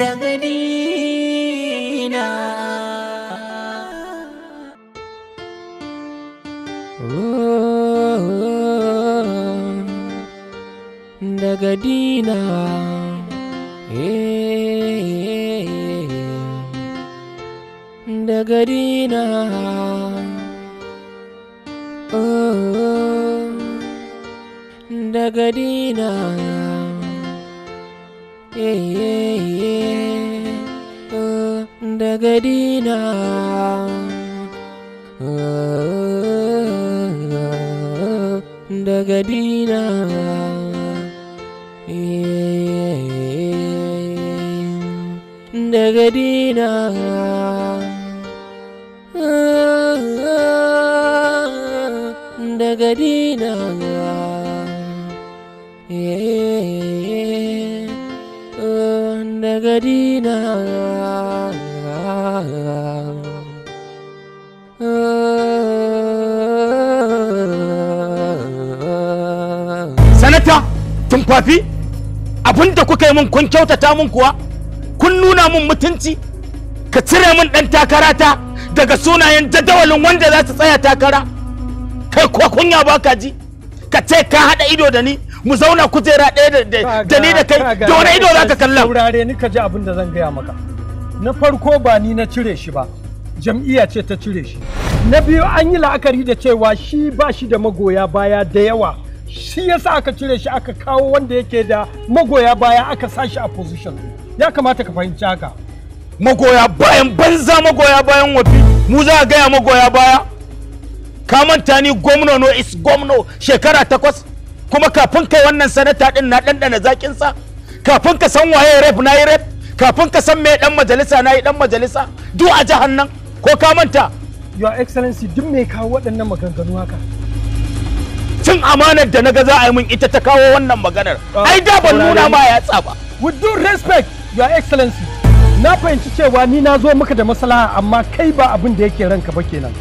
रगरी mun kun kyautata mun kuwa kun nuna mun mutunci ka cire min ɗan takarata daga sunayen jadawalin wanda za su tsaya takara kai kuwa kunya ba ka ji ka ce ka haɗa ido da ni mu zauna kujera ɗaya da ni da kai da wani ido za ka kalla saurare ni ka ji abin da zan gaya maka na farko ba ni na cire shi ba jam'iyya ce ta cire shi na biyu an yi la'akari da cewa shi ba shi da magoya baya da yawa shi sa aka cire shi aka kawo wanda yake da magoya baya aka sashi a position ya kamata ka fahimci haka magoya bayan banza magoya bayan wafi mu za a gaya magoya baya ka manta ni gwamna no is gwamno shekara takwas kuma kafin kai wannan sanata din na ɗanɗana zakin sa kafin ka san waye rep na yi rep kafin ka san me ɗan majalisa na yi dan majalisa duk a jihar nan ko ka manta your excellency duk me kawo waɗannan maganganu haka cin amanar da na ga za a yi min ita ta kawo wannan maganar ah, ai da ban nuna ma ya tsaba with due respect your excellency na fahimci cewa ni na zo maka da maslaha amma kai ba abin da yake ranka ba kenan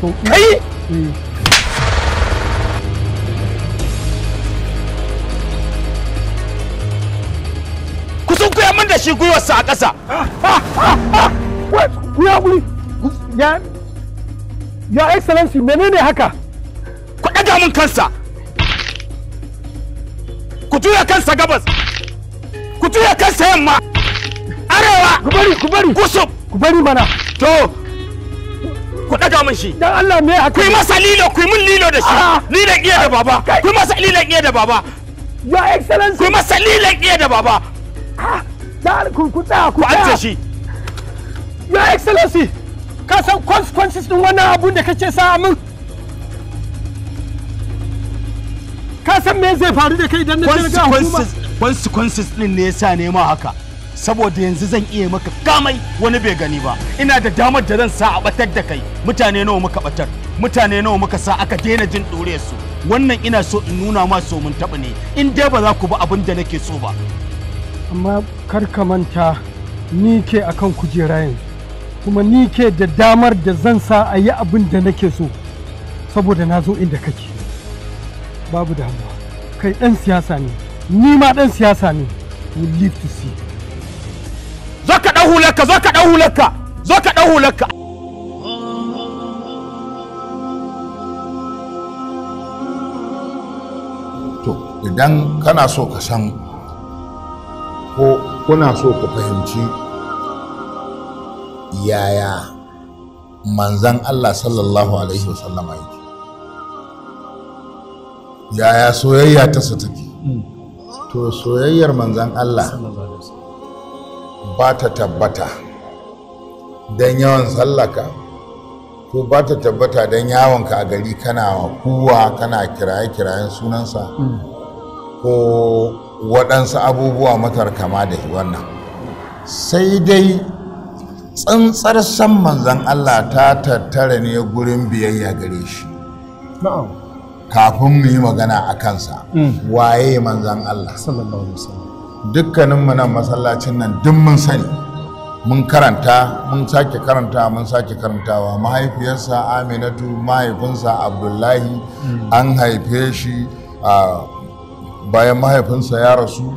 to kai eh. kusan kuya min da shi gwiwarsa a ƙasa ah, ah, kuya guri ya excellency menene haka ku ɗaga min kansa ku tuya kansa gabas ku tuya kansa yamma arewa ku bari ku bari kusub ku bari mana to ku ɗaga min shi dan Allah me haka ku yi masa lilo ku yi mun lilo da shi lilo ah. iya da baba ku yi masa lilo iya da baba ya excellence ku yi masa lilo iya da baba dan ah. ku ku tsaya ku tsaya shi ya excellence! ka san consequences din wannan abun da kake sa mun ka san me zai faru da kai idan na ga hukuma consequences din ne yasa ne ma haka saboda yanzu zan iya maka kamai wani bai gani ba ina da damar da zan sa a batar da kai mutane nawa muka batar mutane nawa muka sa aka daina jin dore su wannan ina so in nuna ma so mun taɓa ne in dai ba za ku ba abin da nake so ba amma kar ka manta ni ke akan kujera kuma ni ke da damar da zan sa a yi abin da nake so saboda na zo inda kake babu damuwa kai ɗan siyasa ne ni ma ɗan siyasa ne we live to see zo ka ɗau hularka zo ka ɗau hularka zo ka ɗau hularka to idan kana so ka san ko kuna so ku fahimci yaya manzan Allah sallallahu alaihi wasallama yake yaya soyayya ta su take hmm. to soyayyar manzan Allah ba ta tabbata don yawan sallaka ko ba ta tabbata don yawonka a gari kana kuwa kana kiraye-kirayen sunansa hmm. ko waɗansu abubuwa matar kama da wannan sai dai tsantsar san manzan Allah ta tattara ne gurin biyayya gare shi na'am kafin mu yi magana a kansa mm. waye manzan Allah dukkaninmu nan masallacin nan duk mun sani mun karanta mun sake karanta mun sake karantawa mahaifiyarsa aminatu mahaifinsa abdullahi mm. an haife shi bayan mahaifinsa ya rasu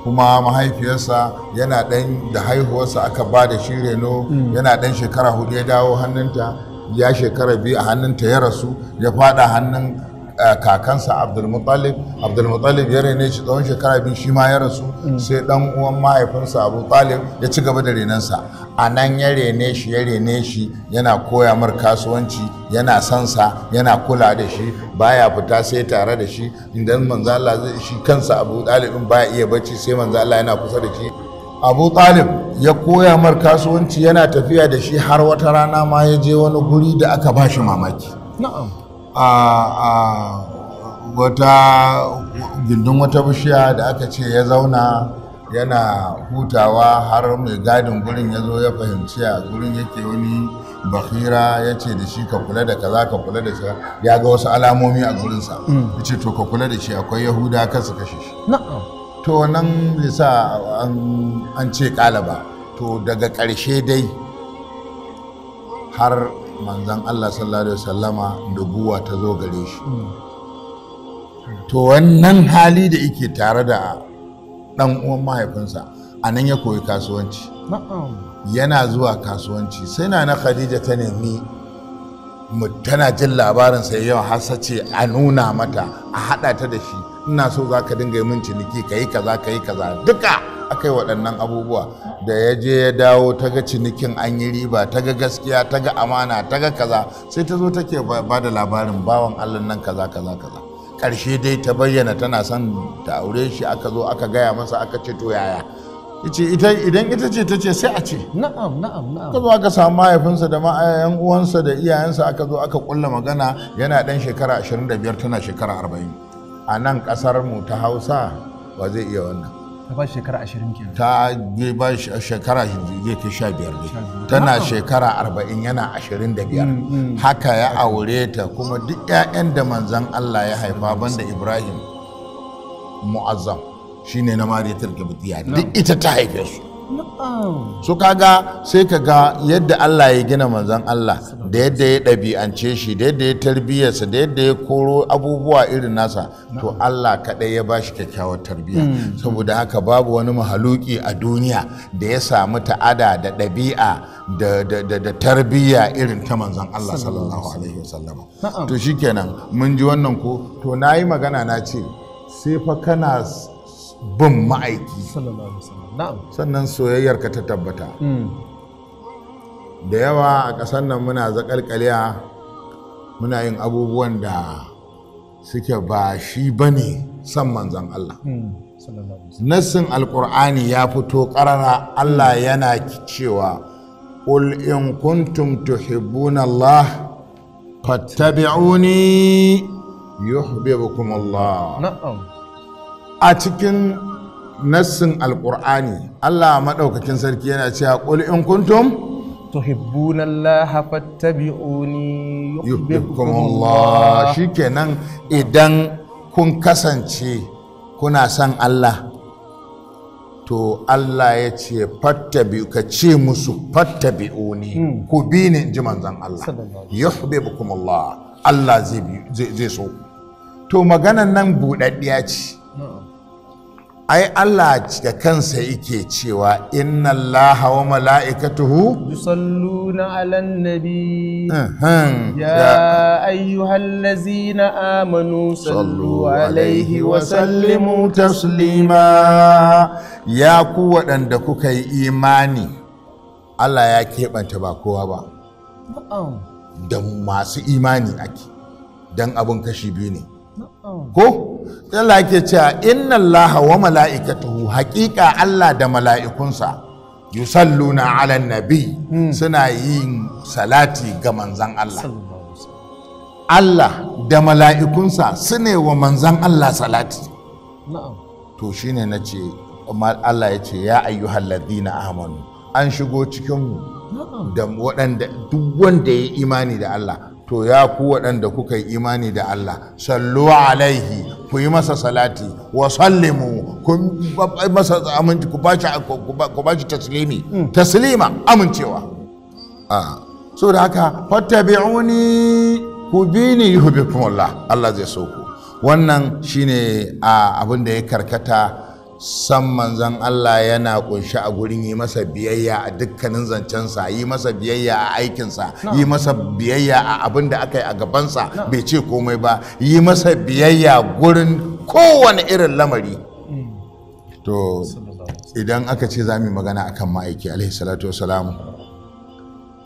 kuma mahaifiyarsa yana ɗan da haihuwarsa aka ba da shi reno mm. yana ɗan shekara hudu ya dawo hannunta ya shekara biyu a hannunta ya rasu ya fada hannun kakansa abdulmutallif abdulmutallif ya rene shi tsawon shekara biyu shi ma ya rasu mm. sai dan uwan mahaifinsa abu talib ya ci gaba da renensa a nan ya rene shi ya rene shi yana koya mar kasuwanci yana sansa yana kula da shi baya fita sai tare da shi idan manzala zai shi kansa abu din baya iya bacci sai manzala yana kusa da shi abu talib ya koya mar kasuwanci yana tafiya da shi har wata rana ma ya je wani guri da aka ba shi mamaki a wata gindin wata bishiya da aka ce ya zauna yana hutawa har mai gadin gurin ya zo ya fahimci a gurin yake wani bakira ya ce da shi ka kula da kaza ka kula da shi ya ga wasu alamomi a gurinsa mm. ya ce to ka kula da shi akwai yahuda kan su kashe shi to nan zai sa an ce kalaba to daga ƙarshe dai har manzan Allah sallallahu alaihi wasallama nubuwa ta zo gare shi hmm. to wannan hali da yake tare da dan uwan mahaifinsa a nan ya koyi kasuwanci yana zuwa kasuwanci sai na na khadija ta nemi tana jin labarin sai yau hasa ce a nuna mata a haɗa ta da shi ina so za ka dinga yi min ciniki ka yi kaza ka yi kaza duka aka yi waɗannan abubuwa da ya je ya dawo ta ga cinikin an yi riba ta ga gaskiya ta ga amana ta ga kaza sai ta zo take ba da labarin bawan allah nan kaza kaza kaza ƙarshe dai ta bayyana tana son ta aure shi aka zo aka gaya masa aka ce to yaya ce idan ita ce ta ce sai a ce na'am na'am na'am aka zo aka samu mahaifinsa da ma'ayan uwansa da iyayensa aka zo aka kulla magana yana dan shekara 25 tana shekara 40 a nan kasar mu ta Hausa ba zai iya wannan ta ba shekara ashirin ke ta ba ba shekara zai ne tana shekara arba'in yana ashirin da biyar mm, mm. haka ya aure ta kuma duk 'ya'yan da manzan allah ya haifa banda ibrahim mu'azzam shine na mariyatar gabatiya duk ita ta haife su so kaga sai ka ga yadda Allah ya gina manzon Allah da yadda ya ɗabi'ance shi da yadda ya tarbiyyarsa da yadda ya koro abubuwa irin nasa to Allah kaɗai ya ba shi kyakkyawar tarbiyya hmm. saboda haka babu wani mahaluki a duniya da ya samu ta'ada da ɗabi'a da tarbiyya irin ta manzon Allah sallallahu alaihi wasallam to shikenan mun ji wannan ko to na yi magana na ce sai fa kana bin ma'aiki sannan soyayyar ka ta tabbata hmm. da yawa a ƙasar nan muna zaƙalƙaliya muna yin abubuwan da suke ba shi ba ne san manzan Allah hmm. nassin alƙur'ani ya fito ƙarara Allah hmm. yana cewa قل إن كنتم تحبون الله فاتبعوني يحببكم الله نعم أتكن nassin alƙur'ani Allah maɗaukakin sarki yana cewa qul in kuntum تحبون الله فاتبعوني يحببكم الله شikenan idan kun kasance kuna son Allah to Allah ya ce fattabi ka ce musu fattabi'uni hmm. ku bi ni ji manzon Allah yuhibbukum Allah Allah zai so to maganan nan buɗaɗɗiya ce ai Allah da kansa yake cewa inna Allah wa mala'ikatuhu yusalluna 'alan nabi ya ayyuhallazina amanu sallu alaihi wa sallimu taslima ya ku waɗanda kuka yi imani Allah ya keɓanta ba kowa ba da masu imani ake don abin kashi biyu ne ko Allah ke cewa inna Allah wa mala'ikatuhu haƙiƙa Allah da mala'ikunsa yusalluna ala nabi hmm. suna yin salati ga manzan Allah Allah da mala'ikunsa sune wa manzan Allah salati to shine na ce Allah ya ce ya na amanu an shigo cikinmu da waɗanda duk wanda ya imani da Allah to ya ku waɗanda kuka yi imani da Allah sallu alaihi ku yi masa salati wa sallimu ku masa aminci ku bashi ku taslimi mm. taslima amincewa a ah, so da haka fattabi'uni ku bi ni yuhibbukum Allah Allah zai so ku wannan shine ah, abin da ya karkata san manzan Allah yana kunshi a gurin yi masa biyayya a dukkanin zancensa yi masa biyayya a aikinsa yi masa biyayya a abin da aka yi a gabansa bai ce komai ba yi masa biyayya gurin kowane irin lamari hmm. to idan aka ce za mu magana akan ma'aiki alaihi salatu wasalam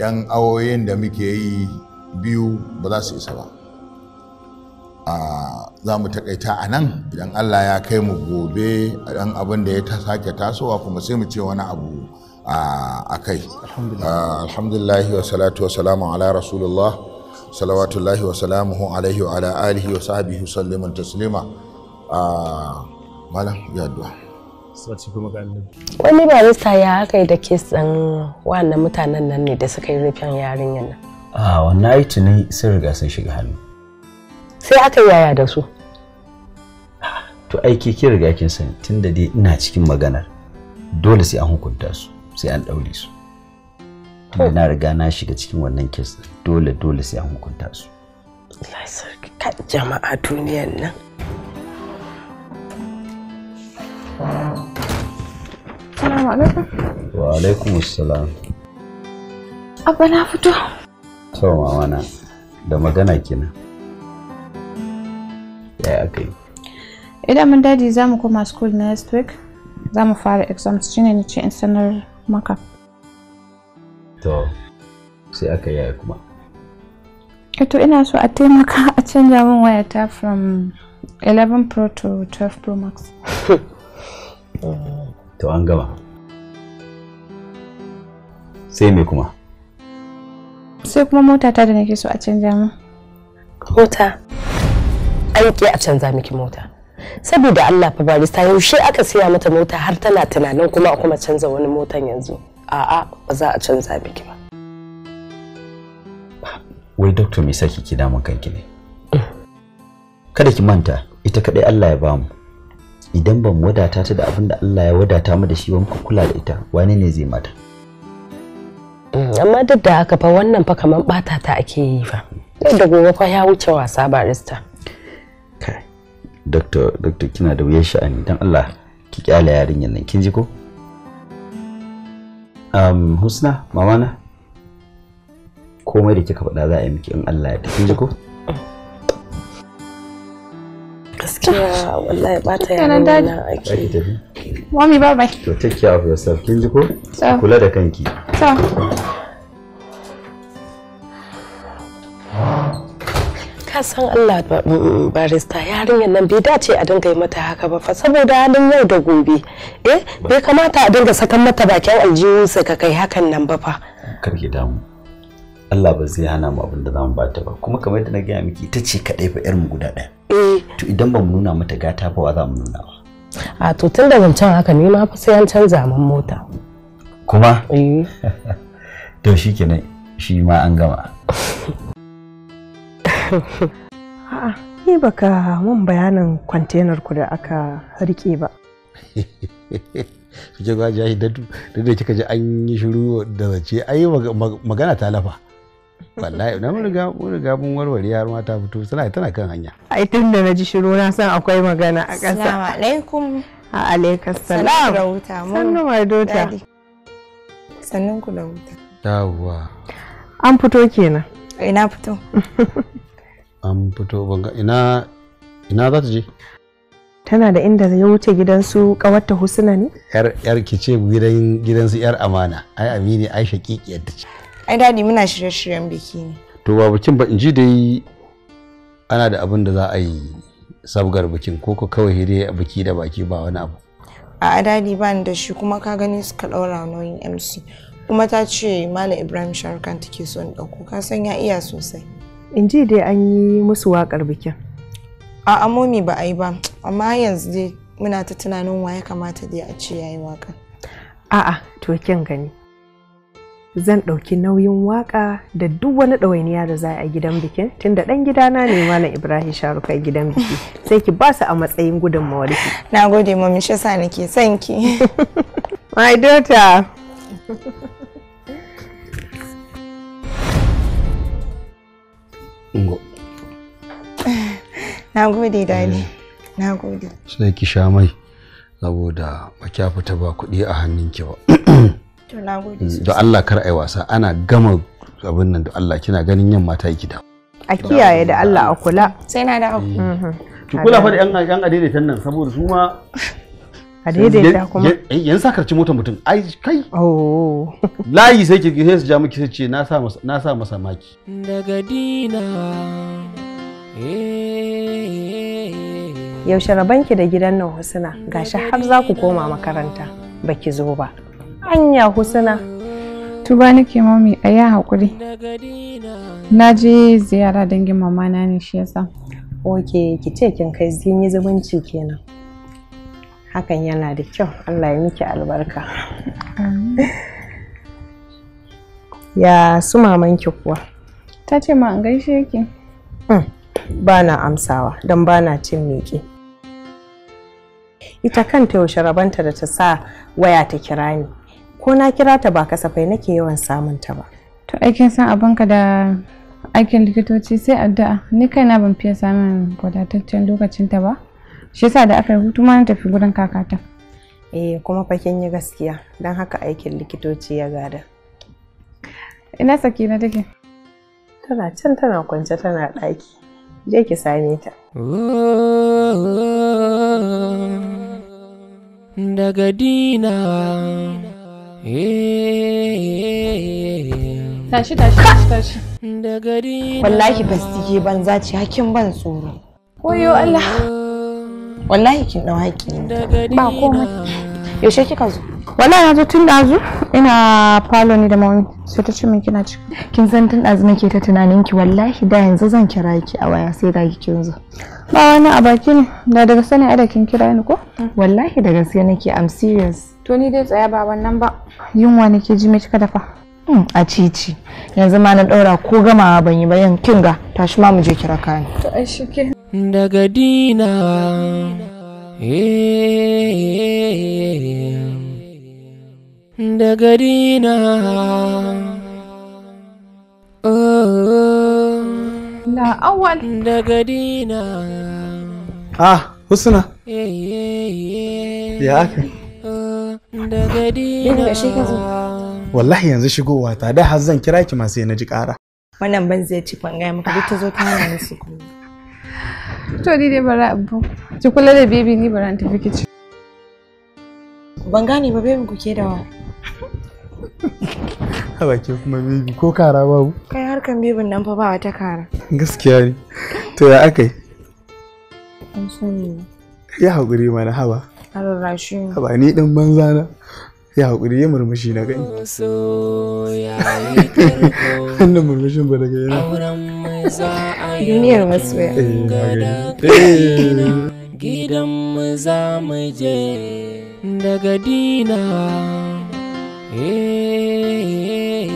yan awoyin da muke yi biyu ba za su isa ba za mu takaita a nan idan allah ya kai mu gobe dan abin da ya ta sake tasowa kuma sai mu ce wani abu a kai alhamdulillahi wa salatu wa salamu ala rasulullah salawatullahi wa salamuhu alaihi wa ala alihi wa sahbihi salliman taslima malam ya duwa wani ba mista ya haka da ke san wannan mutanen nan ne da suka yi rufin yarinyar nan a wannan aiki ne sun riga sun shiga hannu sai aka yaya da su to aiki ki riga kin sani tunda dai ina cikin maganar dole sai an hukunta su sai an daure su tunda na riga na shiga cikin wannan kes dole dole sai an hukunta su Allah sarki kan jama'a duniyar nan Assalamu alaikum. Wa alaikum assalam. Abba na fito. Sau mama na da magana kenan. ɗaya aka yi idan mun daji za mu koma school next week za mu fara exam shine ne ce in sanar maka to sai aka yaya kuma to ina so a taimaka a canja min wayata from 11 pro to 12 pro max to an gama sai me kuma sai kuma mota ta da nake so a canja min mota aiki a canza miki mota saboda Allah fa barista yaushe aka siya mata mota har tana tunanin kuma a kuma canza wani motan yanzu a'a ba za a canza miki ba wai doctor me saki ki damun kanki ne kada ki manta ita kadai Allah ya bamu idan ban wadata ta da abin da Allah ya wadata mu da shi ba muka kula da ita wane ne zai mata mm, amma duk da haka fa wannan fa kaman bata ta ake yi fa da gobe fa ya wuce wasa barista doctor doctor kina da wuyar sha'ani dan Allah ki kyale yarinyar nan kin ji ko um husna mamana komai da kika faɗa za a yi miki in Allah ya kin ji ko gaskiya wallahi ba ta yi nan ake mami bye bye to take care of yourself kin ji ko kula da kanki to ka san Allah mm, barista yarinyar nan bai dace a dinga yi mata haka ba fa saboda halin yau da gobe eh bai kamata a dinga sakan mata bakin sai ka kai hakan nan ba fa ki damu Allah ba zai hana mu abin da zamu bata ba kuma kamar yadda na gaya miki ita ce kadai fa yar mu guda ɗaya eh to idan ba mu nuna mata gata ba wa za mu nuna ba a to tun da zancen haka ne ma fa sai an canza mun mota kuma eh. to shikenan shi ma an gama A'a, ni baka mun bayanin kwantenar ku da aka rike ba. Kike ga jahi da da kika ji an yi shiru da zace ai magana ta lafa. Wallahi na mun riga mun riga mun warware yar mata fito suna tana kan hanya. Ai tun da ji shiru na san akwai magana a ƙasa. Assalamu alaikum. A alaikum salam. Sannu mai dota. Sannun ku da wuta. Yawwa. An fito kenan. Ina fito. an fito banga ina ina za ta je tana da inda ya wuce gidansu kawarta husuna ne yar yar ki ce gidan gidansu yar amana ai amini ai shaqiqiyar ta ce ai dadi muna shirye-shiryen biki ne to ba bikin ba in ji dai ana da abin da za a yi sabgar bikin ko ko kawai a biki da baki ba wani abu a dadi ba da shi kuma ka gani suka ɗaura nauyin mc kuma ta ce malam ibrahim sharukan take son ɗauko ka san ya iya sosai in ji dai an yi musu wakar bikin a amomi ba a yi ba amma yanzu dai muna ta tunanin wa ya kamata dai a ce ya yi waƙa a'a to kin gani zan ɗauki nauyin waƙa da duk wani ɗawainiya da za a gidan bikin tunda ɗan gidana ne malam ibrahim sharuka gidan biki sai ki ba su a matsayin gudunmawar ki na gode mami shi sa nake son ki my daughter Ungo. Na gode dali. Eh. Na gode. Sai ki sha mai saboda ba kya fita ba kuɗi a hannunki ba. To na gode mm, sosai. Da Allah kar a yi wasa ana gama abin nan da Allah kina ganin yamma ta yi gida. A kiyaye da Allah a kula. Sai na da eh. mhm. Ki kula fa da 'yan adaidaita nan saboda su ma a daidaita kuma eh, yan sa karci motar mutum ai kai oh. layi sai ki sai su ja miki sai ce na sa masa maki daga dina eh. yaushe rabanki da gidan nan husuna gashi har za ku koma makaranta baki zo ba anya husuna tuba nake mami a ya haƙuri na je ziyara dangin mamana ne shi yasa ok ki ce kin kai zinyi zumunci kenan hakan yana da kyau allah ya miki albarka ya su mamanki kuwa ta ce ma gaishe ki mm. ba na amsawa don ba na cin miƙe ita kanta yaushe rabanta da ta sa waya ta kira ni ko na kira ta ba kasafai nake yawan samun ta ba to aikin san abinka da aikin likitoci sai addu'a ni kaina ban fiye samun wadataccen lokacin ta ba shi yasa da aka yi hutu na tafi gudun kakata eh kuma fa kin yi gaskiya don haka aikin likitoci ya gada ina saki na take tana can tana kwance tana ɗaki je ki same ta daga dina tashi tashi tashi daga dina wallahi bastike ban zaci hakin ban tsoro koyo Allah wallahi kin dau haƙi ba komai yaushe kika zo wallahi na zo tun ɗazu ina falo ne da mawani sai ta ce min kina ci kin san tun ɗazu nake ta tunanin ki wallahi da yanzu zan kira ki a waya sai ga ki kin zo ba wani a baki ne da daga sanin ada kin kira ni ko wallahi da gaske nake am serious to ni dai tsaya ba wannan ba yunwa nake ji me kika dafa hmm, a cici yanzu ma na ɗaura ko gama ban yi ba yan kinga tashi ma mu je kira kani to ai daga dina daga dina la'awal daga dina ah husna ya aka daga dina wallahi yanzu shigowa ta da har zan kira ki ma sai na ji kara wannan ban zai ci ban maka duk ta zo ta hana ni su kuma to ni dai bara abu ki kula da baby ni bara an tafi kici ban gane ba baby ku ke da wa haba ke kuma baby ko kara babu kai harkan baby nan fa ba wata kara gaskiya ne to ya akai an sani ya haƙuri mana haba a haba ni dan banza na ya haƙuri ya murmushi na gani wannan murmushin ba daga yana duniyar masoya gidan mu za mu je daga dina eh.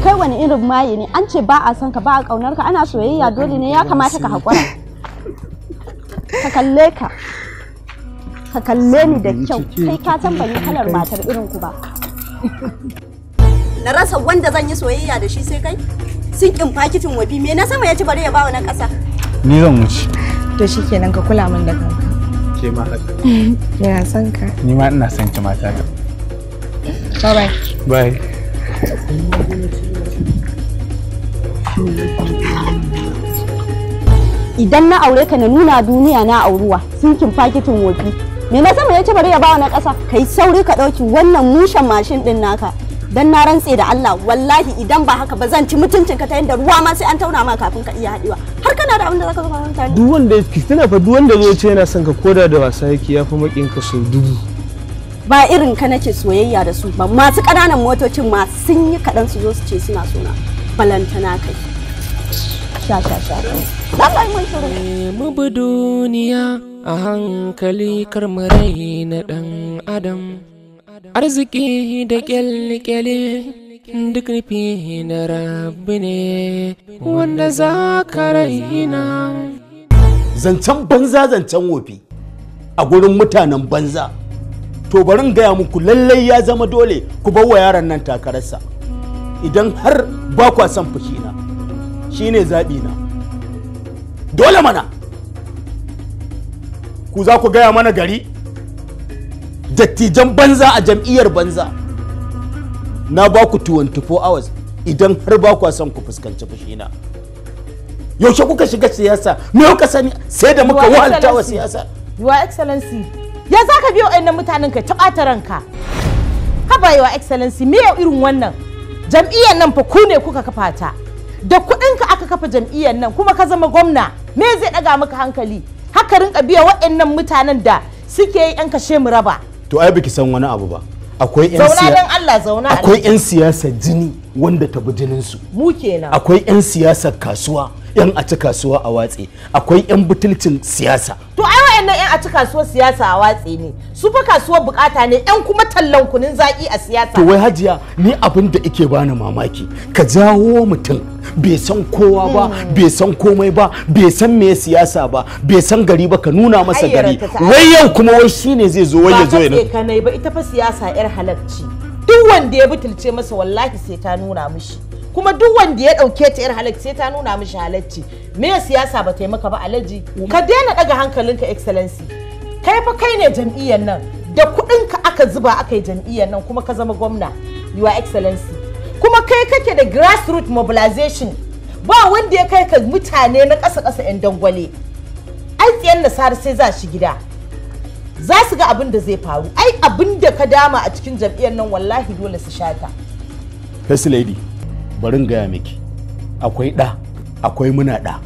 kai wani irin maye ne an ce ba a son ka ba a kaunar ka ana soyayya dole ne ya kamata ka haƙura ka kalle ka ka kalle ni da kyau kai ka tambaye kalar matar irin ku ba na rasa wanda zan yi soyayya da shi sai kai sun kin fakitin wabi me na sama ya ci bare ya bawa na ƙasa ni zan wuce to kenan ka kula min da kanka ke ma haka ina son ka ni ma ina son ki mata ta bye bye bye idan na aure ka na nuna duniya na auruwa sun kin fakitin wofi me na sama ya ci bare ya wa na ƙasa kai sauri ka ɗauki wannan mushen mashin ɗin naka dan na rantse da Allah wallahi idan ba haka ba zan ci mutuncin ka ta yanda ruwa ma sai an tauna ma kafin ka iya haɗewa har kana da abin da zaka zama mutane duk wanda yake tana fa duk wanda zai ce yana son ka koda da wasa yake ya fi makin ka sau dubu ba irin ka nake soyayya da su ba masu kananan motocin ma sun yi kadan su zo su ce suna sona balantana kai sha sha sha lallai mun shiru eh, mu duniya a hankali karmarai na ɗan adam arziki da kyalli-kyalli duk nufi na rabu ne wanda za ka raina zancen banza zancen wofi a gurin mutanen banza to barin gaya muku lallai ya zama dole ku bawa yaran nan takararsa idan har ba kwa son ne zaɓi na dole mana ku za ku gaya mana gari dattijan banza a jam'iyyar banza na ba ku 24 hours idan har ba ku son ku fuskanci fushina yaushe kuka shiga siyasa me kuka sani sai da muka wahalta wa siyasa your excellency ya za ka biyo ɗan mutanen ka ta ɓata ranka haba your excellency me yau irin wannan jam'iyyar nan fa ku ne kuka kafa ta da kuɗin ka aka kafa jam'iyyar nan kuma ka zama gwamna me zai ɗaga maka hankali haka rinka biya waɗannan mutanen da suke yi 'yan kashe mu raba to ai baki san wani abu ba akwai yan siyasa zauna Allah akwai yan siyasa jini wanda ta bi jinin su mu kenan akwai yan siyasar kasuwa yan a ci kasuwa a watsi akwai yan butulcin siyasa to ai wayannan yan a ci kasuwa siyasa a watsi ne su fa kasuwa bukata ne yan kuma tallan kunun zaki a siyasa to wai hajiya ni abin da ike bani mamaki ka jawo mutum bai san kowa ba hmm. bai san komai ba bai san me siyasa ba bai san gari ba ka nuna masa gari wai yau kuma wai shine zai zo wai ya zo ne ba ita fa siyasa yar halacci duk wanda ya butulce masa wallahi sai ta nuna mishi kuma duk wanda ya ɗauke ta yar halacci sai ta nuna mishi halacci me siyasa ba ta yi maka ba alaji ka daina ɗaga hankalinka excellency kai fa kai ne jam'iyyar nan da kuɗinka aka zuba aka yi jam'iyyar nan kuma ka zama gwamna your excellency kuma kai kake da grassroots mobilization ba wanda ya kai ka mutane na ƙasa ƙasa 'yan dangwale ai tsiyar nasarar sai za shi gida za su ga abin da zai faru ai abin da ka dama a cikin jam'iyyar nan wallahi dole su shata first lady barin gaya miki akwai ɗa akwai muna ɗa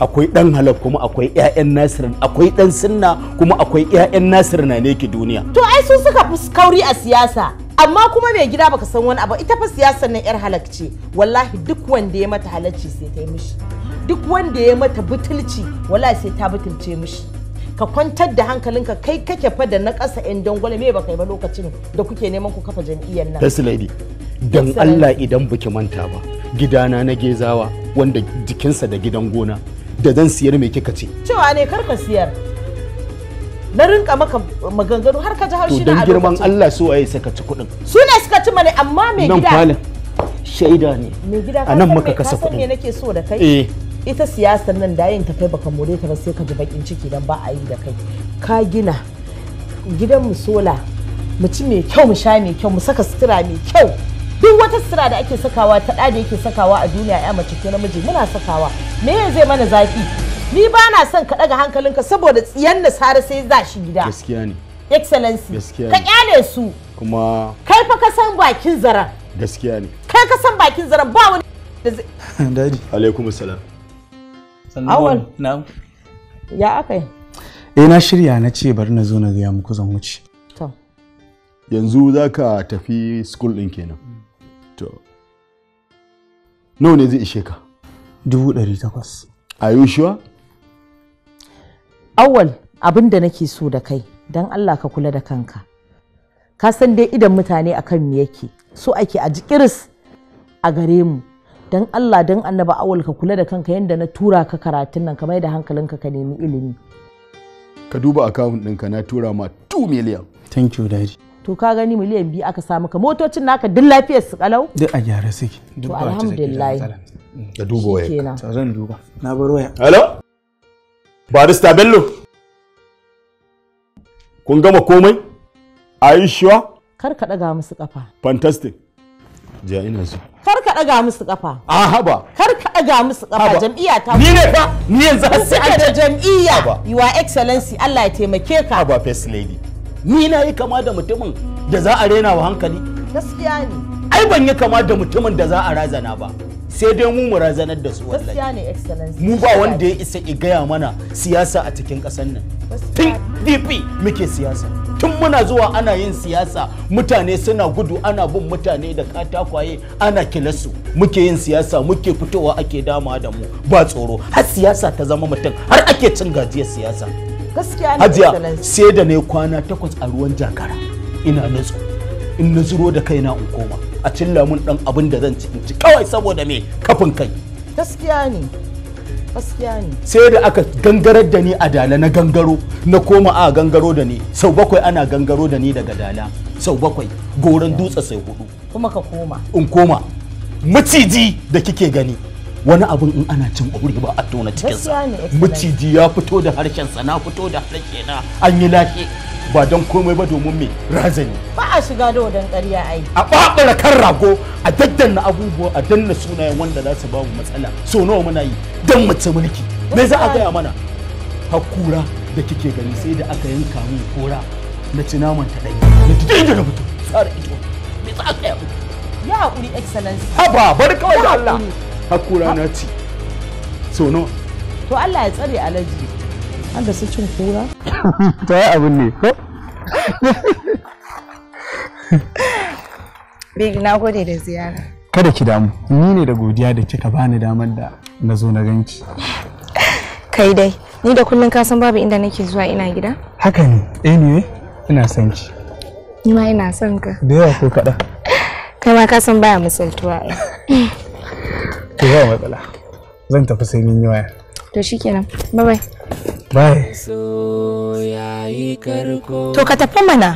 akwai ɗan halak kuma akwai 'ya'yan nasir akwai ɗan sunna kuma akwai ƴaƴan nasir na ne ki duniya to ai sun suka kauri a siyasa amma kuma mai gida baka san wani abu ita fa siyasar nan yar halakci wallahi duk wanda ya mata halacci sai ta yi mishi duk wanda ya mata butulci wallahi sai ta butulce mishi ka kwantar da hankalinka kai kake fa da na ƙasa 'yan dangwale me baka yi ba lokacin da kuke neman ku kafa jam'iyyar nan don Allah idan baki manta ba gidana na gezawa wanda jikinsa da gidan gona da zan siyar mai kika ce cewa ne kar ka siyar na rinka maka maganganu har ka ji haushi na a girman Allah so ayi saka ci kuɗin su ne suka ci mani amma mai gida nan kwalin shaida ne a nan maka kasa kuɗin me nake so da kai eh. ita siyasar nan da yin ta kai baka more ta ba sai ka ji bakin ciki dan ba a yi da kai ka gina gidan mu sola mu ci mai kyau mu sha mai kyau mu saka sutura mai kyau duk wata sira da ake sakawa ta da yake sakawa a duniya ya mace ko namiji muna sakawa me ya zai mana zafi ni ba na son ka daga hankalinka saboda tsiyan na sare sai za shi gida gaskiya ne excellency ka kyale su kuma kai fa ka san bakin zaran gaskiya ne kai ka san bakin zaran ba wani dadi alaikum assalam awal na'am ya aka yi eh na shirya na ce bari na zo na ga muku zan wuce yanzu za ka tafi school ɗin kenan nawa ne zai ishe ka dubu ɗari takwas a yushuwa awal abin da nake so da kai don allah ka kula da kanka ka san dai idan mutane akan me yake so ake a jikiris a gare mu don allah don annaba awal ka kula da kanka yadda na tura ka karatun nan ka mai da hankalinka ka nemi ilimi ka duba akawun ɗinka na tura ma 2 miliyan thank you daddy to ka gani miliyan biyu aka samu ka motocin naka duk lafiyar su kalau duk a gyara suke duk ba alhamdulillah da duba waya ta zan duba na bar waya hello barista bello kun gama komai are kar ka daga musu kafa fantastic ja ina so kar ka daga musu kafa a haba kar ka daga musu kafa jam'iyya ta ni ne fa ni yanzu sai a jam'iyya your excellency Allah ya taimake ka haba first lady ni na yi kama da mutumin da za a rena wa hankali gaskiya ne ai ban yi kama da mutumin da za a razana ba sai dai mu mu razanar da su wallahi gaskiya ne excellence mu ba wanda ya isa i gaya mana siyasa a cikin kasar nan tun dp muke siyasa tun muna zuwa ana yin siyasa mutane suna gudu ana bin mutane da katakwaye ana kilasu muke yin siyasa muke fitowa ake dama da mu ba tsoro har siyasa ta zama mutum har ake cin gajiyar siyasa hajiya sai da ne kwana takwas a ruwan jakara ina nutsu in na da kaina in koma a cilla mun dan abin da zan ci in ci kawai saboda me kafin kai gaskiya ne gaskiya ne sai da aka gangarar da ni a dala na gangaro na koma a gangaro da ni sau bakwai ana gangaro da ni daga dala sau bakwai goron dutse sai hudu kuma ka koma in koma maciji da kike gani wani abin in ana cin ƙuri ba a tona cikinsa maciji ya fito da harshensa na fito da harshe na an yi lafiya ba don komai ba domin me razani ba a shiga da wadan ƙarya ai a ɓaɓɓara kan rago a daddanna abubuwa a danna sunayen wanda za su ba mu matsala so nawa muna yi don mace mulki me za a gaya mana hakura da kike gani sai da aka yanka min kora na ci naman ta ɗaya na ji da na fito tsara ito me za a gaya ya haƙuri excellence. haba bari kawai da Allah hakura na ci so no to Allah ya tsare alaji an da su cin kura to ai abin ne ko big na gode da ziyara kada ki damu ni ne da godiya da kika bani damar da na zo na ganki kai dai ni da kullun ka san babu inda nake zuwa ina gida haka ne anyway ina son ki ni ma ina son ka da yawa ko kaɗan kai ma ka san baya misaltuwa ai to vuoi, matsala zan tafi sai mun yi waya to shikenan bye bye bye to ka tafi mana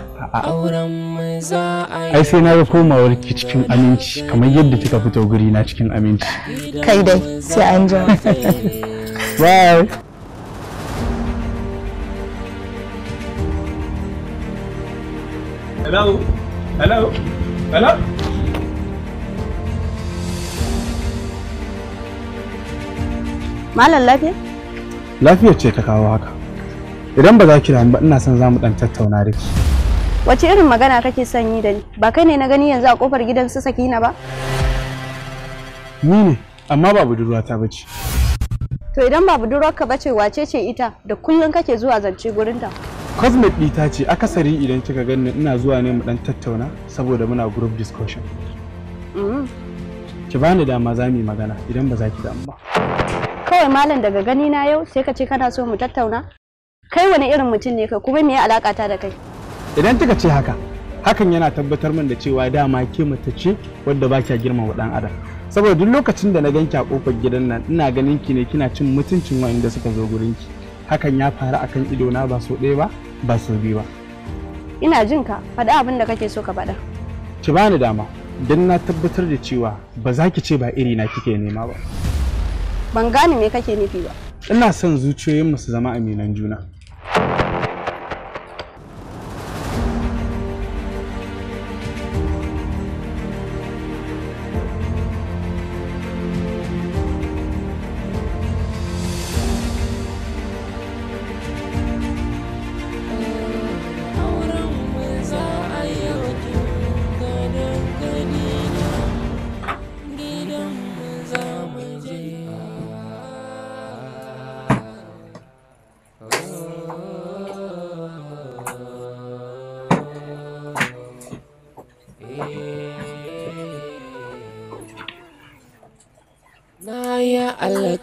ai sai na ga komawar ki cikin aminci kamar yadda kika fito guri na cikin aminci kai dai sai an jima bye Hello? Hello? Hello? Malam lafiya? Lafiyar ce ta kawo haka. Idan ba za ki damu ba ina son za mu dan tattauna da ki. Wace irin magana kake son yi da ni? Ba kai ne na gani yanzu a kofar gidan su Sakina ba? Ni ne, amma ba budurwa ta bace. To idan ba budurwar ka bace, wace ce ita da kullun kake zuwa zance gurinta? ɗi ta ce akasari idan kika ganni ina zuwa ne mu dan tattauna saboda muna group discussion. Mm. Ki bani dama za mu yi magana idan ba za ki damu ba. kawai malam daga gani na yau sai ka ce kana so mu tattauna kai wani irin mutum ne ka kuma me alaka ta da kai idan kika ce haka hakan yana tabbatar min da cewa dama ke mata ce wadda ba kya girmama dan adam saboda duk lokacin da na ganki a kofar gidan nan ina ganin ki ne kina cin mutuncin wa'anda suka zo gurin ki hakan ya faru akan ido na ba so ɗaya ba ba so biyu ba ina jin ka faɗi abin da kake so ka faɗa ki bani dama don na tabbatar da cewa ba za ki ce ba iri na kike nema ba Ban gane me kake nufi ba. Ina son zuciyoyinmu su zama aminan juna.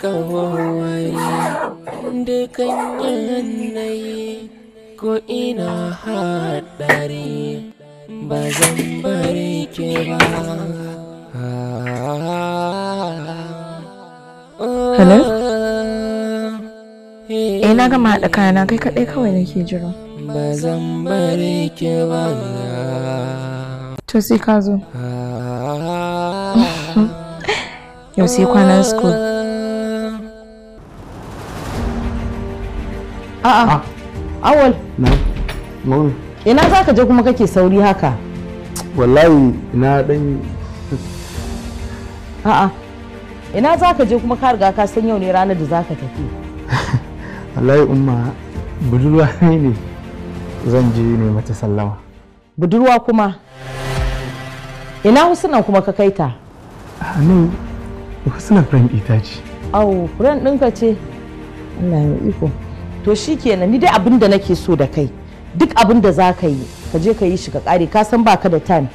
kawai dukan yanayi ko ina haɗari ba zan bari ke ba Hello? Oh, eh. eh na gama haɗa kayana kai kaɗai kawai nake jira. Ba zan bari ke ba. To sai ka zo. Ah. Yau sai kwanan school. Oh, a'a ah. awal na'am ina za ka je kuma kake sauri haka wallahi ina dan a'a ina za ka je kuma ka riga ka san yau ne ranar da za ka tafi wallahi umma budurwa ne zan je ne mata sallama budurwa kuma ina husunan kuma ka kai ta a ah, nan husunan friend ita ce au friend ɗinka ce Allah ya iko to shikenan ni dai abin da nake so da kai duk abin da za ka yi ka je ka yi shi ka kare ka san baka da time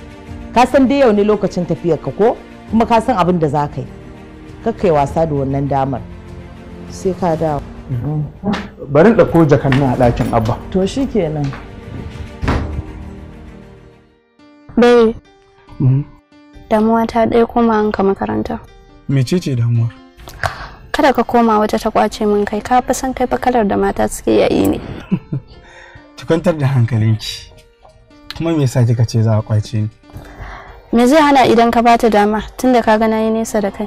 ka san dai yau ne lokacin tafiyar ka ko kuma ka san abin da za ka yi kai wasa da wannan damar sai ka dawo bari ɗauko jakan na ɗakin abba to shikenan bai mm. damuwa ta ɗaya an ka makaranta mecece damuwar kada ka koma wata ta kwace min kai ka fi san kai kalar da mata suke yayi ne ki kwantar da hankalinki kuma me yasa kika ce za a kwace ni me zai hana idan ka bata dama tunda ka ga nayi nesa da kai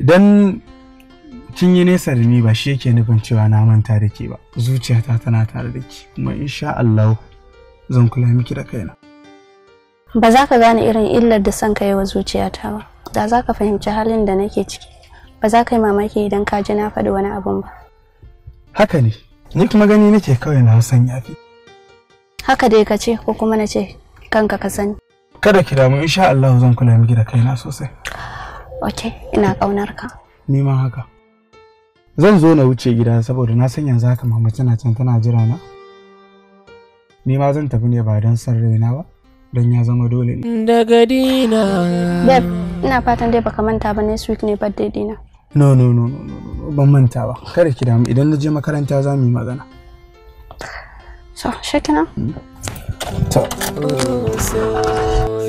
idan kin yi nesa da ni ba shi yake nufin cewa na manta da ke ba zuciyata tana tare da ki kuma insha Allah zan kula miki da kaina ba za ka gane irin illar da son ka yi wa zuciyata ba da za ka fahimci halin da nake ciki ba za ka yi mamaki idan ka ji na faɗi wani abun ba haka ne ni kuma gani nake kawai na san yafi haka dai ka ce ko kuma na ce kanka ka sani kada ki damu insha Allah zan kula miki da kaina sosai Okay, ina kaunar ka ni ma haka zan zo na wuce gida saboda na san yanzu haka mama tana can tana jira na ni ma zan tafi ne ba don san raina ba don ya zama dole ne daga dina ina fatan dai baka manta ba ne sweet ne birthday dina no no no no ban manta ba kada ki damu idan na je makaranta za mu yi magana so shekina hmm. to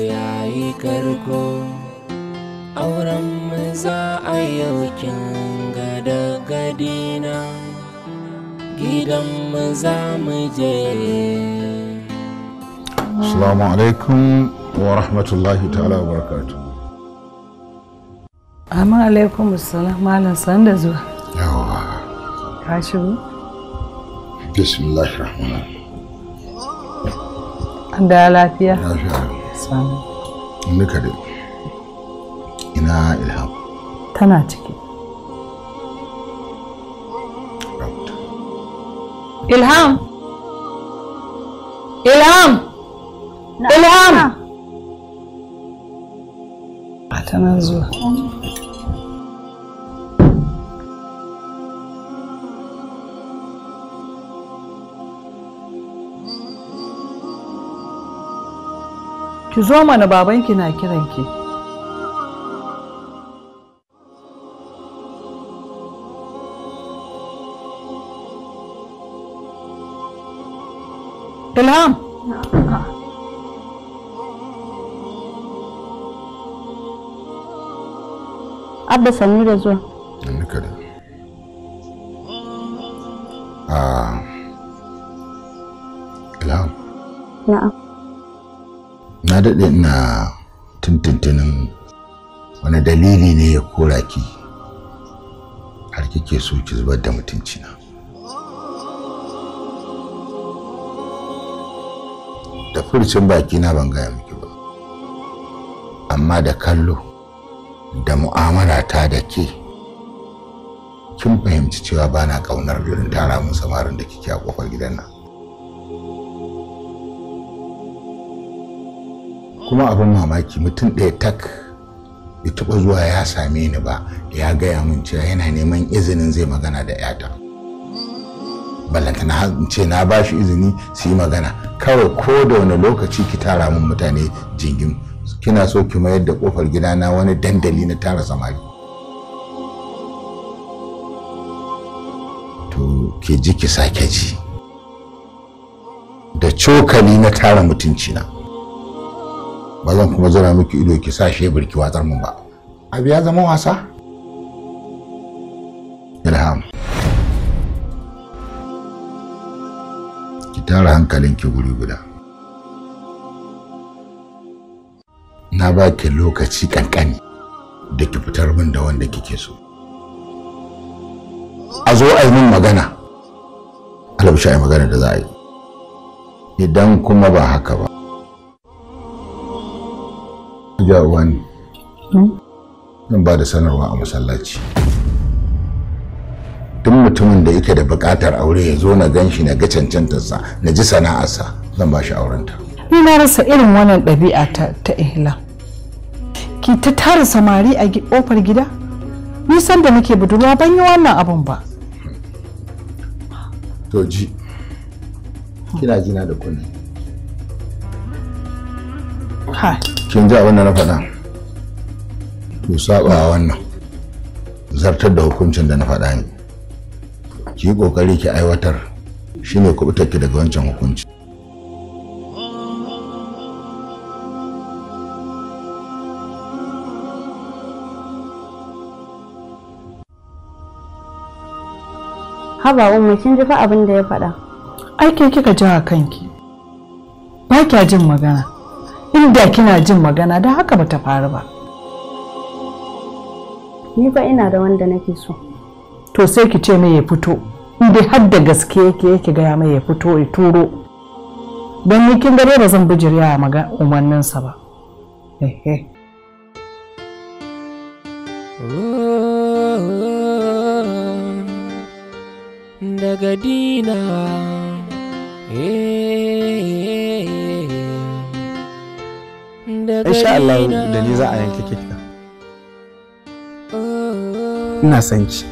yayi karko auren maza a yau kin gada gadina gidan maza mu je Assalamu alaikum wa rahmatullahi ta'ala wa barakatuh Amin alaikum assalam malam san da zuwa. Yawa. Ka shigo? Bismillahir rahmanir rahim. Da lafiya. Lafiya. Sani. Nika dai. Ina Ilham. Tana ciki. Ilham. Ilham. Ilham. Tana zuwa. ki zo mana babanki na kiranki ilham abba sannu da zuwa Ah. ilham na'am na daɗe ina tuntuntunin wani dalili ne ya kora ki har kike so ki zubar da mutunci na da furcin baki na ban gaya miki ba amma da kallo da mu'amala ta da ke kin fahimci cewa ba na ƙaunar irin tara samarin da kike a ƙofar gidan nan kuma abin mamaki mutum ɗaya tak ya taɓa zuwa ya same ni ba ya gaya mun cewa yana neman izinin zai magana da yata ballanta na ce na ba shi izini su yi magana kawai ko da wani lokaci ki tara mun mutane jingim kina so ki mayar da kofar gida na wani dandali na tara samari to ke ji ki sake ji da cokali na tara mutuncina ba zan kuma zira miki ido ki sa ya ki watsar mun ba abu ya zama wasa ilham ki tara hankalinki guri guda na ba ki lokaci kankani da ki fitar min da wanda kike so a zo a yi min magana alabsha magana da za a yi idan kuma ba haka ba jaruwa hmm? zan ba da sanarwa a masallaci duk mutumin da yake da buƙatar aure ya zo na gan shi na ga cancantarsa na ji sana'arsa zan ba shi aurenta ni na rasa irin wannan ɗabi'a ta ta ihla ki ta tara samari a ƙofar gida san da nake budurwa ban yi wannan abun ba to ji kina jina da kunne kin ji abin na faɗa ku saba wannan zartar da hukuncin da na faɗa ne ki yi ƙoƙari ki aiwatar shine kubutar ki daga wancan hukunci haba umma kin ji fa abin da ya faɗa ai kika ji a kanki ba kya jin magana inda kina jin magana da haka bata faru ba ni fa ina da wanda nake so to sai ki ce mai ya fito inda har da gaske yake yake gaya mai ya fito ya turo don ni kin gare ba zan bijirya a maga umarninsa ba eh, eh. daga dina eh insha Allah da ni za a yanke kek ina son ki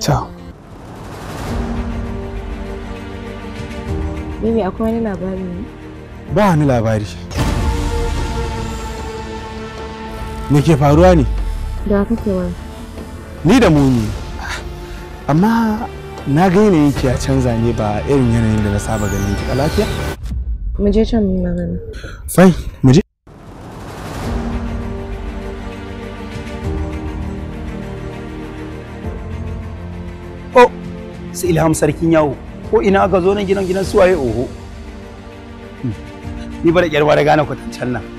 ciao Bibi akwai wani labari ne? Ba wani labari. Me ke faruwa ne? Da kake wani. Ni da muni. Amma na ga yanayin ki ya canza ne ba irin yanayin da na saba ganin ki. A lafiya? mu je can mu magana fine mu je oh su ilham sarkin yawo ko ina aka zo nan gidan gidan suwaye oho hmm. ni ba da kyar ba da gane can nan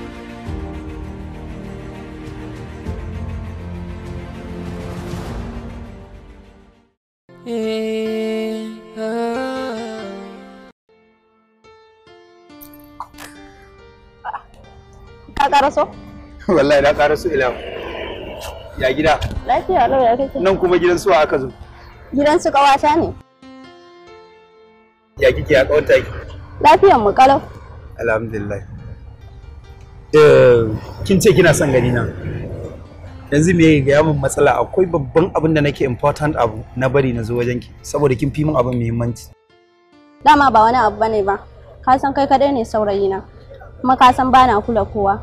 karaso? wallahi na karaso ila ya gida lafiya lau ya kake nan kuma gidan suwa aka zo gidan su kawata ne ya kike ya kawata ki lafiyan mu kalau alhamdulillah eh, kin ce kina son gani na yanzu me ga yamin matsala akwai babban abin da nake important abu na bari na zo wajen ki saboda kin fi min abin muhimmanci dama ba wani abu bane ba ka san kai kadai ne saurayina kuma ka san bana kula kowa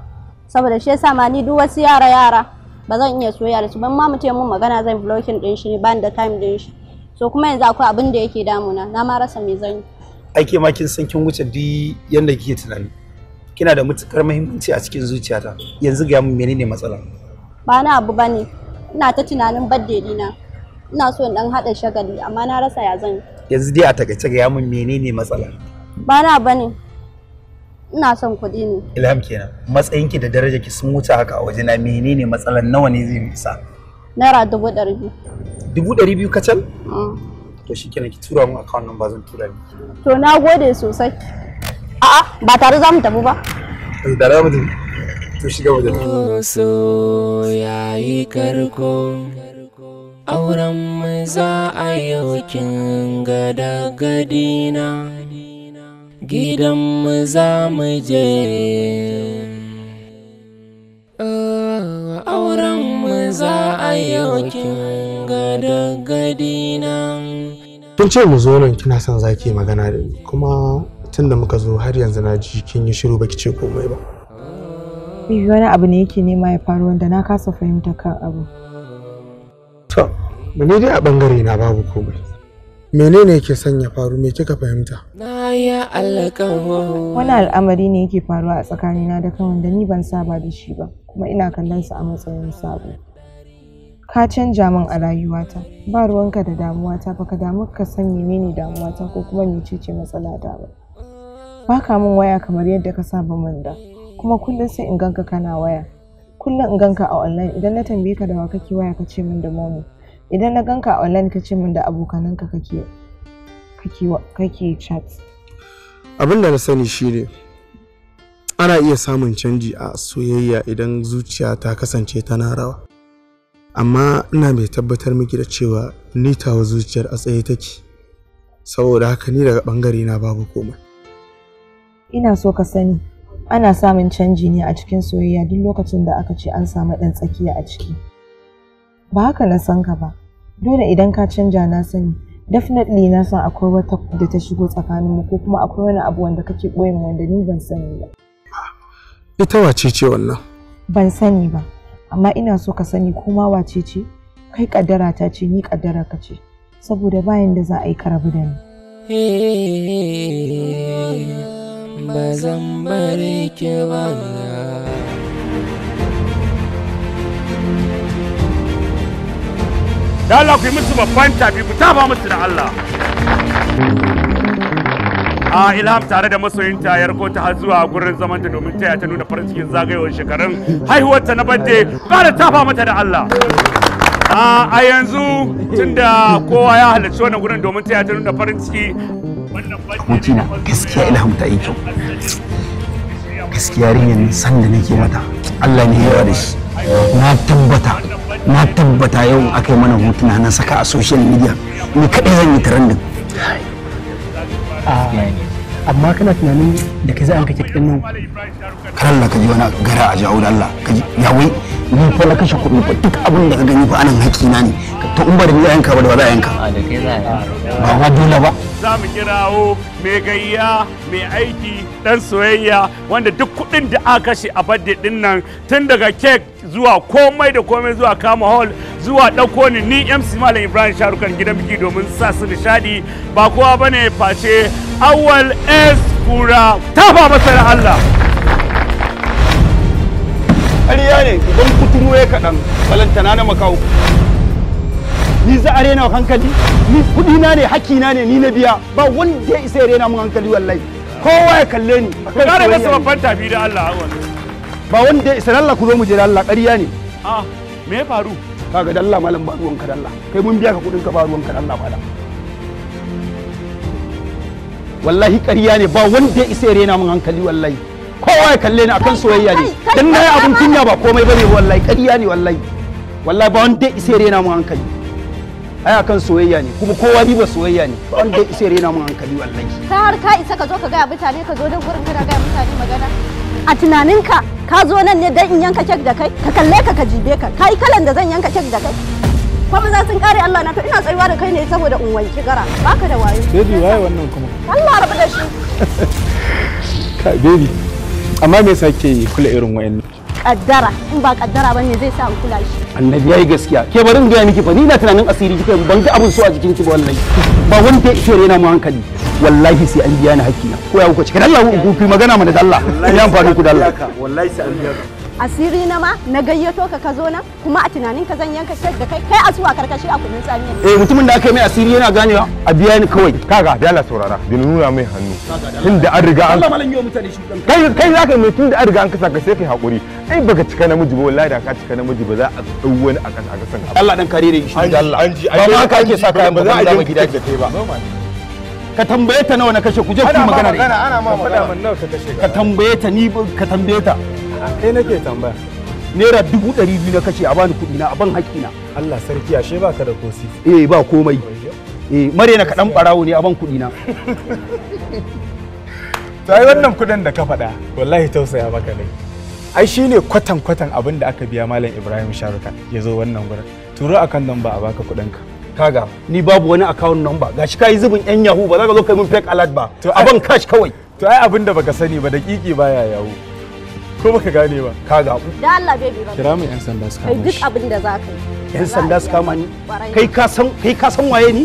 saboda shi yasa ma ni duk wasu yara yara ba zan iya soyayya da su ban ma mutum mun magana zan blocking din shi ne ban da time din shi so kuma yanzu akwai abin da yake damuna na ma rasa me zan yi ake ma kin san kin wuce duk yanda kike tunani kina da matukar muhimmanci a cikin zuciyata yanzu ga mun menene matsalar ba na abu bane ina ta tunanin birthday dina ina so in dan hada shagali amma na rasa ya zan yanzu dai a takaice ga mun menene matsalar ba na bane ina son kuɗi ne ilham kenan ki da daraja ki sun wuce haka a waje na menene matsalan nawa ne zai isa naira dubu ɗari biyu dubu ɗari biyu kacal mm. to shi kenan ki tura mun account number zan tura ni to na gode sosai a'a ba tare za mu tafi ba da za mu to shiga wajen so yi karko auren mai za a yau kin gada gadina mu za mu je ah, ah, mu za a yau kin ga gadina kin ce mu zo nan kina son zaki magana da ni kuma tun da muka zo har yanzu na ji kin yi shiru baki ce komai ba Bibi eh, wani abu ne yake nema ya faru wanda na kasa fahimta kan abu. To, dai a bangare na babu komai. menene yake sanya faru me kika fahimta na wani al'amari ne yake faruwa a tsakanina da kawan da ni ban saba da shi ba kuma ina kallon sa a matsayin sabo ka canja min a rayuwata ba ruwanka da damuwata baka damu ka san menene damuwata ko kuma mecece matsala ba baka min waya kamar yadda ka saba min da kuma kullum sai in ganka kana waya kullum in ganka a online idan na tambaye ka da wa kake waya kace min da momo. idan na ganka a online ka ce min da abokananka kake kake chat abin da na sani shine ana iya samun canji a soyayya idan zuciya ta kasance tana rawa amma ina mai tabbatar miki da cewa ni tawa zuciyar a tsaye take saboda haka ni daga bangare na babu komai ina so ka sani ana samun canji ne a cikin soyayya duk lokacin da aka ce an samu ɗan tsakiya a ciki ba haka na san ka ba dole idan ka canja na sani definitely na san akwai wata da ta shigo tsakaninmu ko kuma akwai wani abu wanda kake ɓoye wanda ni ban sani ba ita wace ce wannan ban sani ba amma ina so ka sani kuma ma wace ce kai kaddara ta ce ni kaddara ka ce saboda bayan da za a yi karabu da ni eh, ba zan bare ki ba da Allah ku yi musu babban tafi ku tafa musu da Allah a ilham tare da masoyin ta yarko ta har zuwa gurin zaman ta domin taya ta nuna farin cikin zagayowar shekarun ta na bade kada tafa mata da Allah a yanzu tunda kowa ya halarci wannan gurin domin taya ta nuna farin ciki abotina gaskiya ilham ta yi kyau gaskiya rinyan san da nake mata Allah ne yawa da shi na tabbata na tabbata yau aka yi mana hotuna na saka a social media ni kaɗai zan yi trending ah, amma kana tunanin da ka za an kake nan karan la ka ji wani gara a jawo da Allah ka ji ya wai ni fa na kashe kuɗi fa duk abin da ka gani fa anan haƙi na ne to in ba da ni za yanka ba da ba za ah, yanka ba ma dole ba za mu kirawo mai gayya mai aiki dan soyayya wanda duk kudin da aka kashe a birthday din nan tun daga cake zuwa komai da komai zuwa kama hall zuwa dauko ni ni MC Malam Ibrahim Sharukan gidan biki domin sa su nishadi ba kowa bane face awal S kura tafa masa Allah Ariya ne don kuturu ya kaɗan balantana na makau ni za a rena hankali ni kudina ne hakina ne ni na biya ba wanda ya isa ya rena mun hankali wallahi kowa ya kalle ni ka kare masa babban tafi da Allah ba wanda ya isa Allah ku zo mu je da Allah ƙarya ne a me ya faru kaga da Allah malam ba ruwan ka da Allah kai mun biya ka kuɗin ka ba ruwan ka da Allah ba da wallahi ƙarya ne ba wanda ya isa rena mun hankali wallahi kowa ya kalle ni akan soyayya ne dan nayi abun kunya ba komai bane wallahi ƙarya ne wallahi wallahi ba wanda ya isa rena mun hankali ai akan soyayya ne kuma kowa bi ba soyayya ne wanda sai rena mun hankali wallahi sai har ka isa ka zo ka gaya mutane ka zo da gurin kana gaya mutane magana a tunaninka ka zo nan ne dan in yanka kek da kai ka kalle ka ka jibe ka kai kalan da zan yanka kek da kai Kuma maza sun kare Allah na to ina tsayuwa da kai ne saboda in wanki gara baka da wayo baby waye wannan kuma Allah rabu da shi ka baby amma me yasa ke kula irin wayannan kaddara in ba kaddara bane zai sa in kula shi annabi yayi gaskiya ke bari in ga miki fa ni na tunanin asiri kika ban ga abin so a jikin ki ba wallahi ba wanda ya shirye mu hankali wallahi sai an biya ni hakkina ko ya kuka cikin Allah ku magana mana da Allah ni amfani ku da Allah wallahi sai an biya asiri na ma na gayyato ka ka zo nan kuma a tunanin ka zan yanka kek da kai kai a suwa karkashi a kudin tsamiya eh mutumin da aka yi mai asiri yana ganewa a biya ni kawai kaga da Allah saurara bin nuna mai hannu tun da an riga an Allah malam yau mutane shi kai kai ka mai tun da an riga an kasa ka sai kai hakuri ai baka cika namiji ba wallahi da ka cika namiji ba za a dau wani a kasa ga san Allah dan kare shi da Allah ba ma ka ke sa kayan ba za a yi gida da kai ba ka tambaye ta nawa na kashe ku je ku magana da ita ana ma magana ka tambaye ta ni ka tambaye ta kai nake tambaya naira dubu ɗari biyu na kashe a bani kuɗi na a ban haƙƙi na Allah sarki ashe baka da kosi eh ba komai eh mare na kaɗan ɓarawo ne a ban kuɗi na to ai wannan kuɗin da ka faɗa wallahi tausaya maka ne ai ne kwatan kwatan abin da aka biya malam Ibrahim Sharuka ya zo wannan gurin turo akan nan ba a baka kuɗin ka kaga ni babu wani account number gashi kai zubin yan yahoo ba za ka zo kai mun fake alert ba a ban cash kawai to ai abin da baka sani ba daƙiƙi baya yawo ko baka gane ba ka ga abu da Allah bai ba kira mu yan sanda su kama duk abin da zaka yi yan sanda su kama ni kai ka san kai ka san waye ni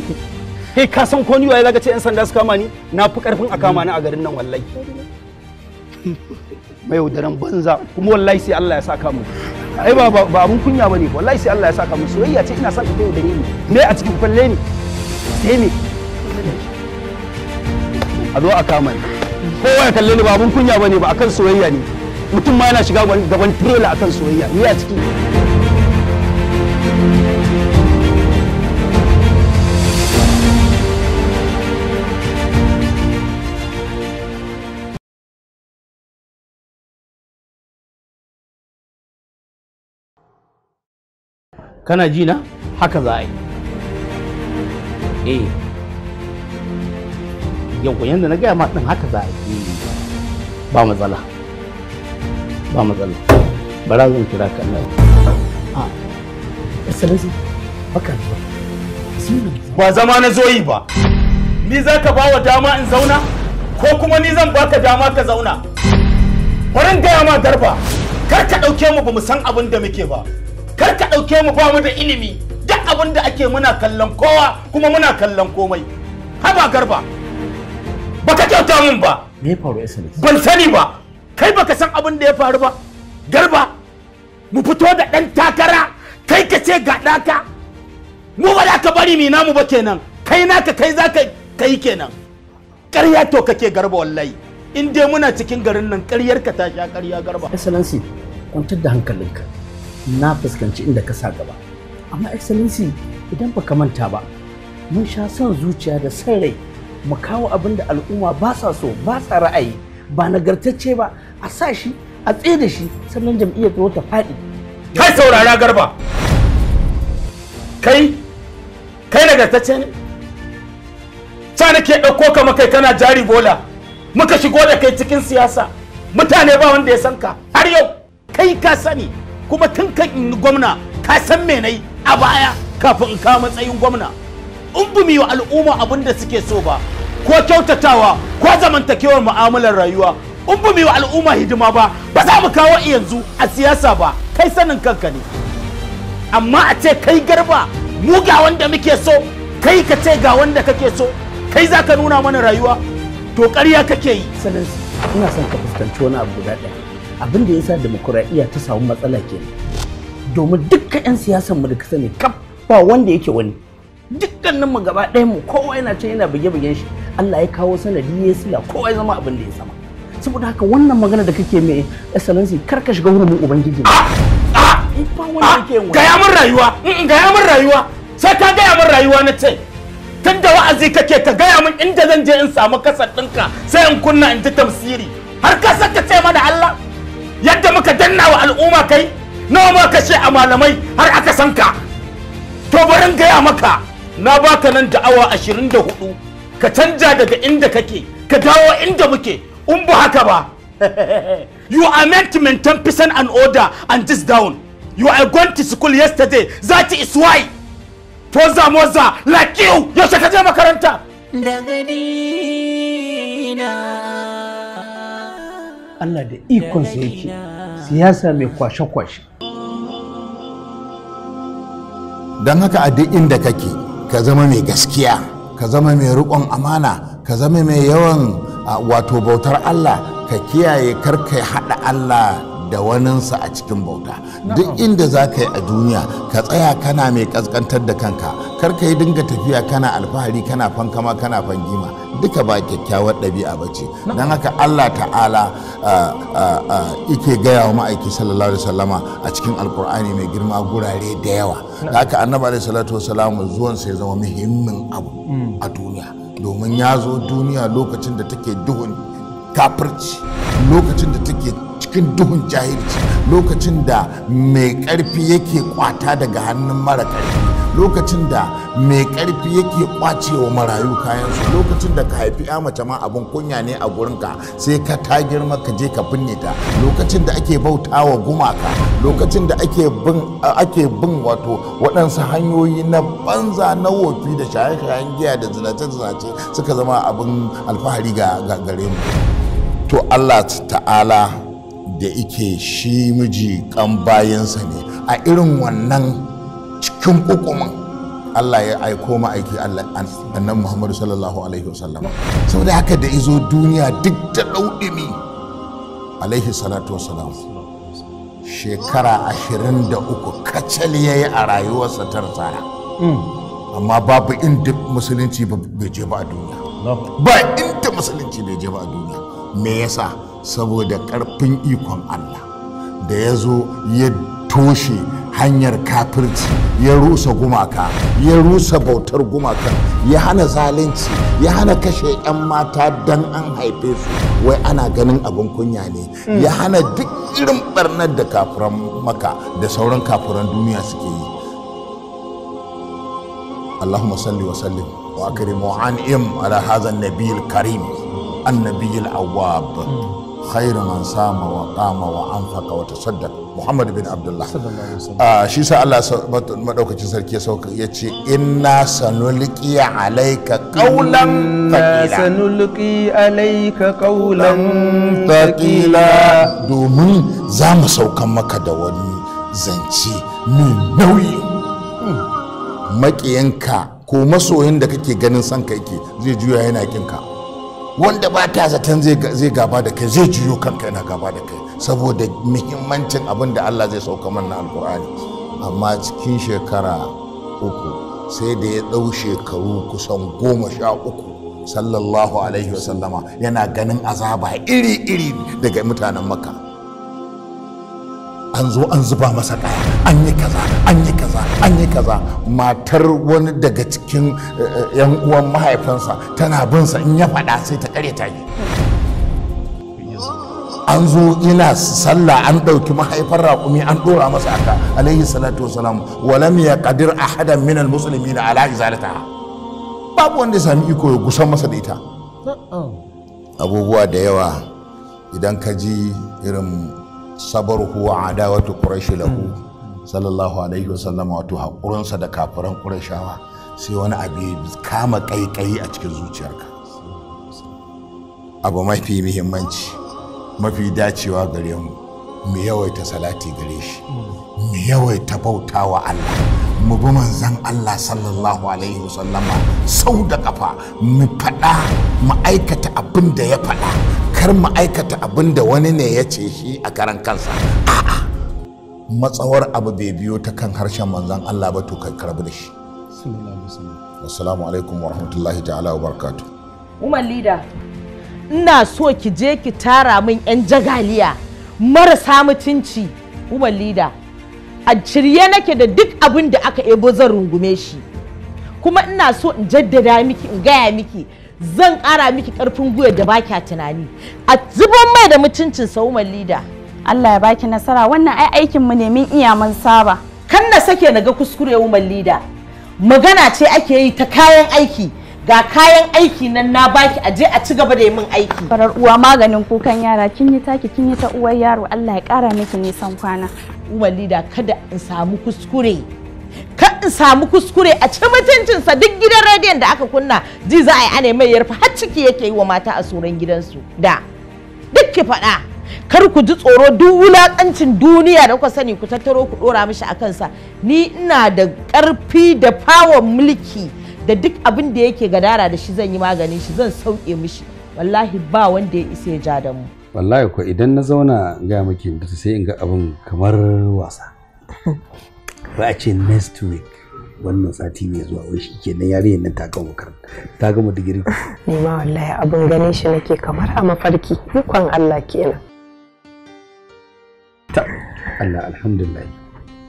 kai ka san ko ni waye zaka ce yan sanda su kama ni na fi karfin a kama ni a garin nan wallahi mai yaudaran banza kuma wallahi sai Allah ya saka mu ai ba ba abun kunya bane wallahi sai Allah ya saka mu soyayya ce ina son ka yau da ni me a cikin kwalle ni sai me a zo a kama ni kowa ya kalle ni ba abun kunya bane ba akan soyayya ne mutum ma yana shiga gaban tirela akan soyayya ni a ciki kana ji na haka za a yi eh yau yanda na gaya ma din haka za a yi eh. ba matsala ba matsala bara zan kira ka nan a ah, excellency baka ba zama na zoyi ba ni za ka ba wa dama in zauna ko kuma ni zan baka dama ka zauna bari gaya ma garba kar ka ɗauke mu ba mu san abin da muke ba kar ka ɗauke mu ba mu da ilimi duk abin da ake muna kallon kowa kuma muna kallon komai haba garba baka kyauta min ba me faru ban sani ba kai baka san abin da ya faru ba garba mu fito da ɗan takara kai ka ce ga ɗaka mu ba za ka bari mi namu ba kenan kai naka kai za ka kai kenan ƙarya to kake garba wallahi in dai muna cikin garin nan ƙaryar ka ta sha ƙarya garba excellency kwantar da hankalinka na fuskanci inda ka sa gaba amma excellency idan baka manta ba mun sha son zuciya da san mu kawo abinda al'umma ba sa so ba sa ra'ayi ba nagartacce ba a sa shi a tsaye da shi sannan jam'iyyar tsaro ta faɗi. kai saurara garba kai kai nagartacce ne ta nake ɗauko ka makai kana jari bola muka shigo da kai cikin siyasa mutane ba wanda ya san ka har yau kai ka sani kuma tun kan in gwamna ka san me nayi a baya kafin in kawo matsayin gwamna in bumi wa al'umma abin da suke so ba ko kyautatawa ko zamantakewar mu'amalar rayuwa in ba mu yi al'umma hidima ba ba za mu kawo yanzu a siyasa ba kai sanin kanka ne amma a ce kai garba mu ga wanda muke so kai ka ce ga wanda kake so kai za ka nuna mana rayuwa to ƙarya kake yi sanin ina son ka fuskanci wani abu guda ɗaya abin da ya sa demokuraɗiyya ta samu matsala ke domin dukkan 'yan siyasar mu da ka sani kaf ba wanda yake wani dukkaninmu gaba ɗaya mu kowa yana can yana buge-bugen shi Allah ya kawo sanadi ya sila kowa ya zama abin da ya zama saboda haka wannan magana da kake mai excellency kar ka shiga hurumin ubangiji ba wanda yake yin gaya min rayuwa gaya min rayuwa sai ka gaya min rayuwa na ce tun da wa'azi kake ka gaya min inda zan je in samu kasar ɗinka sai in kunna in ji tamsiri har ka saka ce mana Allah yadda muka danna wa al'umma kai nawa ma kashe a malamai har aka san ka to barin gaya maka na baka nan da awa da 24 ka canja daga inda kake ka dawo inda muke in ba haka ba you are meant to maintain peace and order and this down you are going to school yesterday that is why toza moza like you yaushe ka je makaranta daga dina Allah da ikon sa yake siyasa mai kwashe-kwashe don haka a duk inda kake ka zama mai gaskiya ka zama mai riƙon amana ka zama mai yawan wato bautar allah ka kiyaye kar ka haɗa allah da waninsa a cikin bauta duk inda za ka yi a duniya ka tsaya kana mai kaskantar da kanka kar ka yi dinga tafiya kana alfahari kana fankama kana fangima duka ba kyakkyawar ɗabi'a ba ce don haka allah ta'ala ike gaya wa ma'aiki sallallahu alaihi wasallama a cikin alkur'ani mai girma gurare da yawa da haka annabi alaihi salatu wasallamu zuwan sai zama muhimmin abu mm. a duniya domin ya zo duniya lokacin da take duhun kafirci lokacin da take cikin duhun jahilci lokacin da mai ƙarfi yake kwata daga hannun mara ƙarfi lokacin da mai ƙarfi yake kwacewa marayu kayansu lokacin da ka haifi ya mace ma abin kunya ne a gurinka sai ka ta girma ka je ka binne ta lokacin da ake bauta wa gumaka lokacin da ake bin wato waɗansu hanyoyi na banza na wofi da shaye-shayen giya da zinace-zinace suka zama abin alfahari ga gare mu to allah ta'ala da ike shi miji kan bayansa ne a irin wannan cikin kukumin Allah ya aiko ma'aiki Allah annan Muhammadu sallallahu alaihi wasallam saboda haka da izo duniya duk da ɗauɗimi alaihi salatu wasalam shekara ashirin da uku kacal ya yi a rayuwarsa tsara hmm. amma babu inda musulunci bai je ba a duniya ba inda musulunci bai je ba a duniya me yasa saboda ƙarfin ikon Allah da ya zo ya toshe hanyar kafirci ya rusa gumaka ya rusa bautar gumaka, ya hana zalunci ya hana kashe 'yan mata don an haife su wai ana ganin abin kunya ne hmm. ya hana duk irin barnar da kafiran maka da sauran kafiran duniya suke yi allahumma salli wa sallim wa ala karim awab khairu man sama wa kama wa faka wa tasaddaq Muhammad bin Abdullah ah, shi sa Allah madaukacin sarki ya sauka ya ce inna sanulqi alayka qawlan thaqila sanulqi alayka qawlan thaqila domin za mu saukan maka da wani zance mai nauyi maƙiyanka ko masoyin da kake ganin sanka yake zai juya yana kinka wanda ba ta zaton zai gaba da kai zai juyo kanka yana gaba da kai saboda muhimmancin abin da Allah zai sauka mana alkur'ani amma cikin shekara uku sai da ya ɗau shekaru kusan goma sha uku sallallahu alaihi wasallama yana ganin azaba iri-iri daga mutanen makka an zo an zuba masa ɗaya an yi kaza an yi kaza an yi kaza matar wani daga cikin eh, eh, yan uwan mahaifinsa tana binsa in ya faɗa sai ta ƙare ta yi an zo ina sallah an ɗauki mahaifar raƙumi an ɗora masa aka alayhi salatu wasalam walam ya a ahadan minal na ala izalata babu wanda ya sami iko ya gusan masa da ita abubuwa da yawa idan ka ji irin sabarhu wa adawatu quraish lahu sallallahu alaihi wasallam wato hakurinsa da kafiran qurayshawa sai wani abu ya kama ƙaiƙayi a cikin zuciyarka abu mafi muhimmanci mafi dacewa gare mu mu yawaita salati gare shi mu yawaita wa Allah mu bi manzon Allah sallallahu alaihi wasallama sau da kafa mu faɗa mu aikata abin da ya faɗa kar mu aikata abin da wani ne ya ce shi a karan kansa a'a matsawar abu bai biyo ta kan harshen manzan Allah ba to kai karbu da shi assalamu alaikum wa rahmatullahi ta'ala wa barakatu umar lida ina so ki je ki tara min yan jagaliya marasa mutunci umar lida a shirye nake da duk abin da aka ebo zan rungume shi kuma ina so in jaddada miki in gaya miki zan ƙara miki ƙarfin gwiwa da baki tunani a zubon mai da mutuncin sauman lida Allah ya baki nasara wannan ai aikin mu ne min iya mun saba kan na sake na ga kuskure umar lida magana ce ake yi ta kayan aiki ga kayan aiki nan na baki a je a ci gaba da yi min aiki farar uwa maganin kukan yara kin yi taki kin yi ta uwar yaro Allah ya ƙara miki nisan kwana umar lida kada in samu kuskure ka in samu kuskure a ci mutuncinsa duk gidan rediyon da aka kunna ji za a yi ane mai yarfa har ciki yake yi wa mata a suran gidansu da duk ki faɗa kar ku ji tsoro duk wulaƙancin duniya da kuka sani ku tattaro ku ɗora mishi a kansa ni ina da ƙarfi da fawon mulki da duk abin da yake gadara da shi zan yi maganin shi zan sauke mishi wallahi ba wanda ya isa ya ja da mu wallahi ko idan na zauna ga miki sai in ga abin kamar wasa ba a ce next week wannan sati ne zuwa wai shi kenan yarinyar nan ta gama ta gama digiri ne ma wallahi abin ganin shi nake kamar a mafarki ikon Allah kenan ta Allah alhamdulillah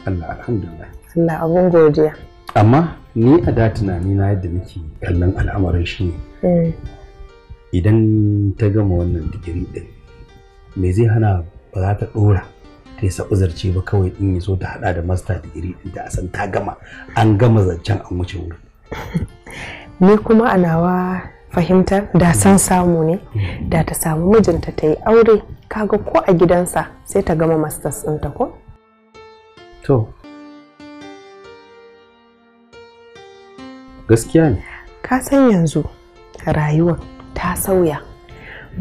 Allah alhamdulillah Allah abun godiya amma ni a da tunani na yadda nake kallon al'amarin shi ne mm. idan ta gama wannan digiri din me zai hana ba za ta dora ta yi uzurci ba kawai in yazo ta hada da master degree din da san ta gama an gama zancen an wuce wurin ni kuma a nawa fahimtar da san samu ne da ta samu mijinta ta yi aure kaga ko a gidansa sai ta gama masters ta ko to gaskiya ne ka san yanzu rayuwar ta sauya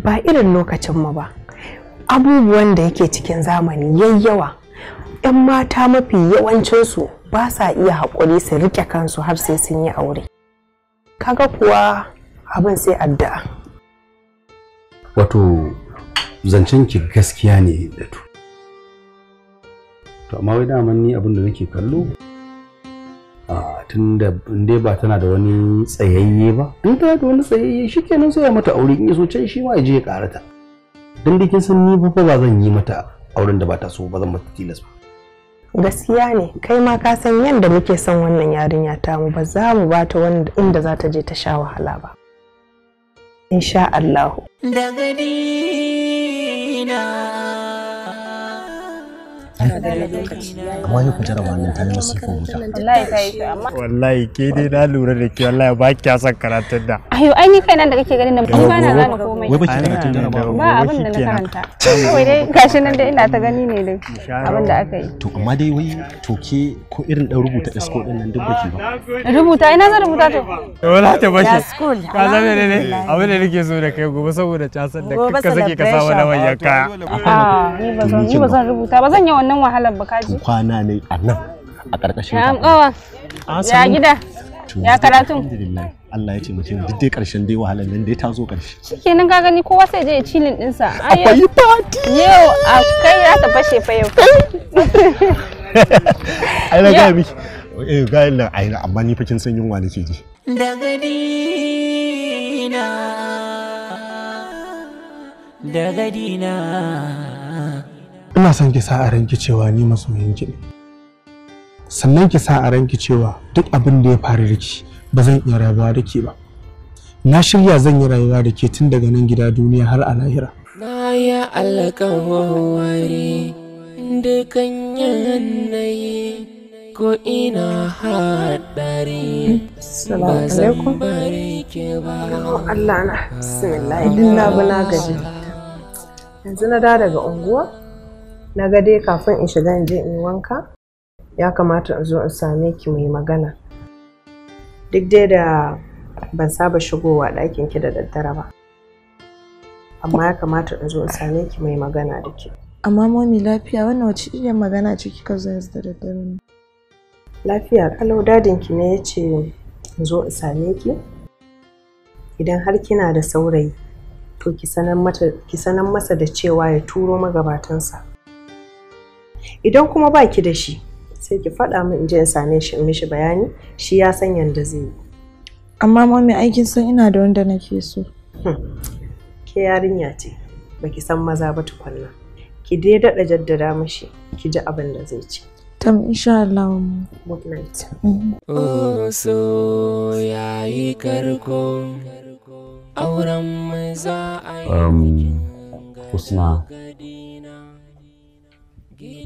ba irin lokacin mu ba abubuwan da yake cikin zamani yayyawa 'yan mata mafi yawancinsu ba sa iya haƙuri su rike kansu har sai sun yi aure kaga kuwa abin sai addu'a wato zancen ki gaskiya ne da to amma wai daman ni abin da nake kallo tun da ba tana da wani tsayayye ba in tana da wani tsayayye shikenan sai ya mata aure in ya so can shi ma ya je ya karata don da kin san ni fa ba zan yi mata auren da ba ta so ba zan mata tilas ba gaskiya ne kai ma ka san yadda muke son wannan yarinya ta mu ba za mu bata wanda inda za ta je ta sha wahala ba insha Allah daga dina amma yau ku jarawa nan ta yi masu wuta wallahi ta yi amma wallahi ke dai na lura da ke wallahi ba kya karatun da ayo ai ni kai nan da kake ganin nan ba na gane komai wai ba ki karatun da ba abin da na karanta kawai dai gashi nan dai ina ta gani ne abin da aka yi to amma dai wai to ke ko irin dan rubuta isko din nan duk baki ba rubuta ina zan rubuta to wala ta bashi ka zame ne ne abin da nake so da kai gobe saboda casan da ka ka samu na manyan kaya ah, ni ba zan rubuta ba zan yi wannan wannan wahalar ba kaji kwana ne a nan a ƙarƙashin ya amƙawa ya gida ya karatu Allah ya ce mutum duk dai ƙarshen dai wahalar nan dai ta zo ƙarshe nan ka gani kowa sai je ya cilin ɗinsa akwai fati yau akai ya ta fashe fa yau ai na gaya miki eh gayan nan ai amma ni fa kin san yunwa nake ji daga dina daga dina ina son ki sa a ranki cewa ni masoyin ki ne sannan ki sa a ranki cewa duk abin da ya faru da ki ba zan iya rayuwa da ke ba na shirya zan yi rayuwa da ke tun daga nan gida duniya har a lahira na ya alƙawari dukan yanayi ko ina haɗari ba zan bari ke ba Allah na bismillah idan na gaji yanzu na da daga unguwa na ga dai kafin in shiga in je in wanka ya kamata in zo in same ki mai magana duk dai da ban saba shigowa ɗakin ki da daddare ba amma ya kamata in zo in same ki mai magana da ke amma momi lafiya wannan wace iya magana ce kika zo yanzu da daddare ne lafiya kalau dadin ki ne yace in zo in same ki idan har kina da saurayi to ki sanar masa da cewa ya turo magabatansa idan kuma ba ki da shi sai ki faɗa min in je in same shi in mishi bayani shi ya san yadda zai yi amma mami aikin san ina da wanda nake so hmm. ke yarinya ce baki san maza ba tukunna ki dai daɗa jaddada mashi ki ji abin da zai ci tam insha Allah good night oh so yayi karko auren mai za a yi um,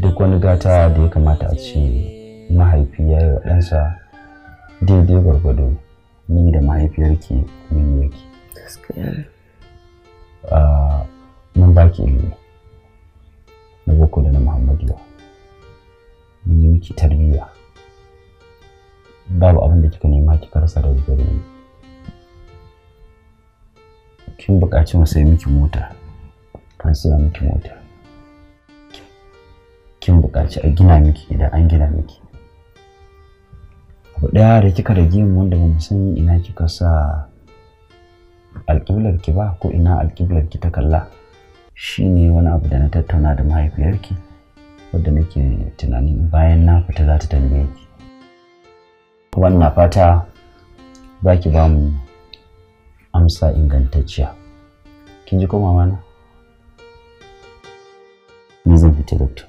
duk wani gata da ya kamata a ce mahaifi ya yi wa ɗansa daidai gwargwado ni da mahaifiyarki mun yi Mun ba ki ilimi na boko da na Muhammadu mun yi miki tarbiyya babu abin da kika nema kika rasa daga gare ni. Kin buƙaci mu sai miki mota, an siya miki mota. kin buƙaci a gina miki idan an gina miki abu ɗaya da kika rage mu wanda ba mu san ina kika sa alƙiblar ki ba ko ina alƙiblar ki ta kalla shine wani abu da na tattauna da mahaifiyarki wadda nake tunanin bayan na fita za ta tambaye ki wannan fata ba ki ba mu amsa ingantacciya kin ji ko mama na ni zan fita doctor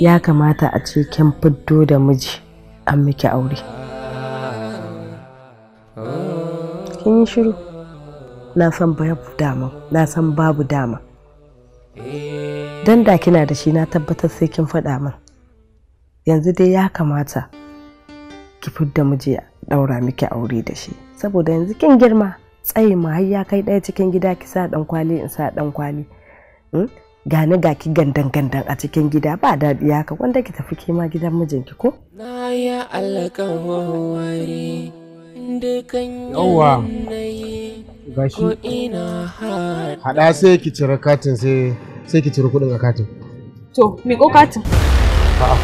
ya kamata a ce kin fiddo da miji an miki aure kin yi shiru na san babu dama na san babu dama dan da kina da shi na tabbatar sai kin faɗa min yanzu dai ya kamata ki fidda miji daura miki aure da shi saboda yanzu kin girma tsayi ma har ya kai ɗaya cikin gida ki sa ɗan kwali in sa ɗan kwali hmm? gani ga ki gandan gandan a cikin gida ba daɗi haka wanda ki tafi kema gidan mijinki ko na ya alƙawari dukan yawa gashi hada sai ki cire katin sai sai ki cire kuɗin a katin to me ko katin a'a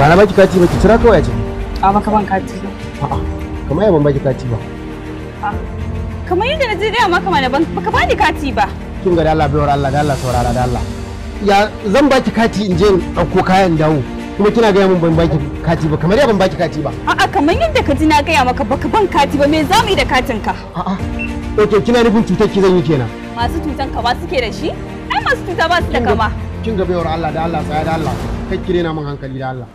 ba na baki kati ba ki cira kawai a ciki a maka ban kati ba a'a kamar ya ban baki kati ba kamar yadda na ji daya maka mana baka bani kati ba kin gari Allah bai Allah da Allah saurara da Allah ya zan baki kati in je in ɗauko kayan dawo kuma kina gaya min ban baki kati ba kamar ya ban baki kati ba a'a kamar yadda ka ji na gaya maka baka ban kati ba me zamu yi da katin ka a'a ok kina nufin cutar ki zan yi kenan masu cutan ka ba suke da shi ai masu cuta ba su da kama kin ga bayar Allah da Allah tsaya da Allah kai ki rena mun hankali da Allah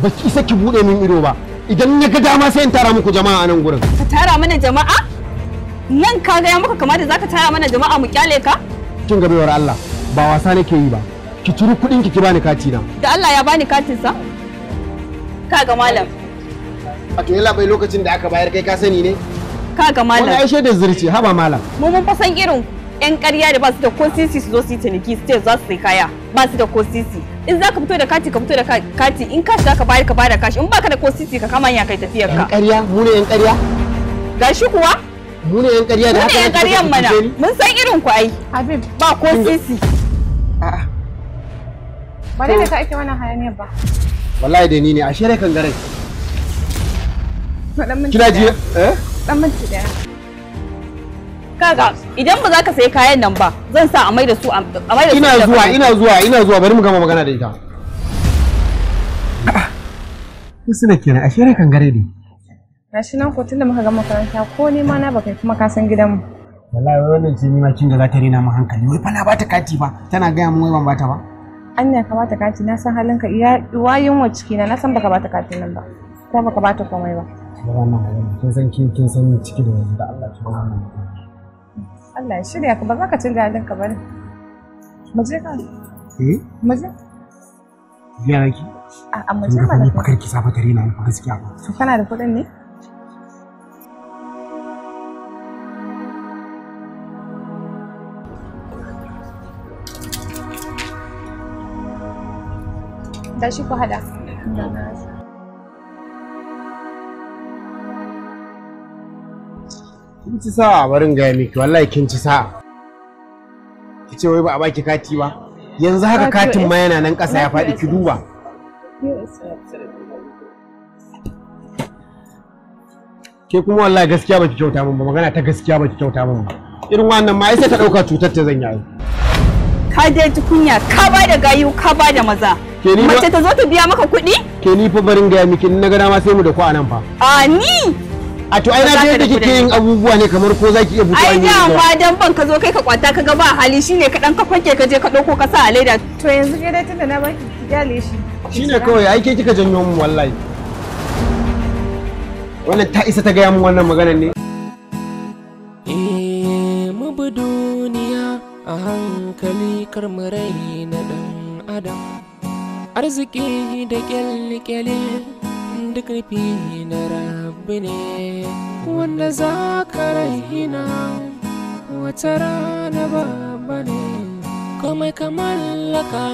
ba ki saki ki bude min ido ba idan na ga dama sai in tara muku jama'a a nan gurin ka tara mana jama'a nan ka gaya maka kamar da zaka tara mana jama'a mu kyale ka kin ga Allah ba wasa nake yi ba ki ciri kuɗin ki ki bani kati na da Allah ya bani katin sa ka ga malam a to yalla bai lokacin da aka bayar kai ka sani ne ka ga malam wani aishe da zirce haba malam mu mun fasan irin yan ƙarya da ba su da ko sisi su zo su yi ciniki su ce za su sai kaya ba su da ko sisi in za ka fito da kati ka fito da kati in kashi za ka bayar ka bayar da kashi in baka da ko sisi ka kama hanya kai tafiyar ka ƴan ƙarya mu ne ƴan ƙarya shi kuwa mu ne yan ƙarya da haka yan ƙaryan mana mun san irin ku ai habib ba ko sisi ba dai da ka ake wannan hayaniyar ba wallahi da ni ne a shere kan garai kina ji eh dan minti daya kaga idan ba za ka sayi kayan nan ba zan sa a mai da su a mai da su ina zuwa ina zuwa ina zuwa bari mu gama magana da ita Kusina kenan a shere kan gare ne. gashi nan ko da muka ga makaranta ko ne ma na baka kuma ka san gidanmu wallahi wai wannan ce ni ma kin ga za ta rena mu hankali wai fa na bata kati ba tana gaya mun wai ban bata ba an ne ka bata kati na san ka iya wayin wa ciki na na san baka bata kati nan ba ko baka bata komai ba kin san kin kin san ciki da da Allah ki wannan Allah ya shirya ka ba za ka canja ka ba ne mu je ka eh mu je ya ki a amma je ma da fakar ki safa tare na fa gaskiya ba to kana da kuɗin ne tashi ku hada kin ci sa'a barin gaya miki wallahi kin ci sa'a ki ce wai ba a baki kati ba yanzu haka ah, katin ma yana nan ƙasa ya faɗi ki duba ke kuma wallahi gaskiya baki kyauta min ba magana ta gaskiya baki kyauta min ba irin wannan ma ai sai ta ɗauka cutar ta zanya yayi ka dai kunya ka ba da gayu ka ba da maza mace ta zo ta biya maka kuɗi ke ni fa barin gaya miki na ga dama sai mu da ku a nan fa a ni a to ai na da yadda kike yin abubuwa ne kamar ko zaki iya buku ai da ba dan ban ka zo kai ka kwata ka ga ba hali shine ka dan ka kwanke ka je ka dauko ka sa a leda to yanzu ke dai tunda na baki jale shi shine kawai ai ke kika janyo mu wallahi wannan ta isa ta gaya mu wannan maganar ne eh mabudu a hankali karmarai na ɗan adam arziki da kyalkyale duk nufi na rabbi ne wanda za ka rahina wata rana babba ne komai ka mallaka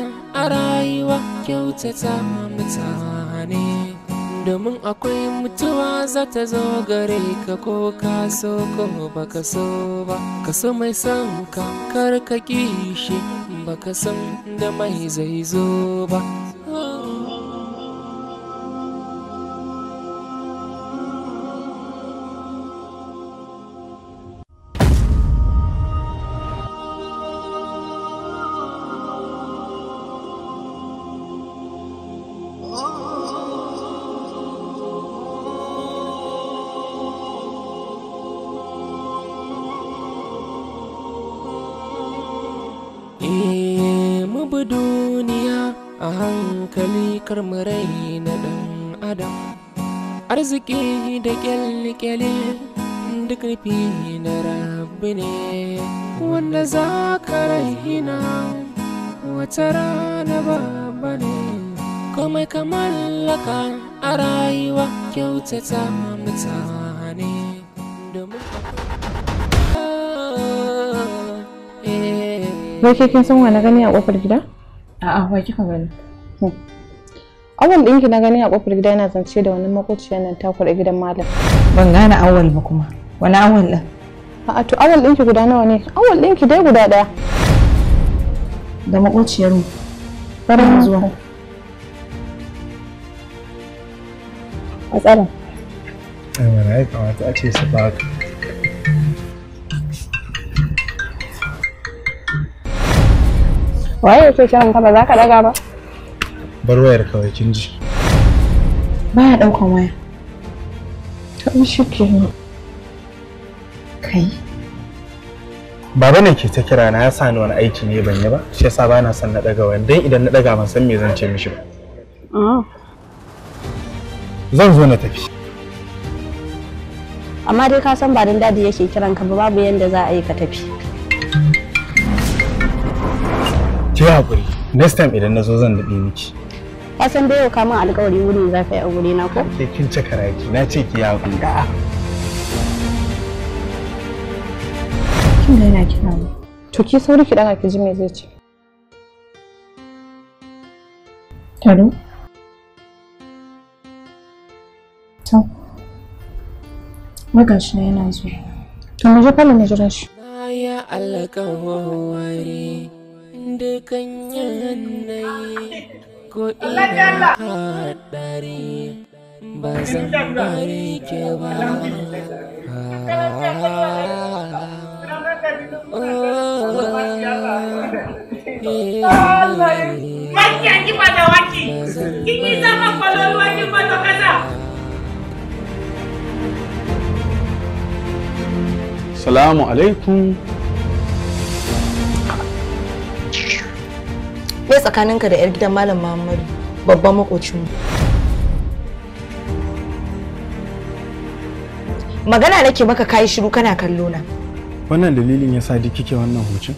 a rayuwa kyautata mutane domin akwai mutuwa za ta zo gare ka ko ka so ko ka so ba ka so mai son ka kar ka kishi baka san da mai zai zo ba hankali kar rai na dan adam arziki da kyalkyale duk nufi na rabbi ne wanda za ka rahina wata rana babba ne komai ka a rayuwa kyautata mutane domin eh. Wai kin san na gani a kofar gida? A'a, wa kika gani? awal ɗinki na gani a kofar gida yana zance da wani makociya nan takwar gidan malam ban gane awal ba kuma wani awal ɗin a'a to awal ɗinki guda nawa ne awal ɗinki dai guda ɗaya da makociyar mu bari zuwa a tsara ai na ya kamata a ce su ba waye ya ce kiran ka ba za ka daga ba bar wayar kawai kin ji Ba ya ɗaukan waya ta shi ke kai baba ne ke ta kira na ya sa ni wani aiki ne ban yi ba shi yasa ba na son na daga wani dan idan na daga ban san me zan ce mishi ba ah. zan zo na tafi amma dai ka san ba dan dadi yake kiran ka ba babu yanda za a yi ka tafi ki hakuri next time idan na zo zan daɗe miki ya san bai ka min alƙawari wurin za ka yi a wuri na ko ke kin ci karaki na ce ki ya kunga kin ga yana kira mu to ki sauri ki daga ki ji me zai ce Hello? To, magashi na yana zuwa. To, mu je falon na jira shi. Ya alƙawari dukan yanayi. ko haɗari ba zan bari ke ba a da waki, kasa. Salamu alaikum. me tsakaninka da 'yar gidan malam muhammadu babban mu magana nake maka kayi shiru kana kallo na wannan dalilin ya sa kike wannan hucin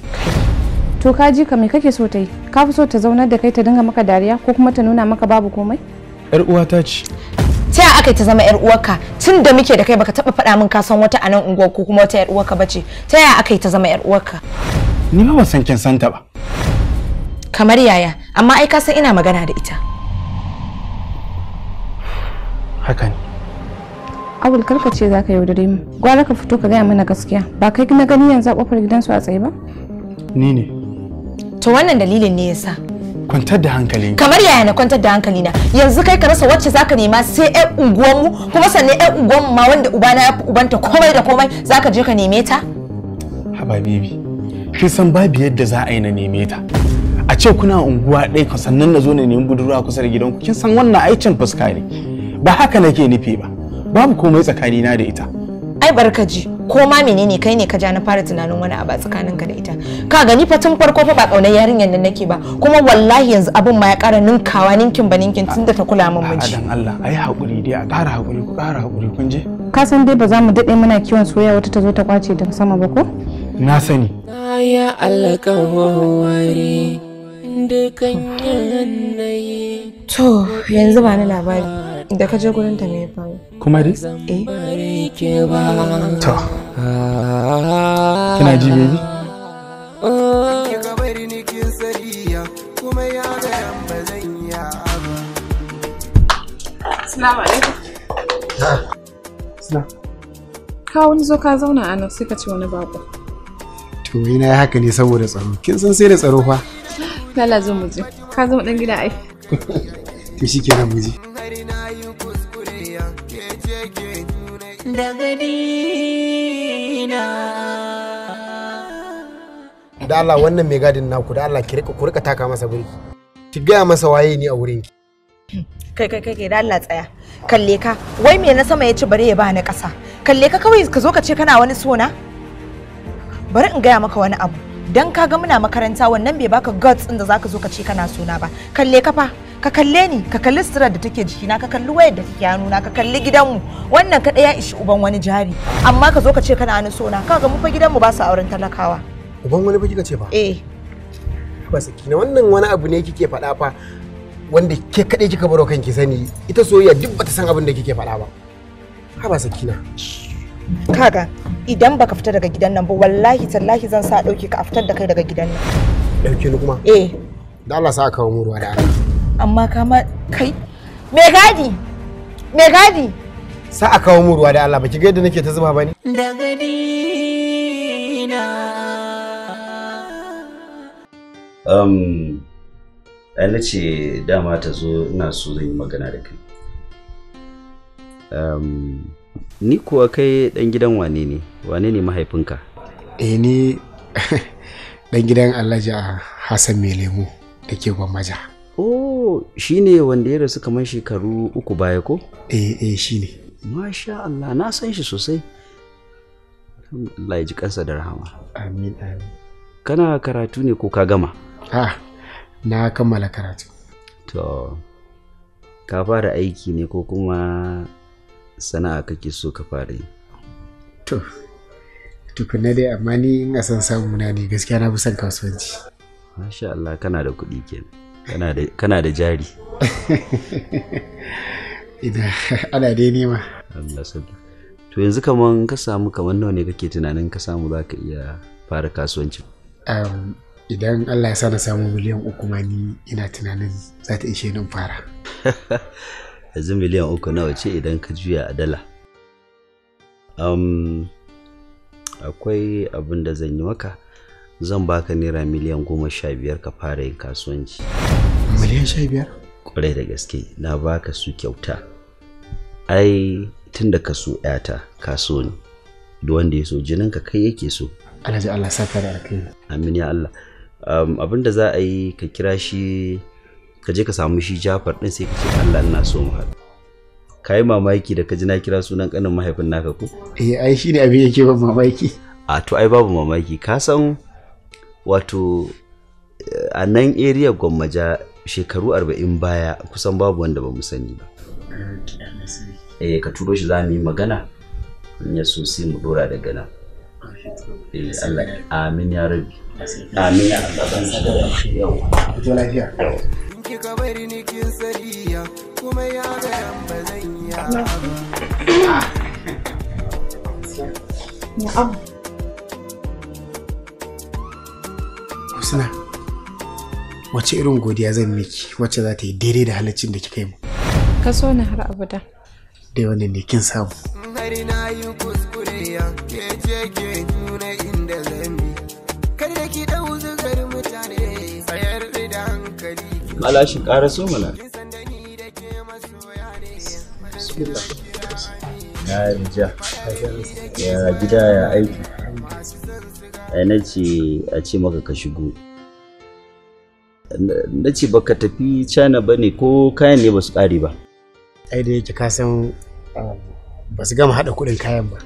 to ka ji ka me kake so ta yi ka fi so ta zaunar da kai ta dinga maka dariya ko kuma ta nuna maka babu komai yar uwata ce ta aka yi ta zama yar uwarka tun da muke da kai baka taba faɗa min ka san wata a nan unguwar ko kuma wata yar uwarka bace ta ya aka yi ta zama yar uwarka ni ba ban san kin santa ba kamar yaya amma ai ka san ina magana da ita haka ne abul karka ce za ka yaudare mu gwara ka fito ka gaya mana gaskiya ba kai na gani yanzu a kofar gidansu a tsaye ba ni ne to wannan dalilin ne yasa kwantar da hankali kamar yaya na kwantar da hankali na yanzu kai ka rasa wacce zaka nema sai ai unguwan mu kuma sannan ai unguwan mu ma wanda ubana ya fi ubanta komai da komai zaka je ka neme ta haba bibi kisan san babu yadda za a yi na neme ta a ce kuna unguwa ɗaya sannan na zo na nemi budurwa kusa da gidanku kin san wannan aicin fuska ne ba haka nake nufi ba babu komai tsakanina da ita ai barkaji ko ma menene kai ne ka ja na fara tunanin wani abu tsakanin ka da ita ka gani fa tun farko fa ba kaunar yarinyar nan nake ba kuma wallahi yanzu abin ma ya ƙara ninkawa ninkin ba ninkin tunda ta kula min miji dan Allah ai hakuri dai a ƙara hakuri ku ƙara hakuri kun je ka san dai ba za mu daɗe muna kiwon soyayya wata ta zo ta kwace daga sama ba ko na sani ya Allah kan wawari To yanzu ba ni labari da ka je gurin ta mai faru. Kuma dai? Eh. To. Kina ji baby? Assalamu Sina. Ka wani zo ka zauna a nan sai ka ci wani bako. to ina ya haka ne saboda tsaro kin san sai da tsaro fa kala zo mu je ka zama dan gida ai to shi mu je daga da Allah wannan mai gadin naku da Allah ki rika ku rika taka masa birki ki gaya masa waye ni a wurin ki kai kai kai da Allah tsaya kalle ka wai me na sama ya ci bare ya ba na ƙasa kalle ka kawai ka zo ka ce kana wani sona bari in gaya maka wani abu dan kaga muna makaranta wannan bai baka guts din da zaka zo ka ce kana suna ba kalle ka fa ka kalle ni ka kalli sirar da take jikina ka kalli wayar da take hannuna ka kalli gidanmu wannan ka ya ishi uban wani jari amma ka zo ka ce kana ni sona kaga mu fa gidanmu ba su auren talakawa uban wani ba kika ce ba eh ba sakina wannan wani abu ne kike faɗa fa wanda ke kaɗai kika baro kanki sani ita soyayya duk bata san abin da kike faɗa ba ha ba sakina kaga idan baka fita daga gidan nan ba wallahi tallahi zan sa dauke ka a fitar da kai daga gidan nan dauke ni kuma eh da Allah sa kawo muruwa ruwa da ara amma ka ma kai me gadi me gadi sa a kawo muruwa ruwa da Allah baki ga yadda nake ta zuba bane daga na um ai nace dama ta zo ina so zan yi magana da kai um ni kuwa kai dan gidan wane ne wane ne mahaifinka eh ni dan gidan alhaji hassan mai lemu da ke gwamaja oh ne wanda ya rasu kamar shekaru uku baya ko eh eh shi ne. masha Allah na san shi sosai Allah ya ji kansa da rahama amin amin kana karatu ne ko ka gama ah na kammala karatu to ka fara aiki ne ko kuma sana'a kake so ka fara yi to tukunna dai amma ni in a san samu na ne gaskiya na fi son kasuwanci masha Allah kana da kuɗi kenan kana da kana da jari ina ana dai nema Allah sabu. to yanzu kaman ka samu kaman nawa ne kake tunanin ka samu za ka iya fara kasuwanci um, idan Allah ya sa na samu miliyan uku ma ni ina tunanin za ta ishe nan fara yanzu miliyan uku nawa ce idan ka juya a dala akwai abin da zan yi maka zan baka naira miliyan goma sha biyar ka fara yin kasuwanci miliyan sha biyar kwarai da gaske na baka su kyauta ai tun da ka so yata ka so ne da wanda ya so jininka kai yake so alhaji allah saka da alkai amin ya allah abin da za a yi ka kira shi ka je ka samu shi jafar din sai ka ce Allah ina so mu haɗu ka yi mamaki da ka ji na kira sunan kanin mahaifin naka ko eh ai shine abin yake ban mamaki a to ai babu mamaki ka san wato eh, a nan area gwammaja shekaru 40 baya kusan babu wanda ba mu sani ba eh ka turo shi za mu yi magana in ya so sai mu dora daga nan eh, Allah amin ya rabi amin ya Allah ban sa da yawa to lafiya kika bari ni kin sariya kuma ya ga yan ba zan iya na'am Husna wace irin godiya zan miki wacce za ta yi daidai da halaccin da kika yi mu ka so ni har abada dai wannan ne kin samu hari na yi kuskure ya keje ke Malashi ƙara so mana. Na rija. Ya gida ya aiki. Na ce a ce maka ka shigo. Na ce baka tafi cana ba ne ko kayan ne ba su ƙare ba. Ai da yake ka san ah, ba su gama haɗa kuɗin kayan ba.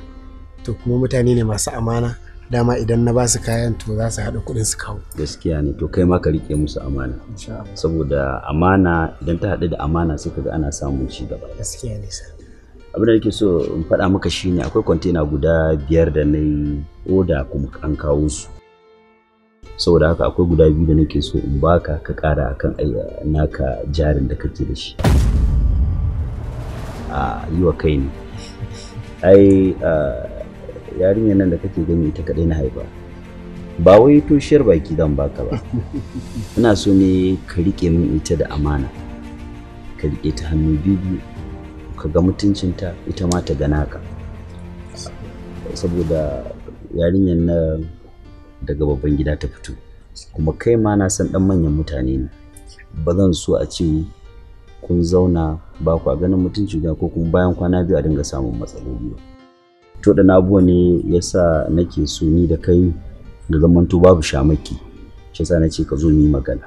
To kuma mutane ne masu amana. dama idan na basu kayan to za su haɗa kuɗin su kawo gaskiya ne to kai ma ka rike musu amana saboda amana idan ta haɗu da amana sai ka ga ana samun ci gaba gaskiya ne sa abin da nake so in faɗa maka shine akwai kwantena guda biyar da na yi oda kuma an kawo su saboda haka akwai guda biyu da nake so in baka ka ƙara akan eh, naka jarin da kake da shi a ah, yi kai ne ai ah, yarinyar nan da kake gani ita kadai na haifa ba wai toshiyar baki dan baka ba ina so ne ka rike min ita da amana ka rike ta hannu biyu ka ga mutuncinta ita ma ta gana ka saboda yarinyar na daga babban gida ta fito kuma kai ma na san dan manyan mutane ne ba zan so a ce kun zauna ba ku ganin mutunci ko kuma bayan kwana biyu a dinga samun matsaloli ba to da abubuwa ne yasa nake so ni da kai da zamanto babu shamaki shi yasa nace ka zo ni magana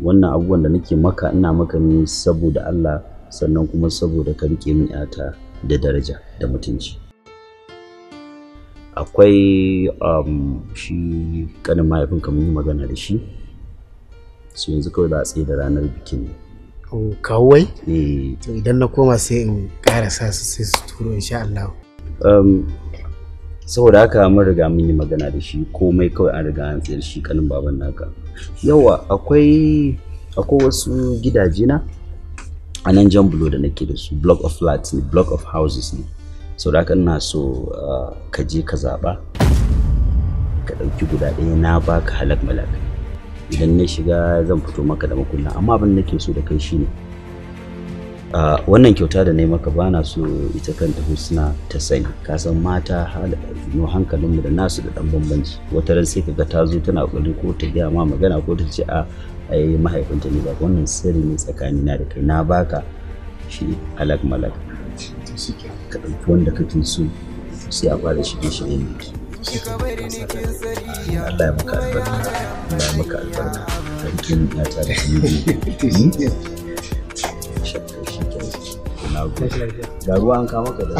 wannan abubuwan da nake maka ina maka ne saboda Allah sannan kuma saboda ka rike min yata da daraja da mutunci akwai um, shi kanin mahaifinka mun yi magana da shi su yanzu kawai za tsaye da ranar bikin ne oh, kawai? Eh. idan na koma sai in karasa su sai su turo insha Allah Um, saboda haka mun riga mun yi magana da shi komai kawai an riga an tsayar shi kanin baban naka yawa akwai akwai wasu gidaje na a nan jan bulo da nake da su block of flats ne block of houses ne saboda haka ina so uh, ka je ka zaɓa ka ɗauki guda ɗaya na baka halak malak idan na shiga zan fito maka da makulla amma abin nake so da kai shine ne Ah, wannan kyauta da na yi maka bana so ita kanta husna ta sani ka san mata no hankalinmu da nasu da dan bambanci wata ran sai kaga ta zo tana kokari ko ta gaya ma magana ko ta ce a ai mahaifinta ne ba wannan sirri ne tsakani na da kai na baka shi alak malak ka ɗauki wanda kake so sai a fara shi shi ah, ne Allah ya maka albarka Allah ya maka albarka ga ruwa an kama ka da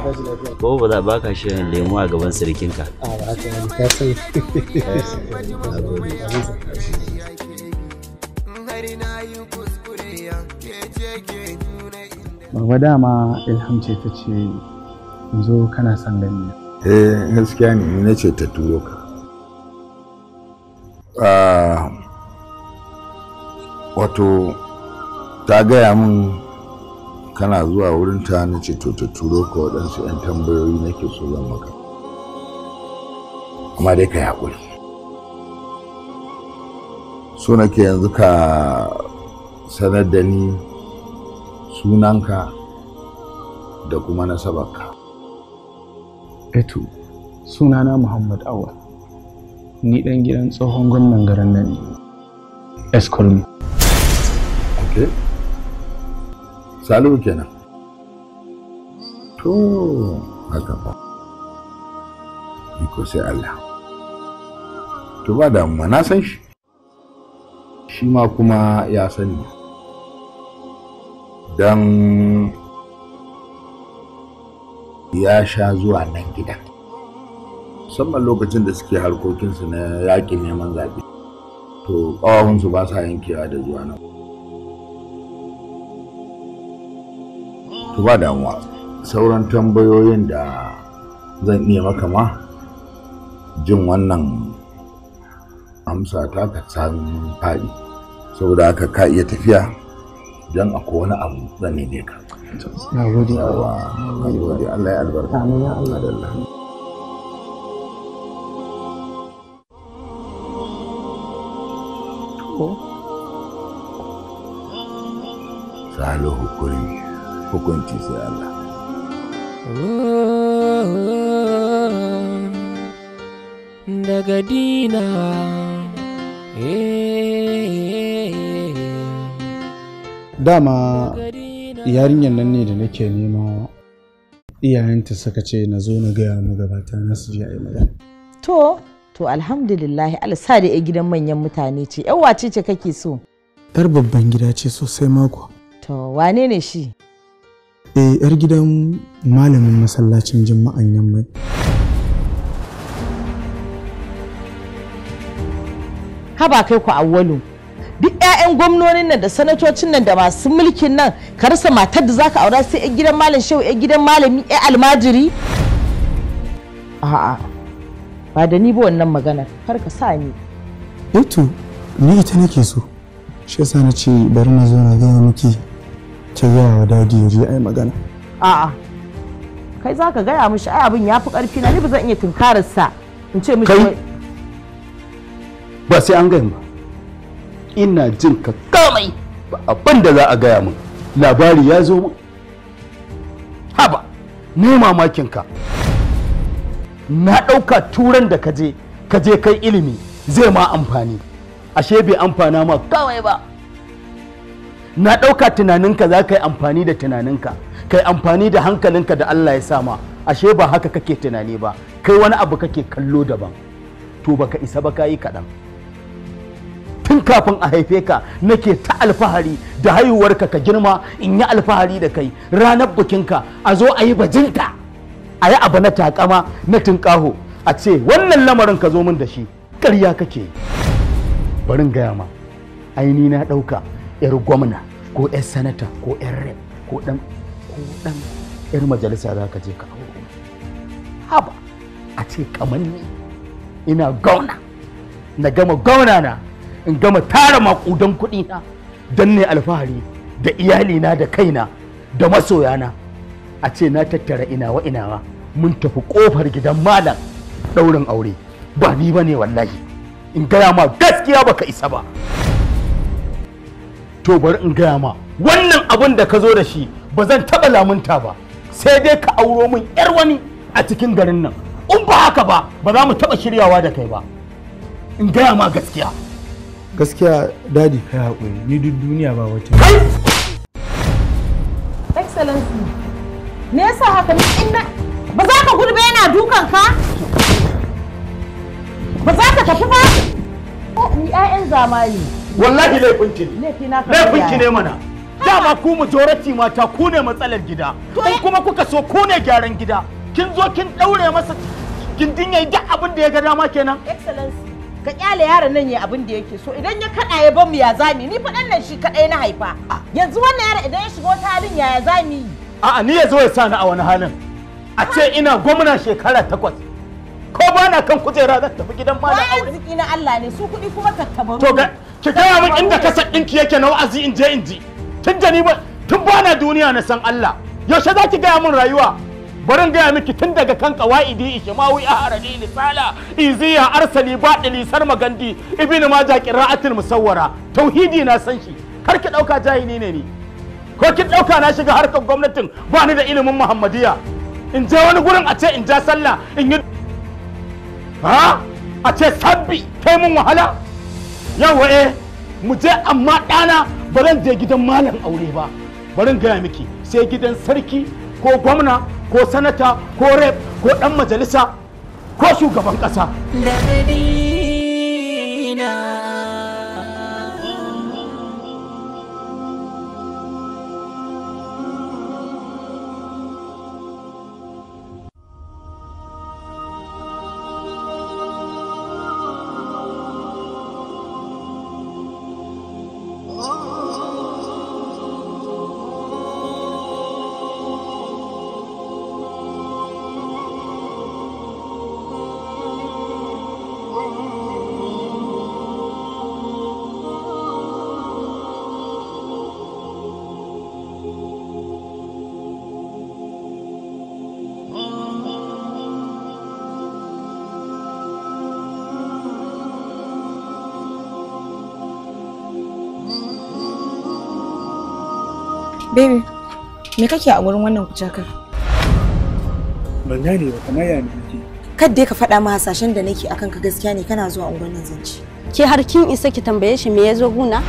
ko ba za ba ka shan lemu a gaban sirikinka a ba ka ka sai Baba dama ilham ce ta ce in zo kana son gani. Eh gaskiya ne na ce ta turo ka. Ah, wato ta gaya min kana zuwa wurin ta na ce to ta turo ka waɗansu 'yan tambayoyi nake so zan maka kuma dai ka yi haƙuri so nake yanzu ka sanar da ni sunanka da kuma nasabarka eto sunana muhammad Awa ni ɗan gidan tsohon gwamnan garin nan ne eskolmi okay. salihu kenan to haka ba iko sai Allah to ba damuwa na san shi shi ma kuma ya sani Dan ya sha zuwa nan gida musamman lokacin da suke harkokinsu na yaƙin neman zaɓe to ƙawawansu ba sa yankewa da zuwa nan to ba damuwa sauran tambayoyin da zan iya maka ma jin wannan amsa ta ka san faɗi saboda haka ka iya tafiya don akwai wani abu zan ne ka Allah ya albarka amin ya Allah oh. Salihu hukunci sai Allah daga dina eh, dama yarinyar nan ne da nake nema iyayenta suka ce na zo na gaya mu na su je a yi magana to to alhamdulillah alsa da gidan manyan mutane ce yan wace ce kake so yar babban gida ce sosai mako to wane ne shi eh yar gidan malamin masallacin jima'an yammai haba kai ku awwalu duk 'ya'yan gwamnonin nan da sanatocin nan da masu mulkin nan ka rasa matar da zaka aura sai 'yan gidan malam shehu 'yan gidan malami 'yan almajiri a'a ba da ni ba wannan maganar kar ka sa ni eto eh ni ita nake so shi yasa na ce bari na zo na gaya miki ce gaya wa dadi ya je ai magana a'a kai za ka gaya mishi ai abin ya fi ƙarfi na ni ba zan iya tunkararsa in ce mishi kai ba sai an gaya ma ina jin ka kamai ba abin da za a gaya min labari ya zo min haba ne mamakin ka na ɗauka turan da ka je ka je kai ilimi zai ma amfani ashe bai amfana ma kawai ba na ɗauka tunaninka za ka yi amfani da tunaninka ka yi amfani da hankalinka da Allah ya sama ashe ba haka kake tunani ba kai wani abu kake kallo daban to baka isa ba ka yi kaɗan tun kafin a haife ka nake ta alfahari da haihuwarka ka girma in yi alfahari da kai ranar bikinka a zo a yi bajinta a yi abu na takama na tunƙaho a ce wannan lamarin ka zo min da shi ƙarya kake barin gaya ma aini na ɗauka 'yar gwamna ko 'yar sanata ko 'yar rep ko dan ko dan 'yar majalisa za ka je ka auro haba a ce ni, ina gauna na gama gauna na in gama tara makudan kuɗi na don ne alfahari da iyalina da kaina da masoyana a ce na tattara inawa inawa mun tafi kofar gidan malam ɗaurin aure ba ni ba ne wallahi in gaya ma gaskiya baka isa ba to bari in gaya ma wannan abin da ka zo da shi ba zan taɓa lamunta ba sai dai ka auro min yar wani a cikin garin nan in ba haka ba ba za mu taɓa shiryawa da kai ba in gaya ma gaskiya gaskiya dadi kai haƙuri ni duk duniya ba wata excellency me yasa haka ni inna ba za ka gurbe yana dukan ka ba za ka tafi ba ƴaƴan zamani wallahi laifin ki ne laifin ki ne mana dama ku majority mata ku ne matsalar gida in eh- kuma kuka so ku ne gyaran gida kin zo kin daure masa kin dinga duk abin da ya ga dama kenan excellency ka kyale yaron nan ya abin da yake so idan ya kada ya mu ya zami ni faɗan nan shi kadai na haifa ah. yanzu wannan yaron idan ya shiga wata halin ya zami a'a ni ya zo ya sa ni a wani halin a ce ina gwamna shekara takwas ko ba na kan kujera zan tafi gidan malam aure arziki na Allah ne su kuɗi kuma tattabaru to ga ki gaya min inda san ɗinki yake na wa'azi in je in ji tun da ni ba tun ba na duniya na san Allah yaushe za ki gaya min rayuwa barin gaya miki tun daga kan qawaidi ishmawi aharali lisala iziya arsali sar magandi ibnu majah qira'atul musawwara tauhidi na san shi kar ki ɗauka jahili ne ni ko ki ɗauka na shiga harkar gwamnatin ba ni da ilimin muhammadiya in je wani gurin a ce in ja sallah in yi ha a ce sabbi kai mun wahala yawa eh mu je amma ɗana ba zan je gidan malam aure ba barin gaya miki sai gidan sarki ko gwamna ko sanata ko rep ko ɗan majalisa ko shugaban ƙasa. Me kake a gurin wannan kucakar? Ban gane ba kamar ya ne kike. Kadda ka faɗa ma hasashen da nake akan ka gaskiya ne kana zuwa unguwar nan zance. Ke har kin isa ki tambaye shi me ya zo guna?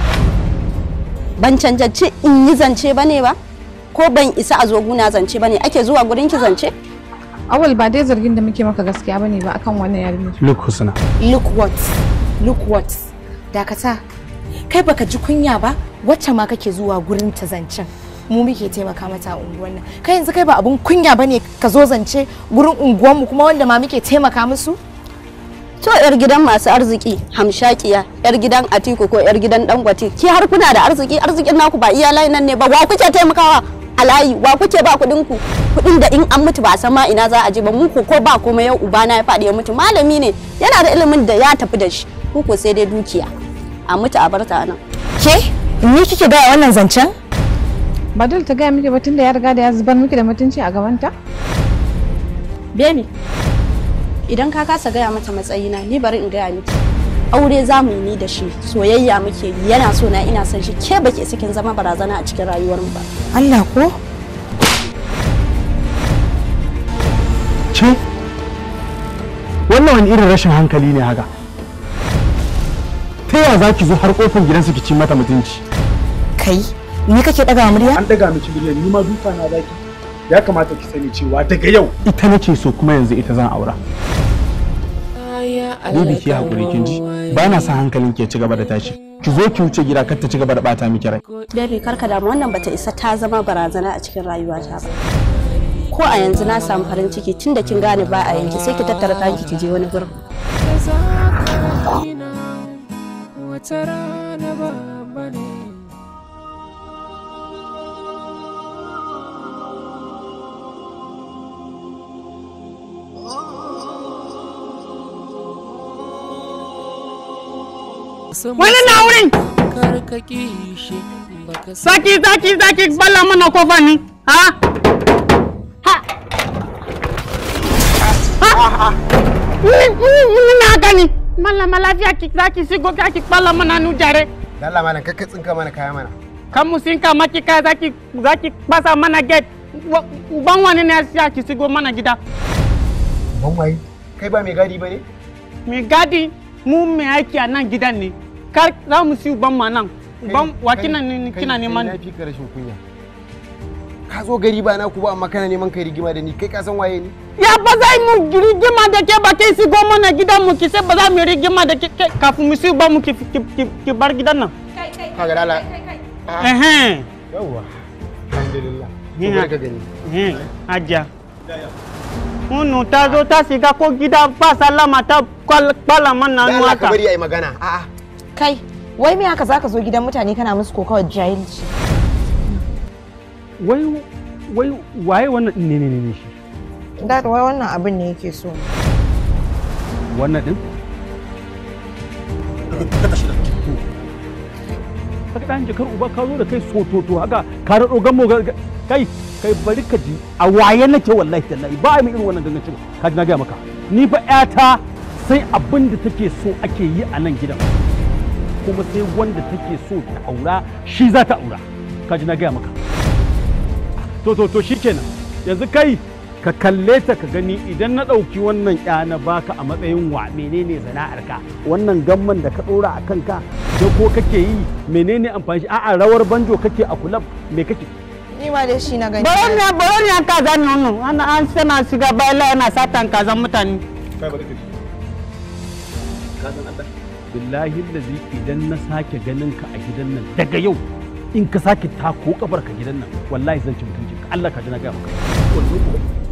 Ban cancanci in yi zance ba ne ba? Ko ban isa a zo guna zance ba ne ake zuwa gurin ki zance? Awal ba dai zargin da muke maka gaskiya bane ba akan wannan yarinya. Look Husna. Look what? Look what? Dakata. Kai baka ji kunya ba wacce ma kake zuwa gurin ta zancen. mu muke taimaka mata a unguwan nan kai yanzu kai ba abun kunya bane ka zo zance gurin unguwan mu kuma wanda ma muke taimaka musu to yar gidan masu arziki hamshakiya yar gidan atiku ko yar gidan dangwati ki har kuna da arziki arzikin naku ba iya layi nan ne ba wa kuke taimakawa a layi wa kuke ba kudin ku kudin da in an mutu ba san ma ina za a je ba mu ko ba komai yau uba na ya faɗi ya mutu malami ne yana da ilimin da ya tafi da shi ku ko sai dai dukiya a mutu a barta nan ke ni kike da wannan zancen ba dole ta gaya miki ba tunda ya riga da ya zubar miki da mutunci a gabanta? Bemi, idan ka kasa gaya mata matsayina ni bari in gaya miki. Aure za mu yi ni da shi, soyayya muke yi yana so na ina son shi ke baki sakin zama barazana a cikin rayuwar mu ba. Allah ko? Ce? Wannan wani irin rashin hankali ne haka? Ta yaya za ki zo har kofar su ki ci mata mutunci? Kai, ni kake daga murya an daga miki murya ni ma duka na zaki ya kamata ki sani cewa daga yau ita nace so kuma yanzu ita zan aura Bibi ki hakuri kin ji ba na sa hankalin ki ci gaba da tashi ki zo ki wuce gida kar ta ci gaba da bata miki rai Baby kar ka damu wannan bata isa ta zama barazana a cikin rayuwata ba ko a yanzu na samu farin ciki tunda kin gane ba a yanki sai ki tattara kanki ki je wani gurin wani na wurin saki saki saki balla mana kofa ni ha ha na gani malama lafiya ki zaki shigo ki balla mana nu jare dalla mana kakka tsinka mana kaya mana kan mu sinka maki kaya zaki zaki basa mana gate ban wani ne ya ki shigo mana gida ban wai kai ba mai gadi bane mai gadi mu mai aiki a nan gidan ne kar za mu siyu ban ma nan ban wa kina kina neman kai fi rashin kunya ka zo gari ba na ku ba amma kana neman kai rigima da ni kai ka san waye ni ya ba zai mu rigima da ke ba kai si goma na gidan mu ki sai ba za mu rigima da ke kafin mu siyu ba mu ki ki bar gidan nan kai kai ka ga dala eh eh yawa alhamdulillah ni ka gani eh ajiya Unu ta zo ta shiga ko gida ba sallama ta kwalaman na nuwa ka. bari ai magana. A'a. Kai, wai me haka zaka zo gidan mutane kana musu kokawar jahilci? Wai wai waye wannan ne ne ne shi? Da wai wannan abin ne yake so. Wannan din? Ka tashi ka ɗan jakar uba ka zo da kai sototo haka ka raɗo mu kai kai bari ka ji a waye nake wallahi tallahi ba a irin wannan gangancin ka ji na gaya maka ni fa ƴata sai abin da take so ake yi a nan gidan kuma sai wanda take so ta aura shi za ta aura ka ji na gaya maka to to to shikenan yanzu kai ka kalle ta ka gani idan na ɗauki wannan ƴa na baka a matsayin wa menene sana'arka wannan gamman da ka ɗora a kanka da ko kake yi menene amfani shi a'a rawar banjo kake a kulab me kake ni ma da shi na gani baron ya baron ya kaza nono ana an sana shiga bayla yana satan kazan mutane kai ba kake ka zan Allah billahi allazi idan na sake ganin ka a gidan nan daga yau in ka sake tako kabar ka gidan nan wallahi zan ci mutunci Allah ka ji na ga maka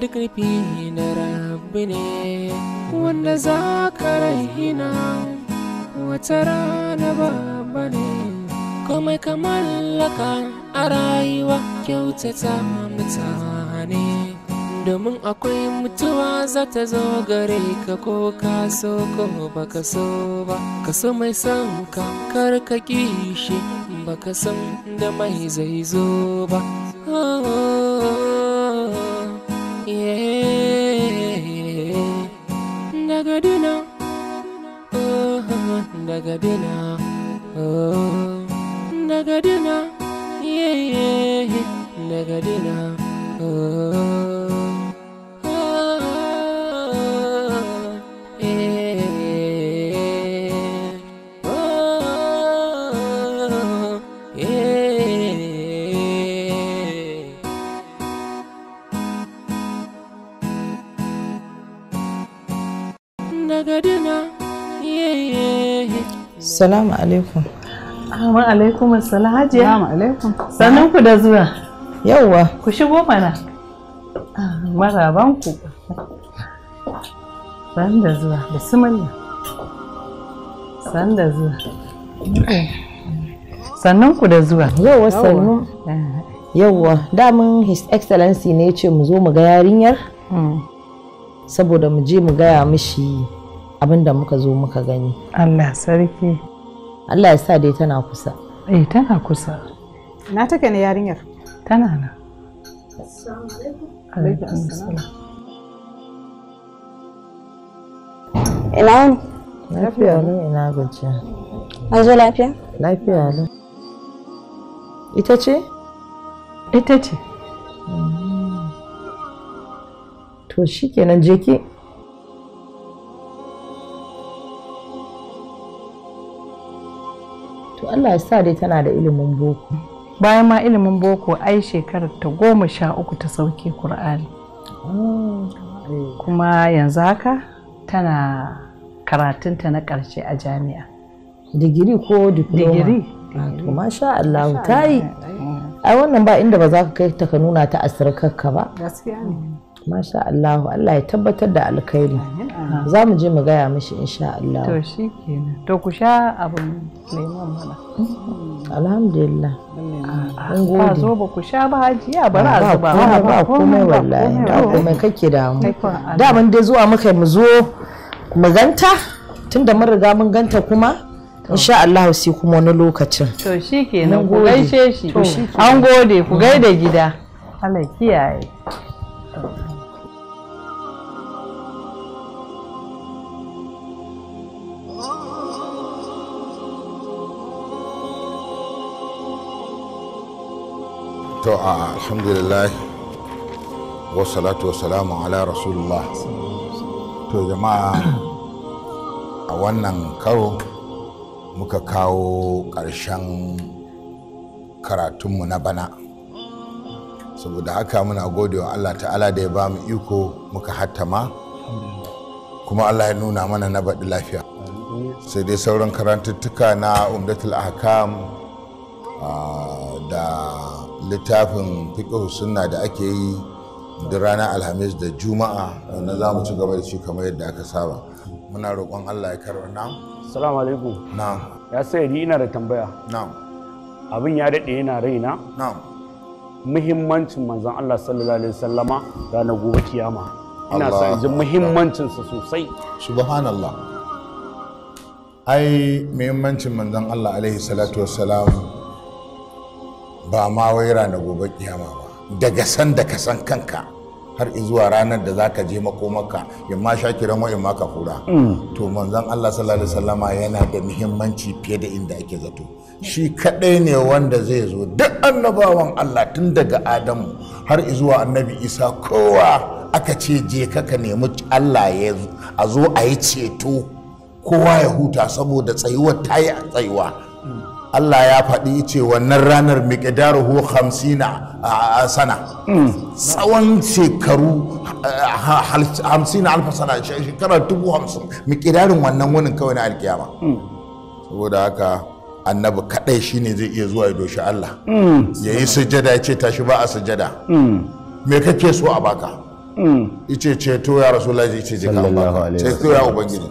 duk nufi na rabbi ne wanda za ka raihina wata rana babba ne komai kamar laka a rayuwa kyautata mutane domin akwai mutuwa za ta zo gare ka ko ka so ko ba ka so ba ka so mai son ka kar ka kishi ka san da mai zai zo ba oh, Salamu alaikum. Salamu alaikum assalam hajiya. Salamu alaikum. Sannan ku da zuwa. Yauwa Ku shigo mana. Marabanku. ku. da zuwa. Bismillah. San da zuwa. Sannan ku da zuwa. Yauwa, sannu. da damin His Excellency ne ya ce mu zo mu ga yarinyar. Hmm. Saboda mu je mu gaya mishi abin da muka zo muka gani Allah sarki Allah ya sa dai tana kusa eh tana kusa na take ne yarinyar tana na assalamu alaikum alaikum ina ne lafiya ne ina gajiya an zo lafiya lafiya ne ita ce ita ce to shikenan je ki to Allah ya sa dai tana da ilimin boko bayan ma ilimin boko ai shekarar ta goma sha uku ta sauke Kur'ani oh, kuma yanzu haka tana karatunta na ƙarshe a jami'a digiri ko digiri ah, to masha Allah ta yi ai wannan ba inda ba za ka kai ta ka nuna ta asirkarka ba gaskiya ne masha Allah Allah ya tabbatar da alkhairi za mu je mu gaya mishi insha Allah to shi kenan to ku sha abin lemon mana hmm, alhamdulillah an gode ba zo ba ku sha ba hajiya ba ra zuba ba ba komai wallahi da komai kake da mu da mun dai zuwa muka mu zo mu ganta tunda mun riga mun ganta kuma insha Allah sai kuma wani lokacin to shi kenan ku gaishe shi an gode ku gaida gida Allah kiyaye to a alhamdulillah wasalatu wasalamu ala rasulullah to jama'a a wannan karo muka kawo ƙarshen karatunmu na bana saboda haka muna gode wa allah ta'ala da ya ba mu iko muka hattama kuma allah ya nuna mana na baɗi lafiya sai dai sauran karantattuka na umdatul ahkam da littafin fiqh sunna da ake yi da ranar alhamis da juma'a na za mu ci gaba da shi kamar yadda aka saba muna roƙon allah ya karɓar na salamu alaikum na ya sai ina da tambaya na abin ya daɗe yana raina na. muhimmancin manzon allah sallallahu alaihi wasallama ranar gobe kiyama ina son jin muhimmancinsa sosai subhanallah ai muhimmancin manzon allah alaihi salatu wassalam ba ma wai ranar gobe kiyama ba daga san da ka san kanka har zuwa ranar da za ka je makomaka ya ma sha kiran wa'in ma ka kura. Mm. to manzon Allah sallallahu alaihi wasallama yana da muhimmanci fiye da inda ake zato shi kadai ne wanda zai zo duk annabawan Allah tun daga Adamu har zuwa annabi Isa kowa aka ce je ka ka nemi Allah ya a zo a yi ceto kowa ya huta saboda tsayuwar ta yi a tsayuwa Allah ya faɗi ce wannan ranar miƙidaruhu hamsina a sana hmm. tsawon shekaru hamsina alfa sana shekarar dubu hamsin miƙidarin wannan wani kawai na alkiyama hmm. saboda haka annabi kaɗai shine zai iya zuwa ya doshi Allah hmm. ya yi sujada ya ce tashi ba a sujada me kake so a baka ice ceto ya rasu laji ce je ka baka ceto ya ubangiji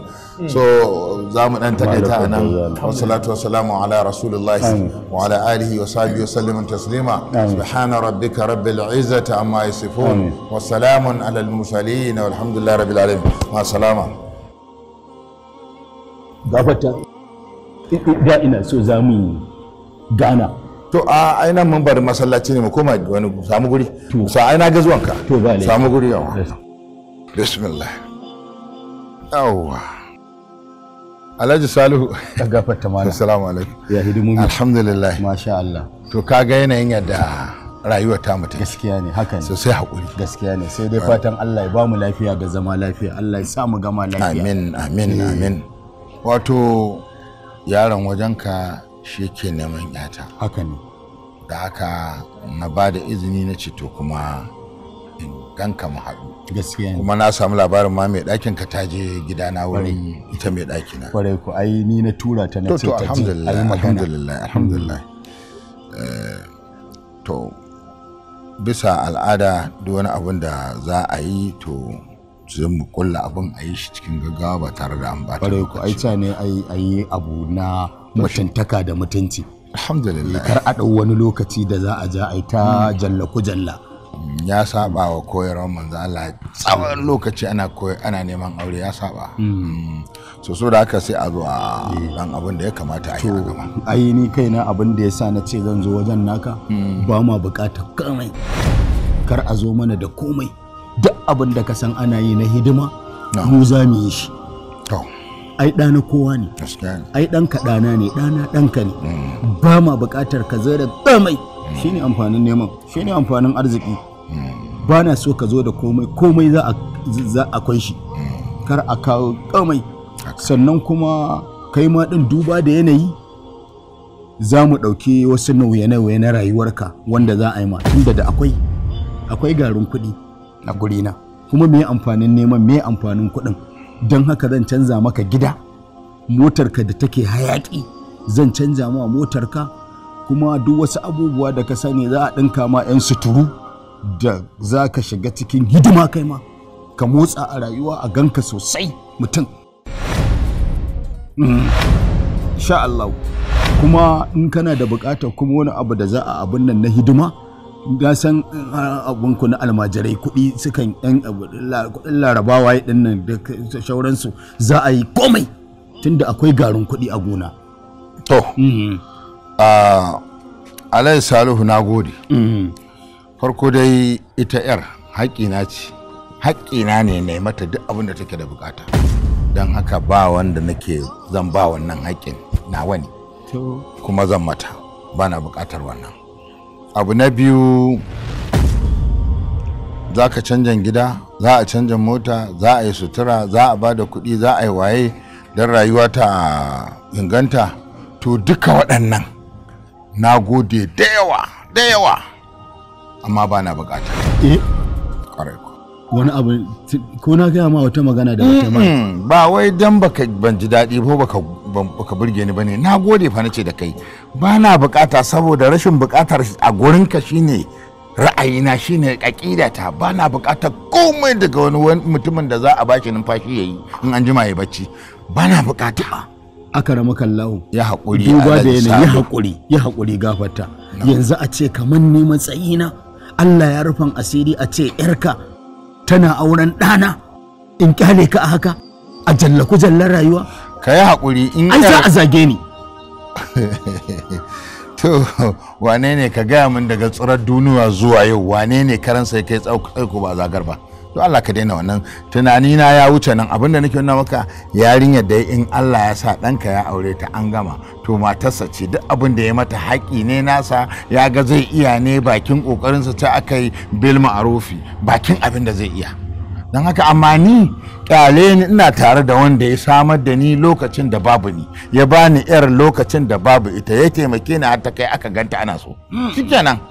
so za mu dan takaita a nan wassalatu wassalamu ala rasulillahi wa ala alihi wa sahbihi wa sallam taslima subhana rabbika rabbil izzati amma yasifun wa salamun ala al mursalin walhamdulillahi rabbil alamin ma salama gafata da ina so za mu gana to a aina mun bari masallaci ne mu koma wani samu guri sa aina ga zuwanka to samu guri yawa bismillah yawwa Alhaji Salihu. Ka gafarta mana. Assalamu alaikum. Ya hidimomi. Alhamdulillah. Masha Allah. To ka ga yanayin yadda rayuwar ta mutum. Gaskiya ne haka ne. Sosai hakuri Gaskiya ne sai dai fatan Allah ya ba mu lafiya da zama lafiya. Allah ya sa mu gama lafiya. Amin amin eh. amin. Wato yaron wajenka shi ke neman yata. Haka ne. Da haka na ba da izini na ce to kuma ganka mu haɗu gaskiya kuma na samu labarin ma mai ɗakin ka taje gida na wurin ita mai ɗaki na kwarai ku ai ni na tura ta na ce ta alhamdulillah alhamdulillah mm. alhamdulillah eh, to bisa al'ada duk wani abun da za a yi to zan mu kulla abin a yi shi cikin gaggawa ba tare da an ba ta lokaci. Ai ta ne ai ai abu na mutuntaka da mutunci. Alhamdulillah. Kar a ɗau wani lokaci da za a ja a ta mm. jalla jalla. ya saba wa koyarwar manzo Allah tsawon mm. lokaci ana koyi ana neman aure ya saba mm. Mm. so so da haka sai a zo a eh. dan abin da ya kamata a yi a gaba ai ni kaina abin da yasa na ce zan zo wajen naka ba ma bukatar komai kar a zo mana da komai duk abin da ka san ana yi na hidima mu za mu yi shi ai na kowa ne ai ɗanka ɗana ne ɗana ɗanka ne ba ma bukatar ka zo da komai shine amfanin neman shine amfanin arziki ba na so ka zo da komai komai za a akwai shi kar a kawo kamai sannan kuma kai ma din duba da yanayi za mu ɗauki wasu nauye-nauye na rayuwarka wanda za a yi ma tunda da akwai akwai garin kuɗi a gurina kuma me amfanin neman me amfanin kuɗin don haka zan canza maka gida motarka da take hayaƙi zan canza ma motarka kuma duk wasu abubuwa da ka sani za a ɗinka ma 'yan suturu da za ka shiga cikin hidima kai ma ka motsa a rayuwa a ganka sosai mutum mm. sha Allah kuma in kana da bukatar kuma wani abu da za a abin nan na hidima na san ah, ku na almajirai kuɗi sukan yan eh, larabawa din nan da shauransu za a yi komai tunda akwai garin kuɗi a gona to mm. alai salihu na gode mm-hmm. farko dai ita yar haƙina ce haƙina ne na mata duk abin da take da bukata don haka ba wanda nake zan ba wannan haƙin na wani kuma zan mata ba na bukatar wannan abu na biyu za ka canjan gida za a canjan mota za a yi sutura za a ba da kuɗi za a yi waye don rayuwa ta inganta to duka waɗannan na gode da yawa da yawa amma ba na bukata eh. wani abu ko na gaya ma wata magana da wata mai. ba wai dan baka ban ji daɗi ko baka baka burge ni bane na gode fa nace da kai ba na bukata saboda rashin bukatar a gurin ka shine ra'ayina shine ta ba na bukatar komai daga wani mutumin da za a bashi numfashi yayi in an jima ya bacci ba na bukata aka rama kallahu ya haƙuri duba da yanayi ya haƙuri ya haƙuri gafarta yanzu a ce kamar ni matsayina Allah ya rufan asiri a ce yarka tana auren ɗana in kyale ka a haka a jallaku jallar rayuwa ka yi haƙuri in ai za a zage ni to wane ne ka gaya min daga tsirar duniya zuwa yau wane ne karansa ya kai tsaiko ba zagar ba to Allah ka daina wannan tunani na ya wuce nan abinda nake nuna maka yarinyar da in Allah ya sa ɗanka ya aure ta an gama to matarsa ce duk abin da ya mata haƙi ne nasa ya ga zai iya ne bakin ƙoƙarinsa ta aka yi bil ma'arufi bakin abin da zai iya don haka amma ni ƙyale ni ina tare da wanda ya samar da ni lokacin da babu ni ya bani yar lokacin da babu ita ya taimake ni har ta kai aka ganta ana so hmm. shikenan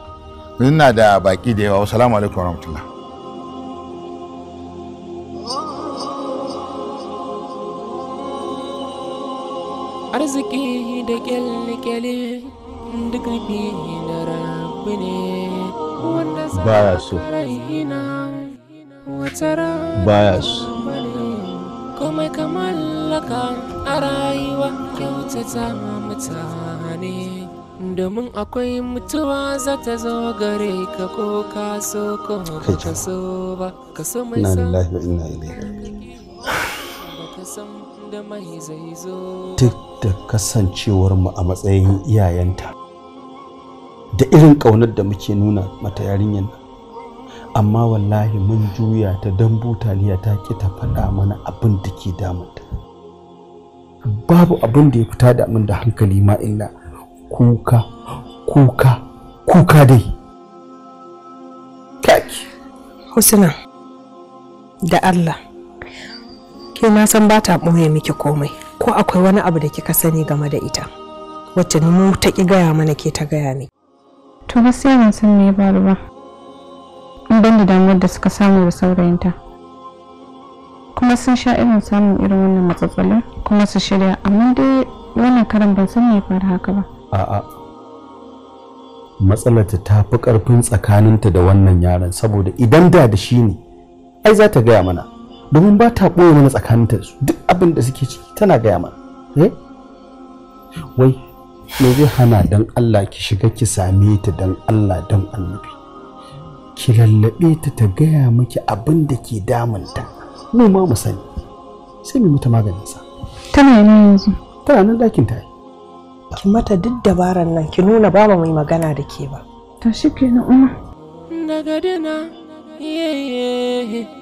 ina da baki da yawa wasu alaikum warahmatullahi arziki da kyalkyali duk nufi na rabu ne wanda baya so baya so komai laka a rayuwa kyautata mutane domin akwai mutuwa za ta zo gare ka ko ka so ko ka so ba ka so mai sa ba ka san duk da kasancewar mu a matsayin iyayenta da irin ƙaunar da muke nuna mata yarinyar nan amma wallahi mun juya ta don butaliya ta ki ta faɗa mana abin da ke damunta babu abin da ya fita da min da hankali ma illa kuka kuka kuka dai kaki husna da allah ke na san ba ta ɓoye miki komai ko akwai wani abu da kika sani game da ita wacce ni mu ta ki gaya mana ke ta gaya ni? to gaskiya ban san me ya faru ba in ban da damuwar da suka samu da saurayinta kuma sun sha irin samun irin wannan matsatsalin kuma su shirya amma dai wannan karan ban san me ya faru haka ba a'a matsalarta ta fi karfin tsakaninta da wannan yaron saboda idan da da shi ne ai za ta gaya mana domin ba ta ɓoye mana tsakanin su duk abin da suke ciki tana gaya mana eh? wai me zai hana dan Allah ki shiga ki same ta dan Allah dan annabi ki lallabe ta ta gaya miki abin da ke damunta mu ma mu sani sai mu mata maganin sa tana nan yanzu tana nan dakin ta ki mata duk dabaran nan ki nuna ba mu magana da ke ba to shikenan umma daga dana yeye yeah, yeah.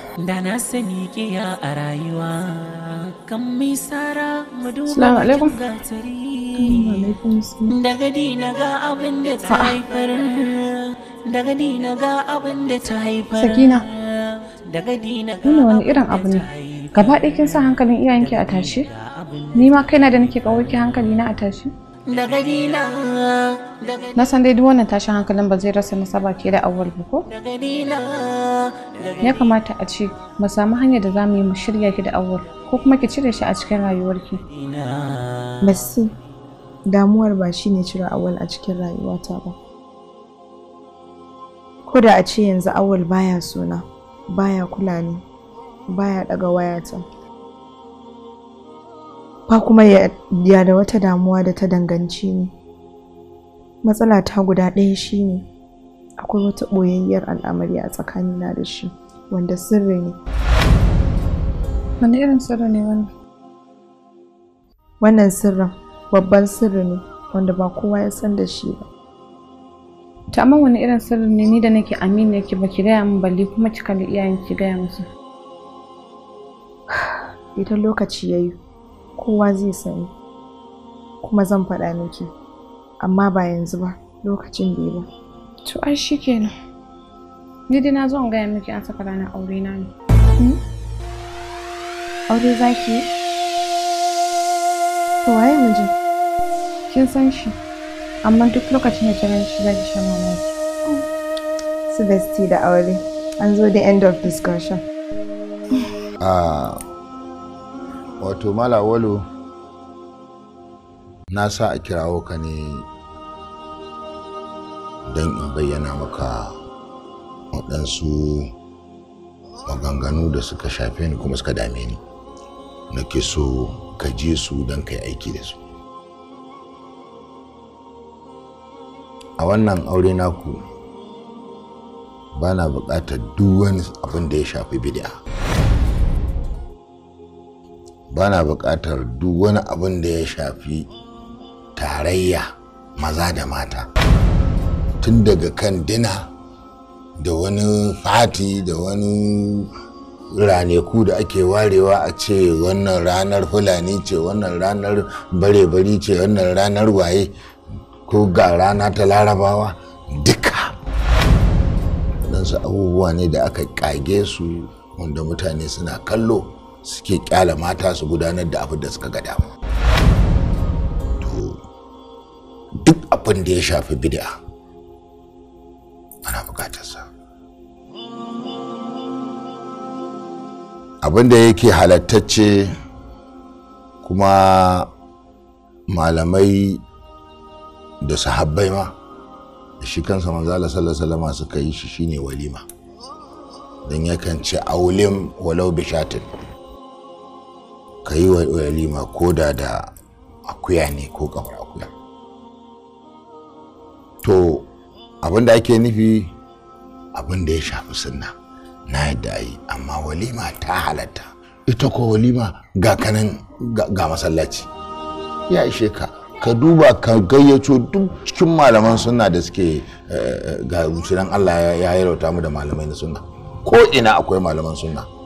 da na sani kiya a rayuwa kan mai tsara da ah. sakina daga wani irin abu ne gaba ɗaya kin sa hankalin iyayenki a tashi ni ma kaina da nake kawo ki hankali na a tashi na san dai duk wannan tashin hankalin ba zai rasa nasaba ke da awal ba ko ya kamata a ce mu samu hanyar da za mu yi mu shirya ki da awal ko kuma ki cire shi a cikin rayuwarki Basi, damuwar ba shi ne cire awal a cikin rayuwata ba ko da a ce yanzu awwal baya suna baya kula ne baya daga wayata ba kuma ya da wata damuwa da ta danganci ni matsala ta guda ɗaya shine akwai wata ɓoyayyar al'amari a tsakanina da shi wanda sirri ne wani irin sirri ne wannan wannan sirrin babban sirri ne wanda ba kowa ya san da shi ba ta amma wani irin sirri ne ni da nake amina yake ba ki gaya min balle kuma ki kalli iyayen ki gaya musu Ita lokaci ya yi kowa zai sani kuma zan faɗa miki amma ba yanzu ba lokacin da ba to ai shikenan ni dai na zo in gaya miki an saka ranar hmm? aure na ne aure zaki yi to waye mijin kin san shi amma duk lokacin da kiran shi zaki shan mamaki Celeste da aure an zo the end of discussion ah wato malawalu na sa a kirawo ka ne don in bayyana maka waɗansu maganganu da suka shafe ni kuma suka dame ni ke so ka je su don kai aiki da su a wannan aure naku ba na buƙatar duk wani abin da ya shafi bid'a. Bana buƙatar duk wani abin da ya shafi tarayya maza da mata tun daga kan dina da wani fati da wani raneku da ake warewa a ce wannan ranar fulani ce wannan ranar bare-bari ce wannan ranar waye ko ga rana ta larabawa duka waɗansu abubuwa ne da aka ƙage su wanda mutane suna kallo suke kyala mata su gudanar da abin da suka ga dama to duk abin da ya shafi bid'a ana bukatarsa abin da yake halattacce kuma malamai da sahabbai ma da shi kansa manzala sallallahu suka yi shi shine walima don yakan ce aulim walau bishatin ka yi wa walima ko da da akuya ne ko kamar akuya to abin da ake nufi abin da ya shafi sunna na yadda yi amma walima ta halatta ita ko walima ga kanan ga masallaci ya ishe ka ka duba ka gayyato duk cikin malaman sunna da suke eh, eh, ga Allah ya yarauta mu da malamai na sunna ko ina akwai malaman sunna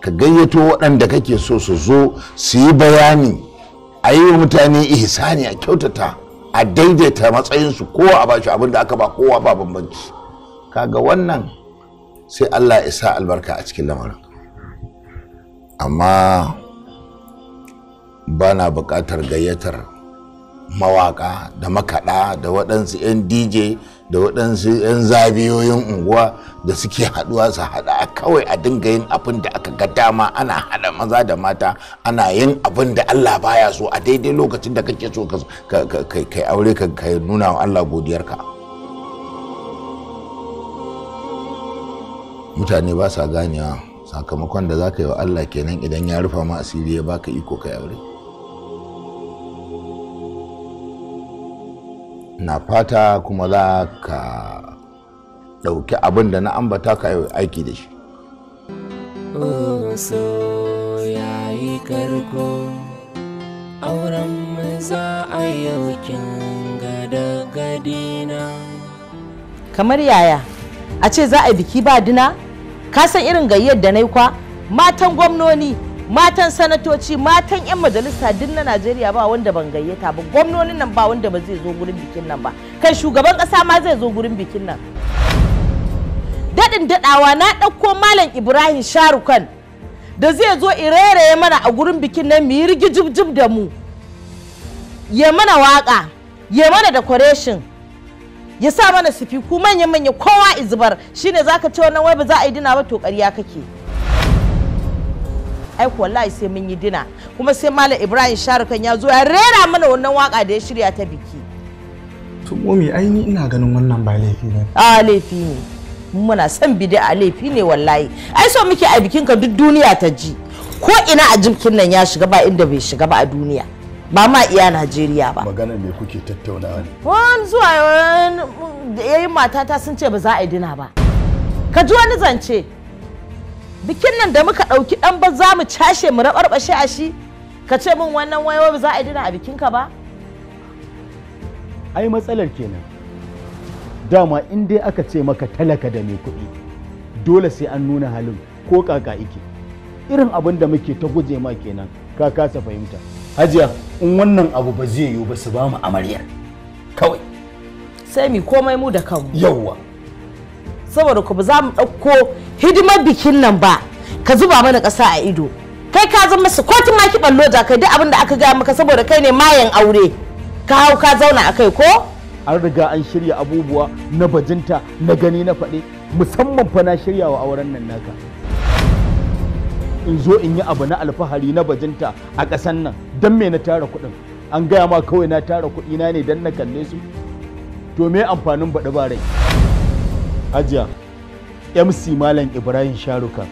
ka gayyato waɗanda kake so su zo su yi bayani a yi wa mutane ihsani a kyautata a daidaita matsayinsu kowa a bashi abin aka ba kowa ba bambanci kaga wannan sai allah ya albarka a cikin lamarin amma ba na buƙatar gayyatar mawaƙa da makaɗa da waɗansu 'yan dj da waɗansu 'yan zabiyoyin unguwa da suke haɗuwa su haɗa kawai a dinga yin abin da aka ga dama ana haɗa maza da mata ana yin abin da Allah baya so a daidai lokacin da kake so kai aure ka nuna wa Allah godiyar ka. mutane ba sa ganewa sakamakon da za ka yi wa Allah kenan idan ya rufa ma asiri ya baka iko kai aure na fata kuma za ka ɗauki abin da na ambata ka yi aiki da shi so ya yi karko auren za a yaukin gada gadina kamar yaya a ce za a biki ba dina ka san irin gayyar da na yi kwa matan gwamnoni matan sanatoci matan 'yan majalisa duk na najeriya ba wanda ban gayyata ba gwamnonin nan ba wanda ba zai zo gurin bikin nan ba kai shugaban kasa ma zai zo gurin bikin nan daɗin daɗawa na ɗauko malam ibrahim sharukan da zai zo ireraye mana a gurin bikin nan mu yi rigijibjib da mu ya mana waƙa ya mana decoration ya sa mana sifiku manya-manya kowa izubar shine zaka ce wannan wai ba za a yi dina ba to ƙarya kake aiko wallahi sai mun yi dina kuma sai malam ibrahim sharukan ya zo ya rera mana wannan waka da ya shirya ta biki to momi ai ni ina ganin wannan ba laifi ne a laifi ne muna son a laifi ne wallahi ai so muke a bikin ka duk duniya ta ji ko ina a jimkin nan ya shiga ba inda bai shiga ba a duniya ba ma iya Najeriya ba. Magana me kuke tattaunawa ne? Wani zuwa yayin matata sun ce ba za a yi dina ba. Ka ji wani zance. bikin nan da muka ɗauki ɗan ba za mu cashe mu raɓarɓashe a shi ka ce min wannan wayo ba za a dina a bikinka ba ai matsalar kenan dama in dai aka ce maka talaka da mai kuɗi dole sai an nuna halin ko kaka ike irin abin da muke ta guje ma kenan ka kasa fahimta hajiya in wannan abu ba zai yiwu ba su ba mu amaryar kawai sai mi komai mu da kanmu yawwa saboda ku ba za mu ɗauko hidimar bikin nan ba ka zuba mana ƙasa a ido kai ka zama su kotun ma ballo da kai duk abin da aka gaya maka saboda kai ne mayan aure ka hau ka zauna a kai ko an riga an shirya abubuwa na bajinta na gani na faɗi? musamman fa na shirya wa auren nan naka in zo in yi abu na alfahari na bajinta a ƙasan nan don me na tara kuɗin an gaya ma kawai na tara kuɗi na ne don na kalle su to me amfanin baɗi ba rai ajiya MC Malam Ibrahim Sharuka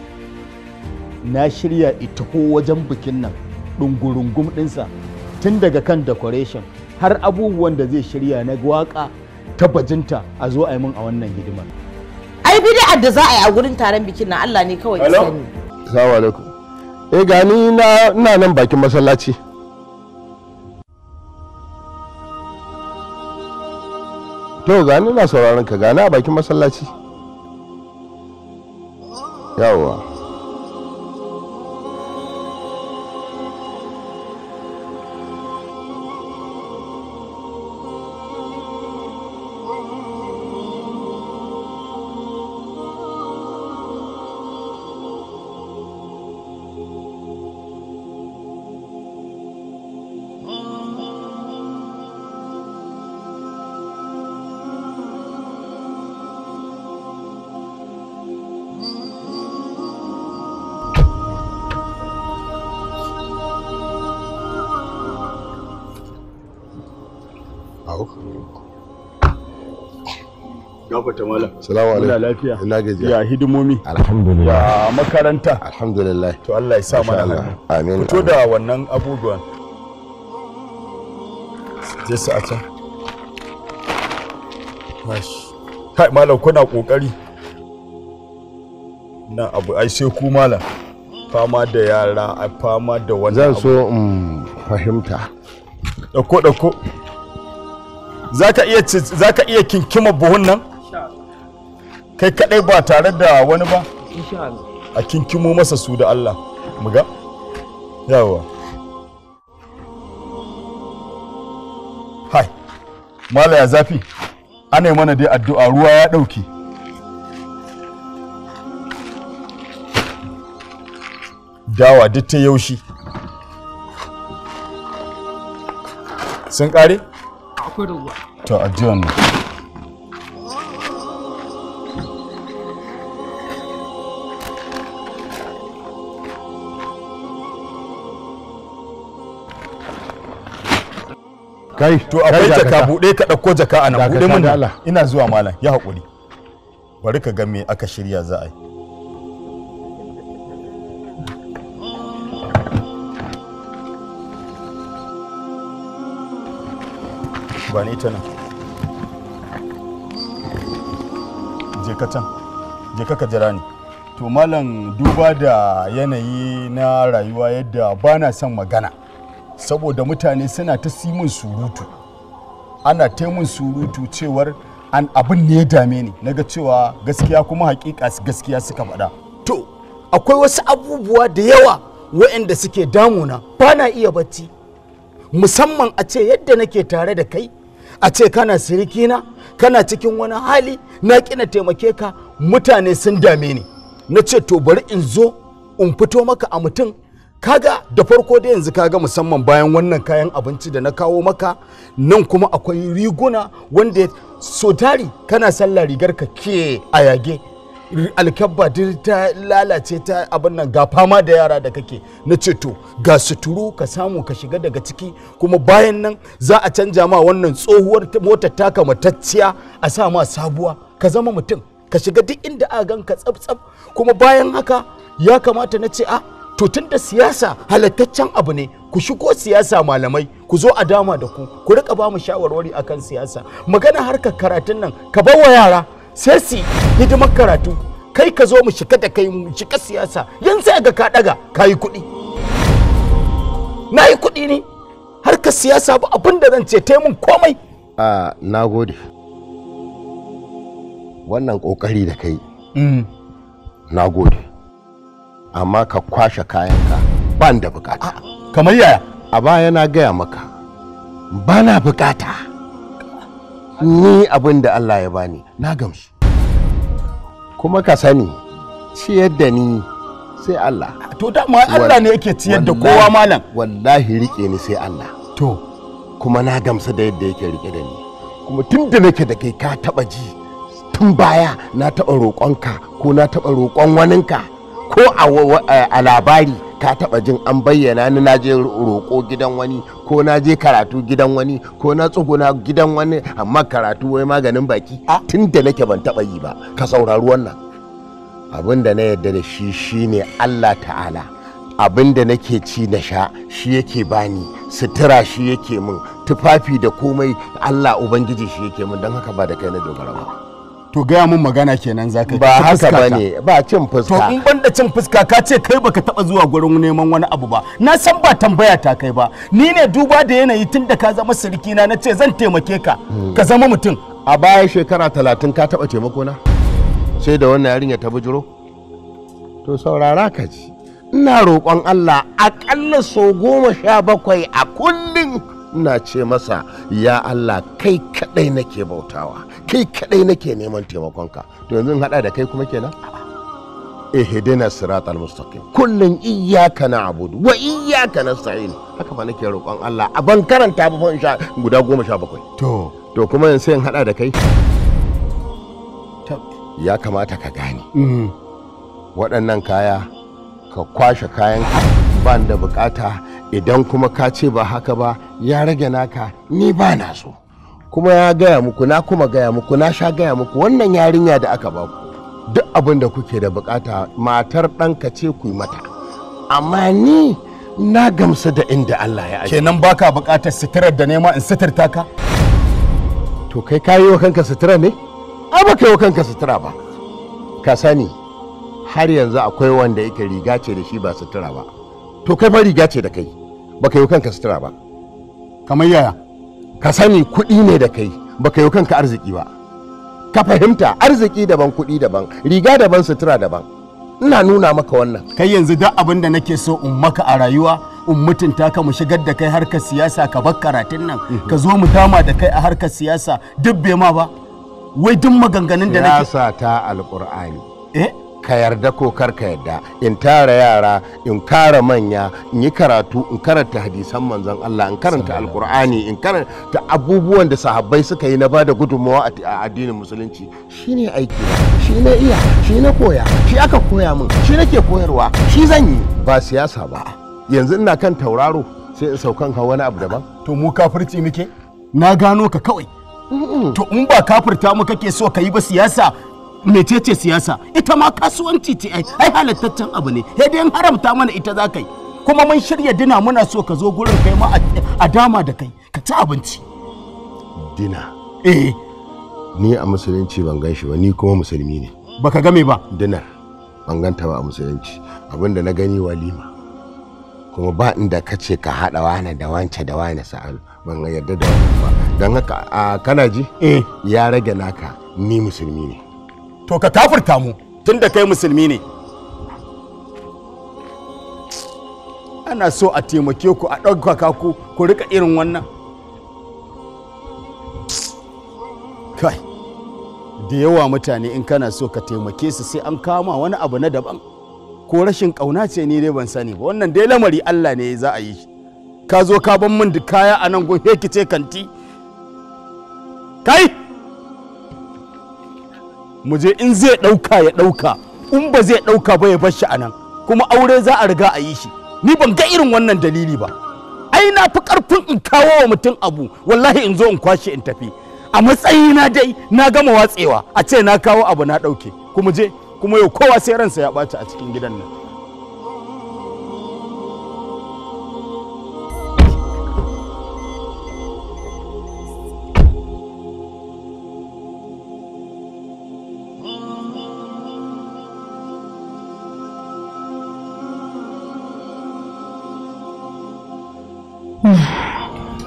na shirya itaho wajen bikin nan ɗungurungum ɗinsa tun daga kan decoration har abubuwan da zai shirya na waka ta bajinta a zo a yi min a wannan hidimar. Ai bid'ar da za a yi a gurin taron bikin nan Allah ne kawai ya sani. Assalamu alaikum. Eh gani na nan bakin masallaci. no gani na sauraron ka gani a bakin masallaci yawwa ta malam salamu alaikum lafiya ina gaji ya hidimomi alhamdulillah ya makaranta alhamdulillah to Allah ya sa mana alheri amin fito da wannan abubuwan je su a can kai malam kuna kokari na abu ai sai ku malam fama da yara a fama da wani abu. zan so in fahimta ɗauko ɗauko za ka iya kinkima buhun nan kai kadai ba tare da wani ba a kinkimo masa su da Allah muga yawa hai mala ya zafi ana mana dai addu'a ruwa ya dauke dawa duk ta yaushi sun kare akwai ruwa to ajiyan kai to akwai jaka buɗe ka ɗauko jaka a nan buɗe mun ina zuwa malam ya haƙuri bari ka ga me aka shirya za a yi ba ni ita nan je ka can je ka jira ni to malam duba da yanayi na rayuwa yadda ba na son magana saboda mutane suna ta simin surutu ana taimun surutu cewar an abin ne ya dame ni ga cewa gaskiya kuma hakika gaskiya suka faɗa to akwai wasu abubuwa da yawa wa'anda suke damuna ba na iya bacci musamman a ce yadda nake tare da kai a ce kana sirikina kana cikin wani hali na kina taimake ka mutane sun dame ni na ce to bari in zo in fito maka a mutum kaga da farko da yanzu kaga musamman bayan wannan kayan abinci da na kawo maka nan kuma akwai riguna wanda so kana sallah rigar ka ke a yage alkabba ta lalace ta abin nan ga fama da yara da kake na ce to ga suturu ka samu ka shiga daga ciki kuma bayan nan za a canja ma wannan tsohuwar motar taka matacciya a sa ma sabuwa ka zama mutum ka shiga duk inda a gan ka tsaf kuma bayan haka ya kamata na ce a ah, to tun da siyasa halattaccen abu ne ku shigo siyasa malamai ku zo a dama da ku ku rika ba mu shawarwari kan siyasa magana harkar karatun nan ka bawa yara sai su hidimar karatu kai ka zo mu shiga da kai mu shiga siyasa yanzu ga ka daga ka yi kuɗi na yi kuɗi ne harkar siyasa ba abin da zan ce taimun komai a na gode wannan ƙoƙari da kai mm. na gode amma ka kwashe kayanka ban da bukata kamar yaya a baya na gaya maka bana bukata ni abin da Allah ya bani na gamsu kuma ka sani ciyar da ni sai Allah to dama Allah ne yake ciyar da kowa malam wallahi rike ni sai Allah to kuma na gamsu da yadda yake rike da ni kuma tun da nake da kai ka taba ji tun baya na taba roƙonka ko na taba roƙon waninka ko a eh, labari ka taba jin an bayyana ni na je roƙo gidan wani ko na je karatu gidan wani ko na tsuguna gidan wani amma karatu wai maganin baki tun da nake ban taba yi ba ka saurari wannan abin da na yarda da shi shi ne Allah ta'ala abin da nake ci na sha shi yake bani sutura shi yake min tufafi da komai Allah ubangiji shi yake min don haka ba da kai na dogara ba to gaya mun magana kenan za ka ba haka ba ne ba cin fuska to in banda cin fuska ka ce kai baka taba zuwa gurin neman wani abu ba na san ba tambaya ta kai ba ni ne duba da yanayi tun da ka zama sirkina na ce zan taimake ka hmm. ka zama mutum a baya shekara talatin ka taba taimako na sai da wannan yarinya ta bujiro to saurara ka ji ina roƙon Allah aƙalla sau goma sha bakwai a kullum ina ce masa ya Allah kai kadai nake bautawa kai kadai nake neman taimakonka to yanzu hada da kai kuma kenan ihdina siratal mustaqim kullun iyyaka na'budu wa iyyaka nasta'in haka ba nake roƙon Allah a ban karanta ba fon insha guda 17 to to kuma yanzu in hada da kai ya kamata ka gane mm. waɗannan kaya ka kwashe kayan ban da bukata idan kuma ka ce ba haka ba ya rage naka ni ba na so kuma ya gaya muku na kuma gaya muku na sha gaya muku wannan yarinya da aka baku duk abin da kuke da bukata matar ɗanka ce ku yi mata amma ni na gamsu da inda Allah ya aje kenan baka bukatar sitirar da nema in sitirta ka to kai kayi wa kanka sutura ne ai baka yi wa kanka sutura ba ka sani har yanzu akwai wanda yake riga ce da shi ba sutura ba to kai fa riga ce da kai baka yi wa kanka sutura ba kamar yaya ka sani kuɗi ne da kai baka yi kanka arziki ba ka fahimta arziki daban kuɗi daban riga daban sutura daban ina nuna maka wannan kai yanzu duk abin da nake so in maka a rayuwa in mutunta ka mu shigar da kai harkar siyasa ka bar karatun nan mhm. ka zo mu dama da kai a harkar siyasa duk bai ma ba wai duk maganganun da nake siyasa ta alqur'ani eh ka yarda ko kar ka yarda in tara yara in kara manya in yi karatu in karanta hadisan manzon Allah in karanta alkur'ani in karanta abubuwan da sahabbai suka yi na ba da gudunmawa a addinin musulunci shine aiki shi ne iya shi ne koya shi aka koya min shi nake koyarwa shi zan yi ba siyasa ba yanzu ina kan tauraro sai in saukan ka wani abu daban to mu kafirci muke na gano ka kawai to in ba kafirta mu kake so ka yi ba siyasa mecece siyasa ita ma kasuwanci ce ai halattaccen abu ne sai dai haramta mana ita za ka yi kuma mun shirya dina muna so ka zo gurin kai ma a dama da kai ka ci abinci dina eh ni a musulunci ban gan shi ba ni kuma musulmi ne baka game ba dinar ban ganta ba a musulunci abinda na gani walima kuma ba inda ka ce ka haɗa wane da wance da wane sa'alu ban yarda da wani ba don haka kana ji eh. ya rage naka ni musulmi ne to ka kafirta mu tunda kai musulmi ne ana so a taimake ku a ɗaukaka ku ku rika irin wannan kai da yawa mutane in kana so ka taimake su sai an kama wani abu na daban ko rashin ƙauna ce ni dai ban sani ba wannan dai lamari Allah ne za a yi shi ka zo ka ban mun da kaya a nan gun ce kanti kai mu je in zai ɗauka ya ɗauka in ba zai ɗauka ba ya bar shi a nan kuma aure za a riga a yi shi ni ban ga irin wannan dalili ba ai na fi ƙarfin in kawo wa mutum abu wallahi in zo in kwashe in tafi a matsayina dai na gama watsewa a ce na kawo abu na ɗauke kuma je kuma yau kowa sai ransa ya ɓaci a cikin gidan nan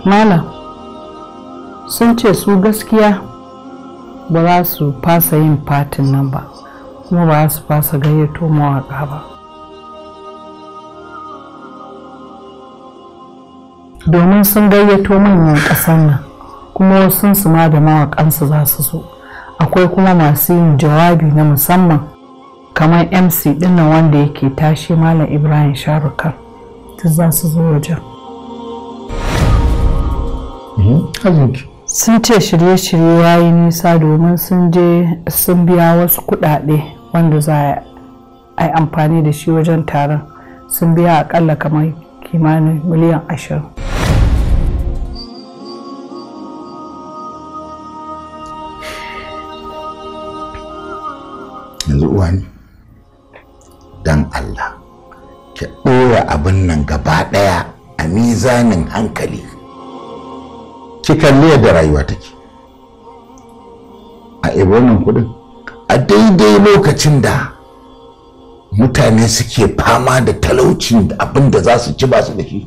malam sun ce su gaskiya ba za su fasa yin fatin nan ba kuma ba za su fasa gayyato mawaƙa ba domin sun gayyato manyan ƙasar nan kuma sun su ma da mawaƙansu za su zo akwai kuma masu yin jawabi na musamman kamar mc dinnan wanda yake tashi malam ibrahim sharukar ta za su zo wajen sun ce shirye-shirye yayi nisa domin sun je sun biya wasu kudade wanda za a yi amfani da shi wajen taron sun biya akalla kamar kimanin miliyan ashirin yanzu uwani dan Allah ki ɗora abin nan gaba ɗaya a mizanin hankali ki kalli yadda rayuwa take a ibi wannan kudin a daidai lokacin da mutane suke fama da talauci da abin da za su ci ba su da shi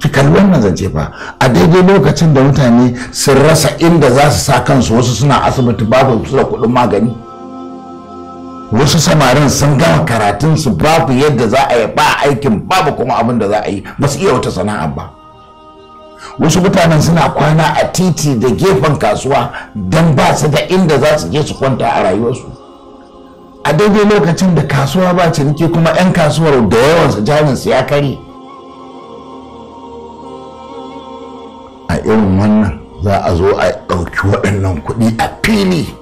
ki kalli wannan zance fa a daidai lokacin da mutane sun rasa inda za su sa kansu wasu suna asibiti babu su da kuɗin magani wasu samarin sun gama karatun su babu yadda za a yi ba aikin babu kuma abin da za a yi ba su iya wata sana'a ba wasu mutanen suna kwana a titi da gefen kasuwa don ba su da inda za su je su kwanta a rayuwarsu a daidai lokacin da kasuwa ba ciniki kuma 'yan kasuwar da yawansa jarinsu ya kare a irin wannan za a zo a ɗauki waɗannan kuɗi a fili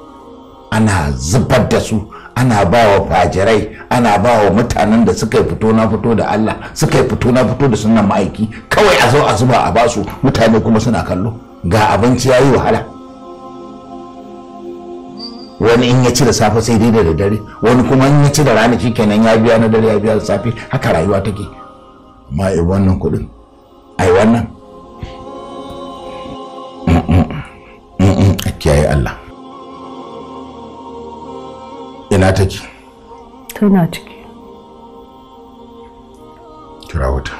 ana zubar da su ana ba wa fajirai ana ba wa mutanen da suka fito na fito da Allah suka fito na fito da sunan ma'aiki kawai a zo a zuba a basu mutane kuma suna kallo ga abinci ya yi wahala wani in ya ci da safe sai dai da dare wani kuma in ya ci da rana kenan ya biya na dare ya biya da safe haka rayuwa take amma wannan kuɗin ai wannan ina take tana ciki kira wata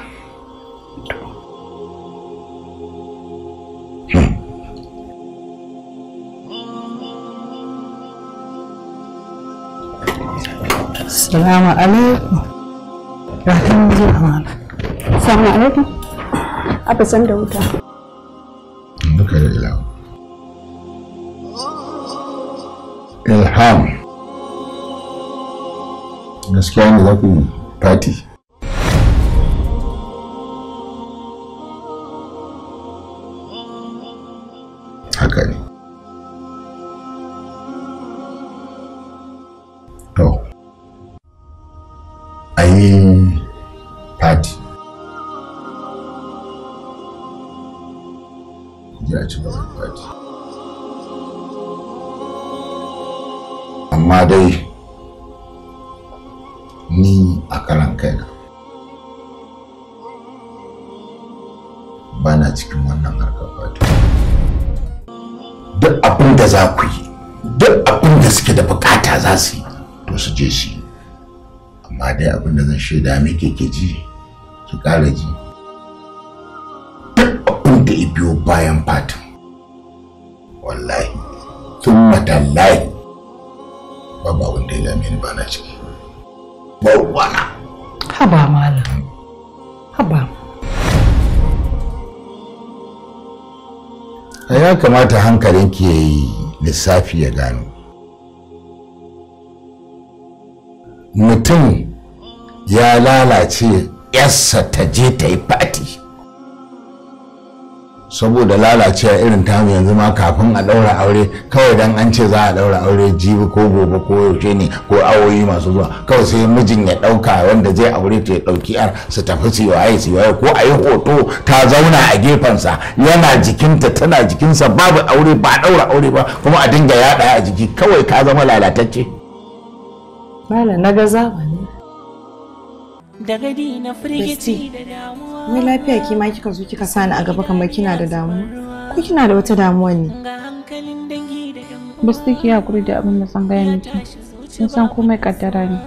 Salamu alaikum. Rahim zuwa mana. Salamu alaikum. Aka san da wuta. Duka da Ilham. gaskiya ne za ku fati haka ne to a yi fati ya ci fati amma dai ni a karan kaina bana cikin wannan harkar fata duk abin da za ku yi duk abin da suke da bukata za su yi to su je su yi amma dai abin da zan shaida muke ke ji ki ƙara ji duk abin da ya biyo bayan fatan wallahi tun matallahi Ba abin ya dame ni ba na ciki haba haba a ya kamata hankalinki ke yi lissafi ya gano mutum ya lalace yarsa ta je ta yi fati saboda lalacewa irin tamu yanzu ma kafin a ɗaura aure kawai dan an ce za a ɗaura aure jibi ko gobe ko yaushe ne ko awoyi masu zuwa kawai sai mijin ya ɗauka wanda zai aure ta ya ɗauki yar su tafi su waye su waye ko a yi hoto ta zauna a gefensa yana jikinta tana jikinsa babu aure ba ɗaura aure ba kuma a dinga yaɗa a jiki kawai ka zama lalatacce. Mala na ne. Daga na firgici da damuwa. Wai lafiya ke ma kika zo kika sani a gaba kamar kina da damuwa? Ko kina da wata damuwa ne? Basu take hakuri da abin da san gaya miki. Sun san komai kaddara ne.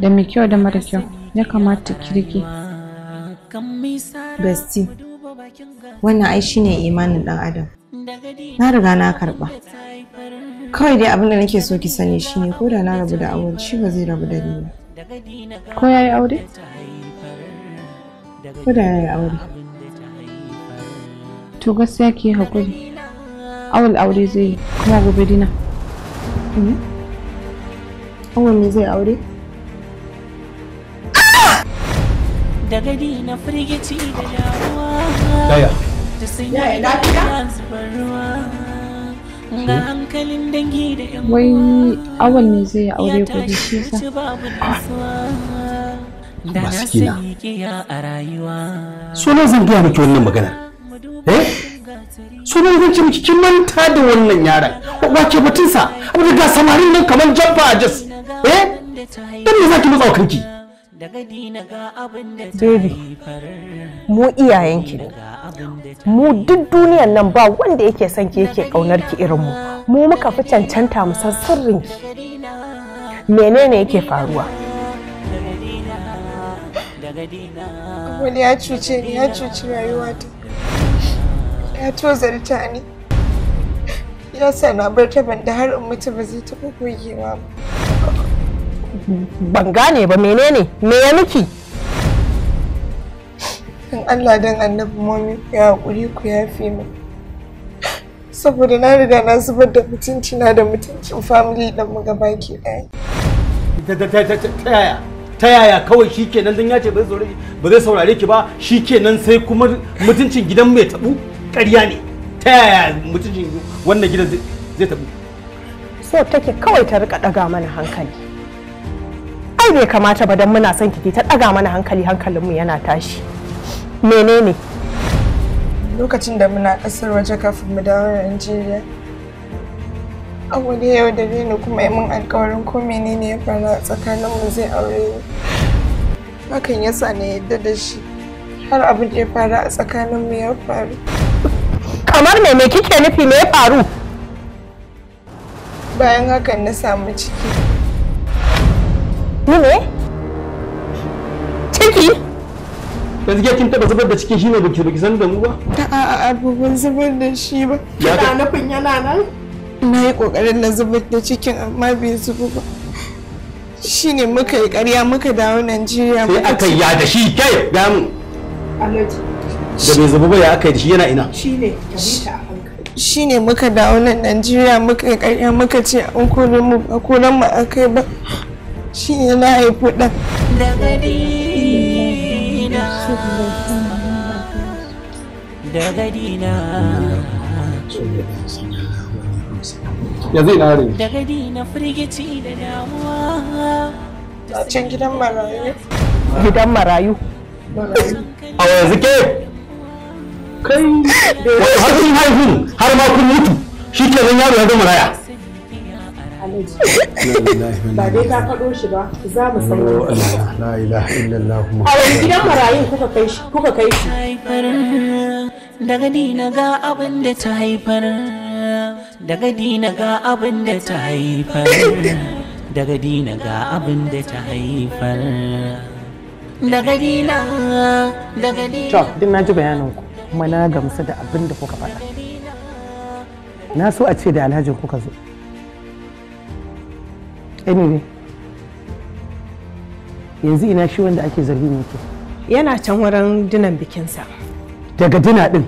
Da mai kyau da mara kyau ya kamata ki rike. Besti, wannan ai shine imanin dan adam. Na riga na karba. Kawai dai abin da nake so ki sani shine ko da na rabu da aure shi ba zai rabu da ni ba. Ko yayi aure? ko aure to gaskiya ke hakuri awal aure zai yi kuma gobe dina hmm? awal ne zai aure daga dina firgici da da sun yi lafiya ga hmm? hankalin dangi da yan wai awal ne zai aure gobe shi yasa maskina sunan zan gaya miki wannan magana eh sunan zan ce miki kin manta da wannan yaran wace batunsa wanda ga samarin nan kamar jamfa a jas eh dan me zaki mutsawa kanki Baby, mu iyayenki ne, mu duk duniyan nan ba wanda yake son ki yake ƙaunar ki irin mu, mu muka fi cancanta mu san sirrinki. Menene yake faruwa? wani ya cuce ni ya cuci rayuwata ya tozarta ni ya sa na bar ta banda har in mutu ba zai taɓa gogewa ba ban gane ba menene me ya miki dan Allah dan annabi momi ku ya hakuri ku fi mu saboda na riga na zubar da mutunci na da mutuncin family din mu gaba ki ɗaya ta yaya ta yaya kawai shi kenan don ya ce ba zai saurare ki ba shi kenan sai kuma mutuncin gidan mai tabu ƙarya ne ta yaya mutuncin wannan gidan zai tabu so take kawai ta rika daga mana hankali ai bai kamata ba don muna son kike ta daga mana hankali hankalinmu yana tashi menene lokacin da muna kasar waje kafin mu dawo Najeriya Abu da yau da ni kuma ya min alkawarin ko menene ya faru a tsakanin mu zai aure ni. Hakan ya sa na yadda da shi. Har abin da ya faru a tsakanin mu ya faru. Kamar me me kike nufi me ya faru? Bayan hakan na samu ciki. Ni ne? Ciki? yanzu ke kin taba zubar da ciki shine ba ki san da mu ba a'a abubuwan zubar da shi ba kina nufin yana nan na yi ƙoƙarin na zubar da cikin amma bai zubu ba shine muka yi ƙarya muka dawo Najeriya sai aka ya da shi kai ga mu da bai zubu ba ya aka yi da shi yana ina shine ne muka dawo nan Najeriya muka yi ƙarya muka ce an kore mu ba kore mu akai ba shine na haifu ɗan na da daga na yanzu ina ne daga na firgici da damuwa a can gidan marayu gidan marayu a yanzu ke kai har kun haihu har ma kun mutu shi ke zan yaro ya maraya ba dai ta faɗo shi ba za mu san la ilaha illallah a wani gidan marayun kuka kai shi kuka kai shi daga ga abin da ta haifar daga dina ga abin da ta haifar daga dina ga abin da ta haifar daga dina daga dina to din na ji bayanin ku kuma na gamsu da abin da kuka faɗa na so a ce da alhaji kuka zo anyway yanzu ina shi wanda ake zargin yake yana can wurin dinan bikinsa daga dina din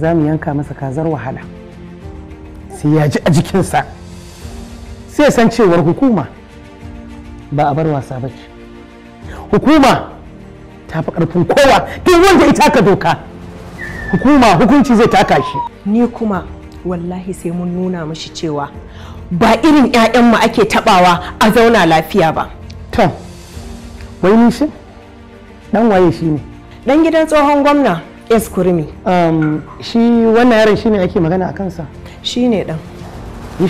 za mu yanka masa kazar wahala sai ya ji a jikinsa sai ya san cewar hukuma ba a bar wasa ba ce hukuma ta fi ƙarfin kowa duk wanda ya taka doka hukuma hukunci zai taka shi ni kuma wallahi sai mun nuna mashi cewa ba irin 'ya'yanmu ake tabawa a zauna lafiya ba to wai ni shi Ɗan waye shi ne dan gidan tsohon gwamna s kurmi um, shi wannan yaron ne ake magana a kansa ne na ku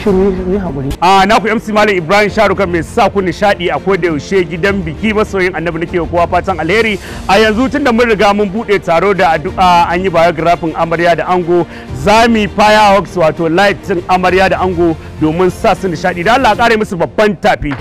mc malam ibrahim sharuka mai sa ku nishaɗi a da yaushe gidan biki masoyin annabi nake kowa fatan alheri a yanzu tun da mun riga mun buɗe taro da addu'a an yi biografin amarya da ango za mu fire wato lightin amarya da ango domin sa su nishaɗi da allah ƙare musu babban tafi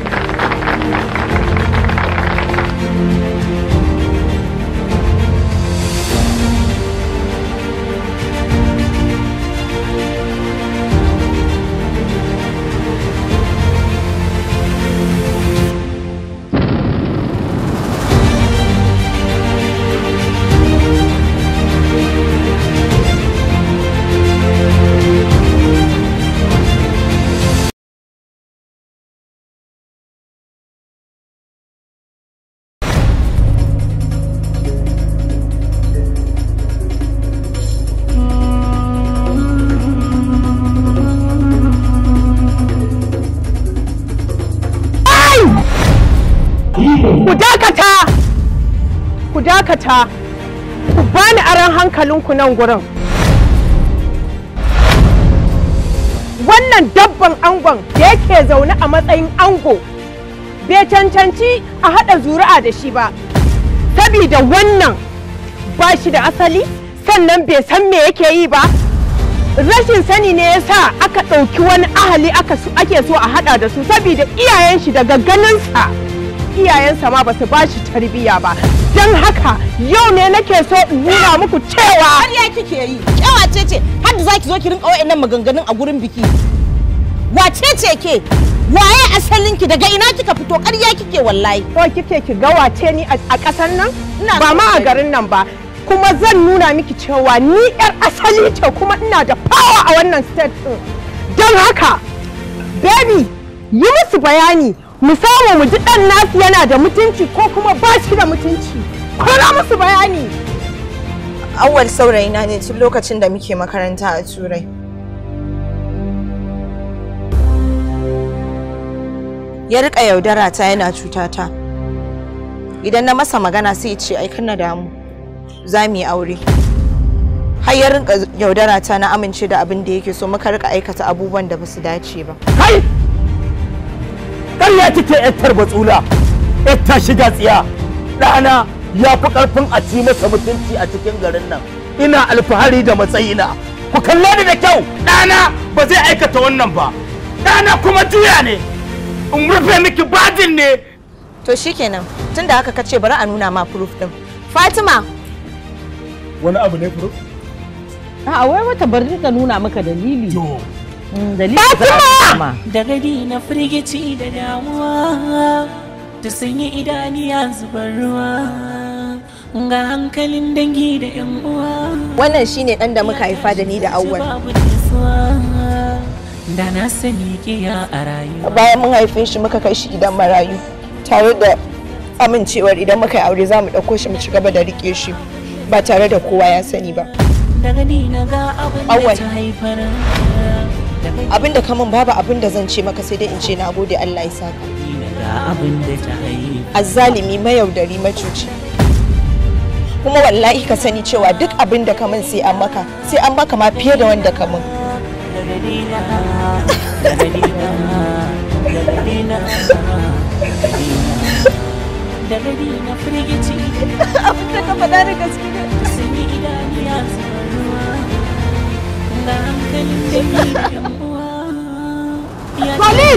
ku nan gurin wannan dabban angon da yake zaune a matsayin ango bai cancanci a haɗa zuri'a da shi ba sabida wannan ba shi da asali sannan bai san me yake yi ba rashin sani ne ya sa aka ɗauki wani ahali ake so a haɗa da su sabida iyayen shi daga ganinsa iyayensa ma ba su ba shi tarbiyya ba don haka yau ne nake so in nuna muku cewa ya kike yi yawa ce ce har da zaki zo ki rinka nan maganganun a gurin biki wace ce ke waye asalin ki daga ina kika fito ƙarya kike wallahi ko kike ki ga wace ni a ƙasar nan ba ma a garin nan ba kuma zan nuna miki cewa ni yar asali ce kuma ina da power a wannan state din don haka baby yi musu bayani mu samu mu ji dan nasu yana da mutunci ko kuma ba shi da mutunci ko na musu bayani awwal saurayina ne tun lokacin da muke makaranta a turai ya rika yaudara ta yana cutata idan na masa magana sai ce ai na damu za mu yi aure har ya rinka yaudara ta na amince da abin da yake so muka rika aikata abubuwan da ba su dace ba kai ƙarya kike yattar batsula yatta shiga tsiya ɗana ya fi ƙarfin a ci masa mutunci a cikin garin nan ina alfahari da matsayina ku kalle ni da kyau ɗana ba zai aikata wannan ba ɗana kuma juya ne in rufe miki bajin ne to shikenan tunda haka ka ce bari a nuna ma proof din fatima wani abu ne proof a'a wai wata bari ta nuna maka dalili Mm, Fatima! Da na firgici da damuwa da sanyi ya zubar ruwa ga hankalin dangi da yan uwa. Wannan shine ɗan da muka haifa da ni da awwal. Da na sani kiya a rayu. Bayan mun haife shi muka kai shi gidan marayu tare da amincewar idan muka yi aure za mu ɗauko shi mu ci gaba da riƙe shi ba tare da kowa ya sani ba. Daga ni na ga abin da ta haifar. abin da kamun babu abin da zan ce maka sai dai in ce na gode Allah ya saka azzalimi mayaudari macuci kuma wallahi ka sani cewa duk abin da kamun sai an maka sai an maka ma fiye da wanda kamun Abin da ka faɗa da gaske ne To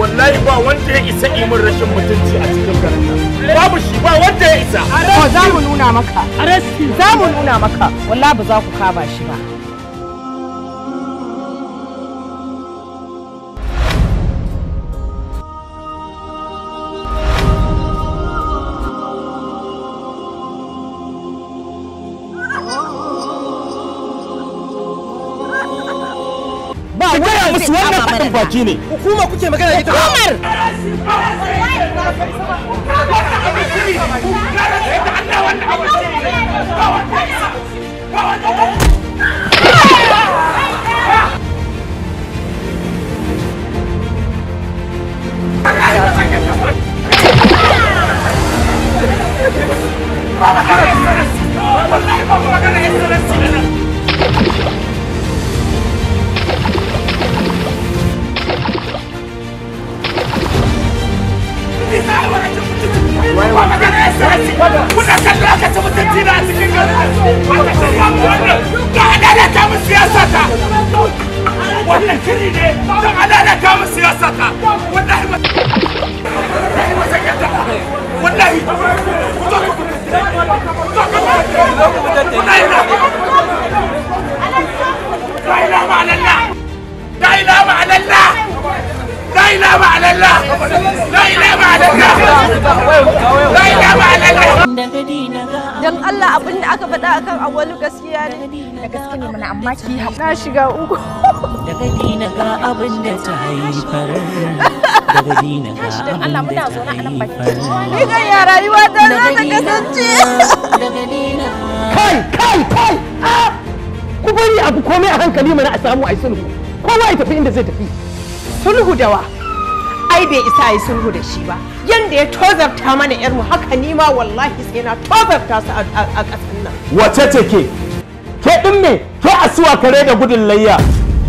wallahi ba wanda ya isa imin rashin mutunci a cikin garin Babu shi ba wanda ya isa. Ko za mu nuna maka. Za mu nuna maka. Wallahi ba za ku kaba shi ba. baki ne hukuma kuke magana ita hukumar Vamos kuna kallon aka ci mutunci na cikin garin wanda ta samu wannan don adalata mu siyasa ta wannan shiri ne don adalata mu siyasa ta wallahi ba wallahi ba zan yadda wallahi ku zo ku ku zo ku wallahi na la ilaha illallah la ilaha illallah لا إله إلا الله لا إله إلا الله لا إله إلا الله dan Allah abin aka faɗa akan awalu gaskiya ne da gaske ne amma ki na shiga uku daga dina ga abin ta haifar daga dina ga ni ga ya rayuwa ta za ta kasance kai kai kai ah! ku bari abu komai a hankali mana a samu a yi sulhu kowa ya tafi inda zai tafi sulhu da wa ai bai isa yi sulhu da shi ba yanda ya tozarta mana yar mu haka ni ma wallahi sai na tozarta su a ƙasar nan wace take ke din me ke asuwa kare da gudun layya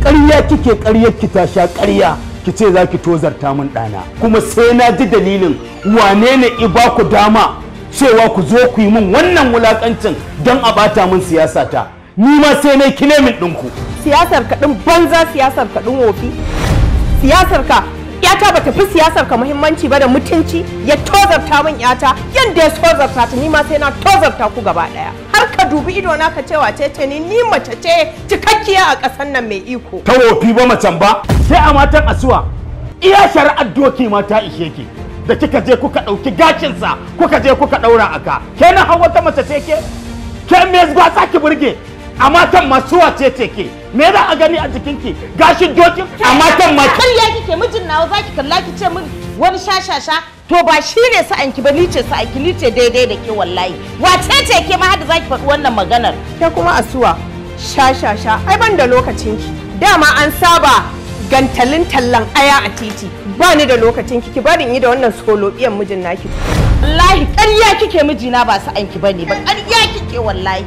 ƙarya kike ƙarya ki ta sha ƙarya ki ce za tozarta min dana kuma sai na ji dalilin wane ne ba ku dama cewa ku zo ku yi min wannan wulakancin don a bata min siyasata ni ma sai na kine min ɗinku siyasar kaɗin banza siyasar kaɗin wofi siyasar ka yata bata fi siyasar ka muhimmanci ba da mutunci ya tozarta min yata yadda ya tozarta ta nima sai na tozarta ku gaba daya har ka dubi ido na ka cewa ce ce ni ni mace ce cikakkiya a kasan nan mai iko ta wofi ba macen ba sai a matan asuwa iya shari'ar doki ma ta ishe ki da kika je kuka ɗauki sa kuka je kuka ɗaura aka ke na hawa ta mace ce ke ke me ba saki burge a matan masuwa ce ce ke me za a gani a jikinki gashi dokin amma kan ma kariya kike mijin nawa zaki kalla ki ce min wani shashasha to ba shi ne sa'an ki ba ni ce sa'an ki ni ce daidai da ke wallahi wace ce ke ma hada zaki faɗi wannan maganar ke kuma asuwa shashasha ai ban da lokacin ki dama an saba gantalin tallan aya a titi ba ni da lokacin ki ki barin yi da wannan solobiyan mijin naki wallahi ƙarya kike mijina ba sa'anki ba ne ba ƙarya kike wallahi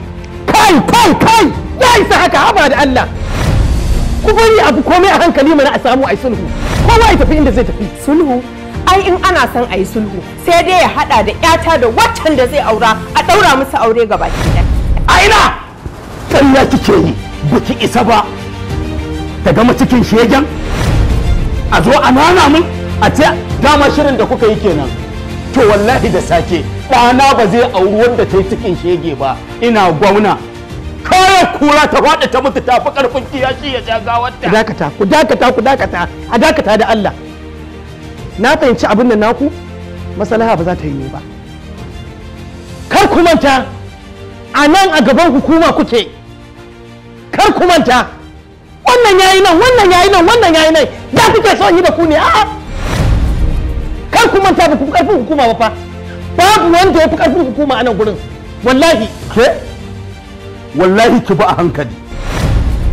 kai kai kai ya isa haka haba da Allah ku bari abu komai a hankali mana a samu ai sulhu kowa ya tafi inda zai tafi sulhu ai in ana son ayi sulhu sai dai ya hada da yata da waccan da zai aura a daura musu aure gaba ki a ina ya kike yi biki isa ba ta gama cikin shegen a zo a nana mun a ce dama shirin da kuka yi kenan to wallahi da sake ɗana ba zai auri wanda ta yi cikin shege ba ina gwamna kawai kura ta faɗi ta mutu ta fi ƙarfin kiyashi ya ja gawarta. Ku dakata, ku dakata, ku dakata, a dakata da Allah. Na fahimci abin da naku, masalaha ba za ta yi ba. Kar ku manta, a nan a gaban hukuma kuke. Kar ku manta, wannan yayi nan, wannan yayi nan, wannan yayi nan, ya kuke son yi da ku ne, a'a. Kar ku manta ba ku ƙarfin hukuma ba fa. babu wanda ya fi karfin hukuma a nan gurin wallahi ke wallahi ki ba a hankali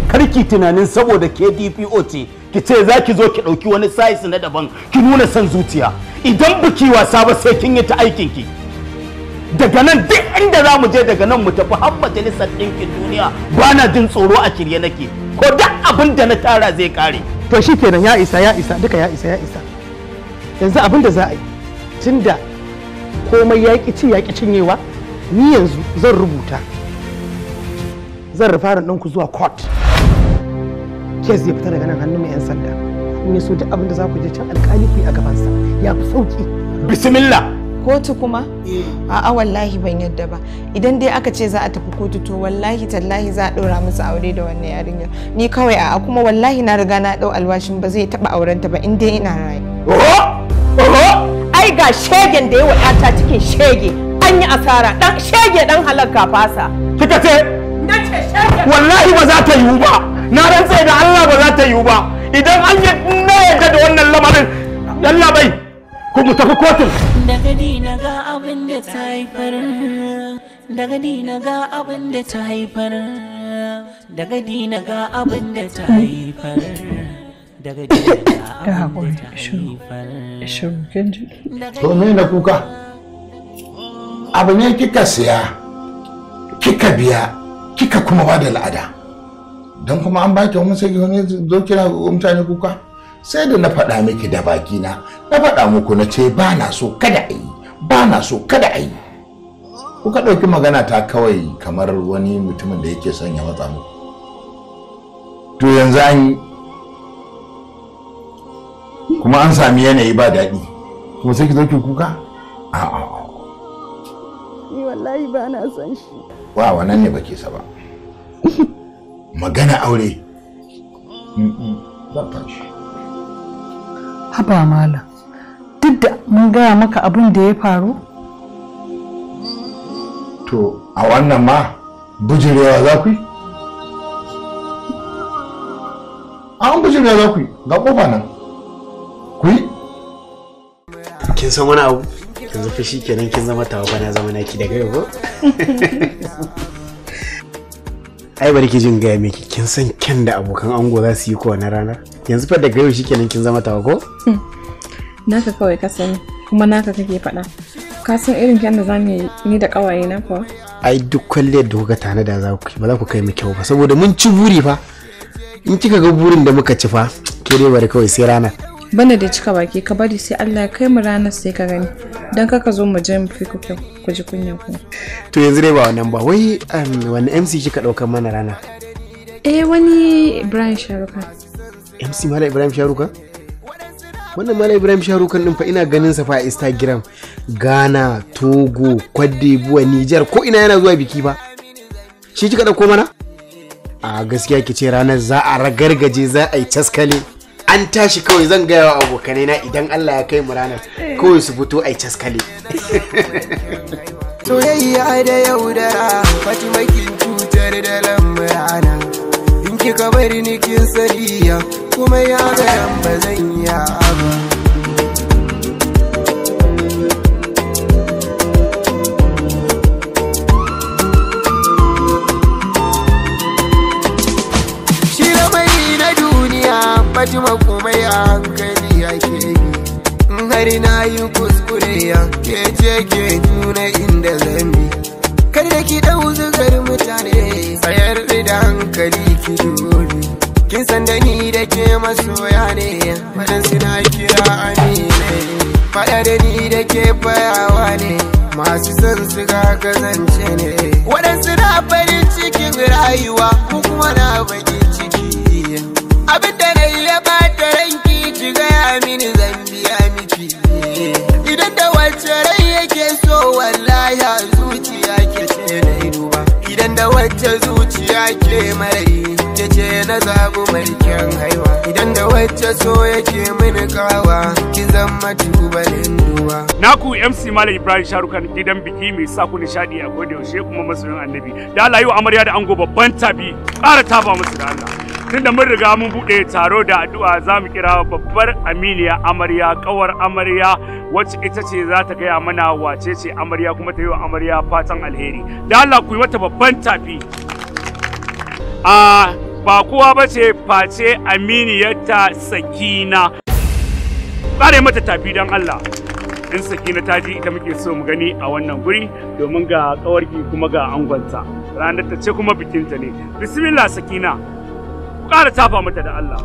karki tunanin saboda KDPO ce ki ce za ki zo ki ɗauki wani size na daban ki nuna son zuciya idan buki wasa ba sai kin yi ta aikin ki daga nan duk inda za mu je daga nan mu tafi har majalisar ɗinkin duniya ba na jin tsoro a shirye nake ko duk abin da na tara zai kare to shi kenan ya isa ya isa duka ya isa ya isa yanzu abin da za a yi tunda komai ya ci ya cinyewa ni yanzu zan rubuta zan ɗan ku zuwa court kes ya fita daga nan hannun mai 'yan sanda in ya so abin da za ku je can alkali ku yi a gabansa ya fi sauki bismillah kotu kuma eh. a'a wallahi ban yadda ba idan dai aka ce za a tafi kotu to wallahi tallahi za a ɗora musu aure da wannan yarinyar ni kawai a'a kuma wallahi na riga na ɗau alwashin ba zai taɓa aurenta ba in dai ina rayu ga shegen da yawa ta cikin shege an yi asara dan shege dan halakka fasa kika ce na ce shege wallahi ba za ta yiwu ba na rantse da Allah ba za ta yiwu ba idan an yi na yadda da wannan lamarin Allah bai ku mu tafi kotun daga dina ga abin da ta haifar daga dina ga abin da ta haifar daga dina ga abin da ta haifar daga to kuka abu ne kika siya kika biya kika kuma ba da la'ada don kuma an baki wani sai wani kira mutane kuka sai da na faɗa miki da baki na na faɗa muku na ce ba na so kada a yi ba na so kada a yi kuka ɗauki magana ta kawai kamar wani mutumin da yake son ya matsa muku to yanzu an yi kuma an sami yanayi ba daɗi kuma sai ki zo ki kuka a'a ni wallahi ba na san shi wa wannan ne bake sa ba magana aure ba ta shi haba malam duk da mun gaya maka abin da ya faru to a wannan ma bujirewa za ku yi an bujirewa za ku yi ga kofa nan kin san wani abu Kin fa shi kenan kin zama tawa na zama naki daga yau ai bari ki jin gaya miki kin san kyan da abokan ango za su yi ko na rana? yanzu fa daga yau shi kenan kin zama tawa ko hmm. naka kawai ka sani kuma naka kake faɗa ka san irin kyan da zamu yi ni da kawaye na kuwa ai duk kwalliyar da kuka tana da za ku ba za ku kai mu kyau ba saboda mun ci buri fa in kika ga burin da muka ci fa ke dai bari kawai sai ranar bana da cika baki ka bari sai Allah ya kai mu ranar sai ka gani don kaka zo mu je mu fi ku ji kunya ku to yanzu dai ba wannan ba wai um, wani MC kika daukar mana rana eh wani Ibrahim Sharuka MC Malam Ibrahim Sharuka wannan Malam Ibrahim Sharukan din fa ina ganin sa fa a Instagram Ghana Togo Cote Niger ko ina yana zuwa biki ba shi kika dauko mana a gaskiya ki ce ranar za a ragargaje za a yi caskale an tashi kawai zan gaya wa abokanai na idan Allah ya kai mu ranar eh. kawai su fito ai caskale soyayya da yaudara fatima kin cutar da lamurana in kika bari ni kin sariya kuma ya ga ba zan iya ba fatima komai a hankali ake yi. in har na yi kuskure ya ke ce ke nuna inda zan bi kada ki dau zugar mutane Sayar da hankali ki dole. kin san da ni da ke masoya ne fadan na kira amina fada da ni da ke fayawa ne masu son su ga kazance ne waɗansu na farin cikin rayuwa ko kuma na baki ciki abin da na yi ya bata ranki ki gaya mini zan biya miki idan da wace rai yake so wallahi a zuciya ke ce na duba idan da wace zuciya ke marai ke ce na zabu mai kyan haiwa idan da wace so yake mini kawa ki zama tubalin duwa naku MC Malam Ibrahim Sharukan gidan biki mai sa ku nishadi a koda kuma masoyin annabi da Allah yi wa amarya da ango babban tabi ƙara taba musu da Allah tunda mun riga mun bude taro da addu'a za mu kira babbar aminiya amarya kawar amarya wacce ita ce za ta gaya mana wace ce amarya kuma ta yi wa amarya fatan alheri da Allah ku yi mata babban tafi a ba kowa ba ce face aminiyarta sakina Kare mata tafi don Allah in sakina ta ji ita muke so mu gani a wannan guri domin ga kawarki kuma ga angonta ranar ta ce kuma bikinta ne bismillah sakina ƙara tafa mata da Allah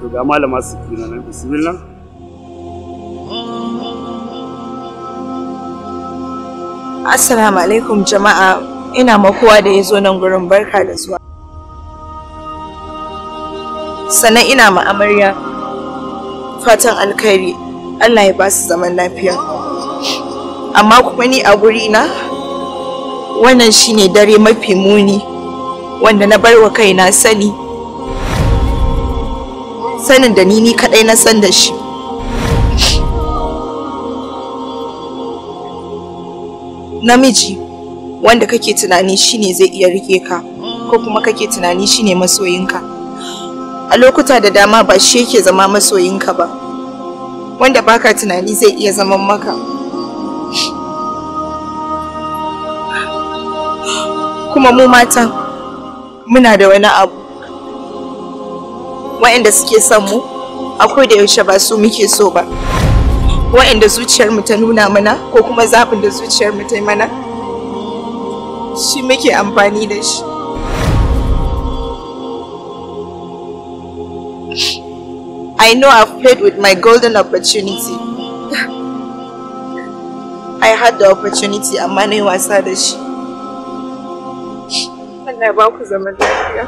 to ga malama su kina nan bismillah Assalamu alaikum jama'a ina makowa da ya zo nan gurin barka da zuwa sannan ina ma amarya fatan alkhairi Allah ya ba su zaman lafiya. amma kuma ni a guri na wannan shine dare mafi muni wanda na bar wa kaina sani sanin da ni ni kadai na san da shi namiji wanda kake tunani shine zai iya rike ka ko kuma kake tunani shine masoyinka a lokuta da dama ba shi yake zama masoyinka ba wanda baka tunani zai iya zaman maka kuma mu matan muna da wani abu wa'anda suke son mu akwai da yaushe ba su muke so ba wa'anda zuciyar mu ta nuna mana ko kuma zabin da zuciyar mu ta yi mana shi muke amfani da shi I know I've played with my golden opportunity. I had the opportunity amma na yi wasa da shi. Allah ya ba ku zaman lafiya.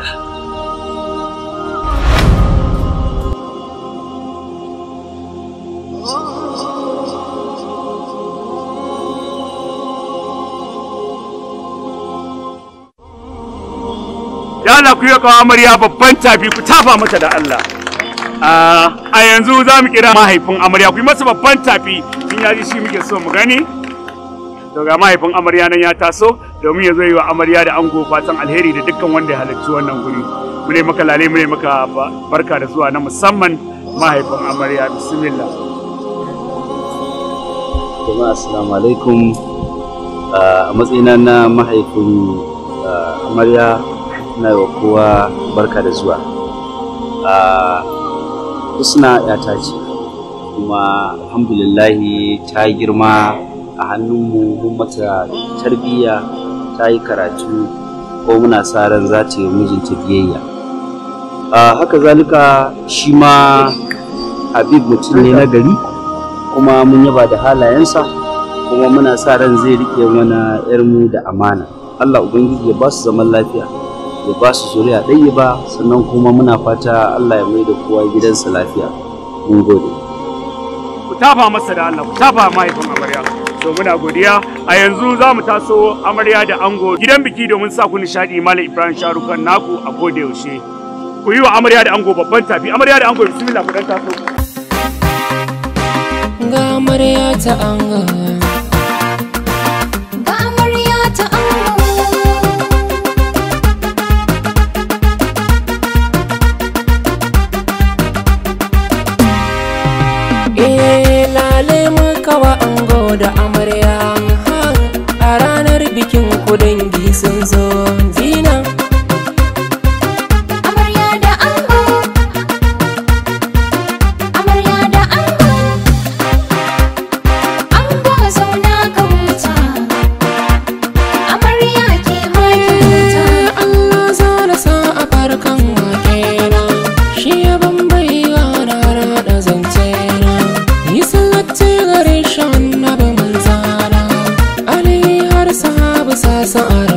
Allah ku yi kawo amarya babban tafi ku tafa mata da Allah. A yanzu za mu kira mahaifin amarya ku yi masa babban tafi in ya ji shi muke so mu gani. To ga mahaifin amarya nan ya taso domin ya zo yi wa amarya da ango fatan alheri da dukkan wanda ya halarci wannan guri mu ne maka lale mu ne maka barka da zuwa na musamman mahaifin amarya bismillah jama'a assalamu alaikum a matsayina na mahaifin amarya na yi wa kowa barka da zuwa husna ya ce kuma alhamdulillahi ta girma a hannunmu mun mata tarbiyya ta yi karatu ko muna sa ran za ta yi mijinta biyayya A haka zalika shi ma habib mutum ne na gari kuma mun yaba da halayensa kuma muna sa ran zai rike mana mu da amana allah ubangiji ya ba su zaman lafiya ya ba su zuriya ɗaya ba sannan kuma muna fata allah ya mai da kowa gidansa lafiya mun gode ku tafa masa da allah ku tafa mahaifin amarya so muna godiya a yanzu za mu taso amarya da ango gidan biki domin sa ku nishadi malam ibrahim sharukan naku a koda yaushe ku yi wa amarya da ango babban tafi amarya da ango bismillah ku dan taso ga amarya ta ango sana'ar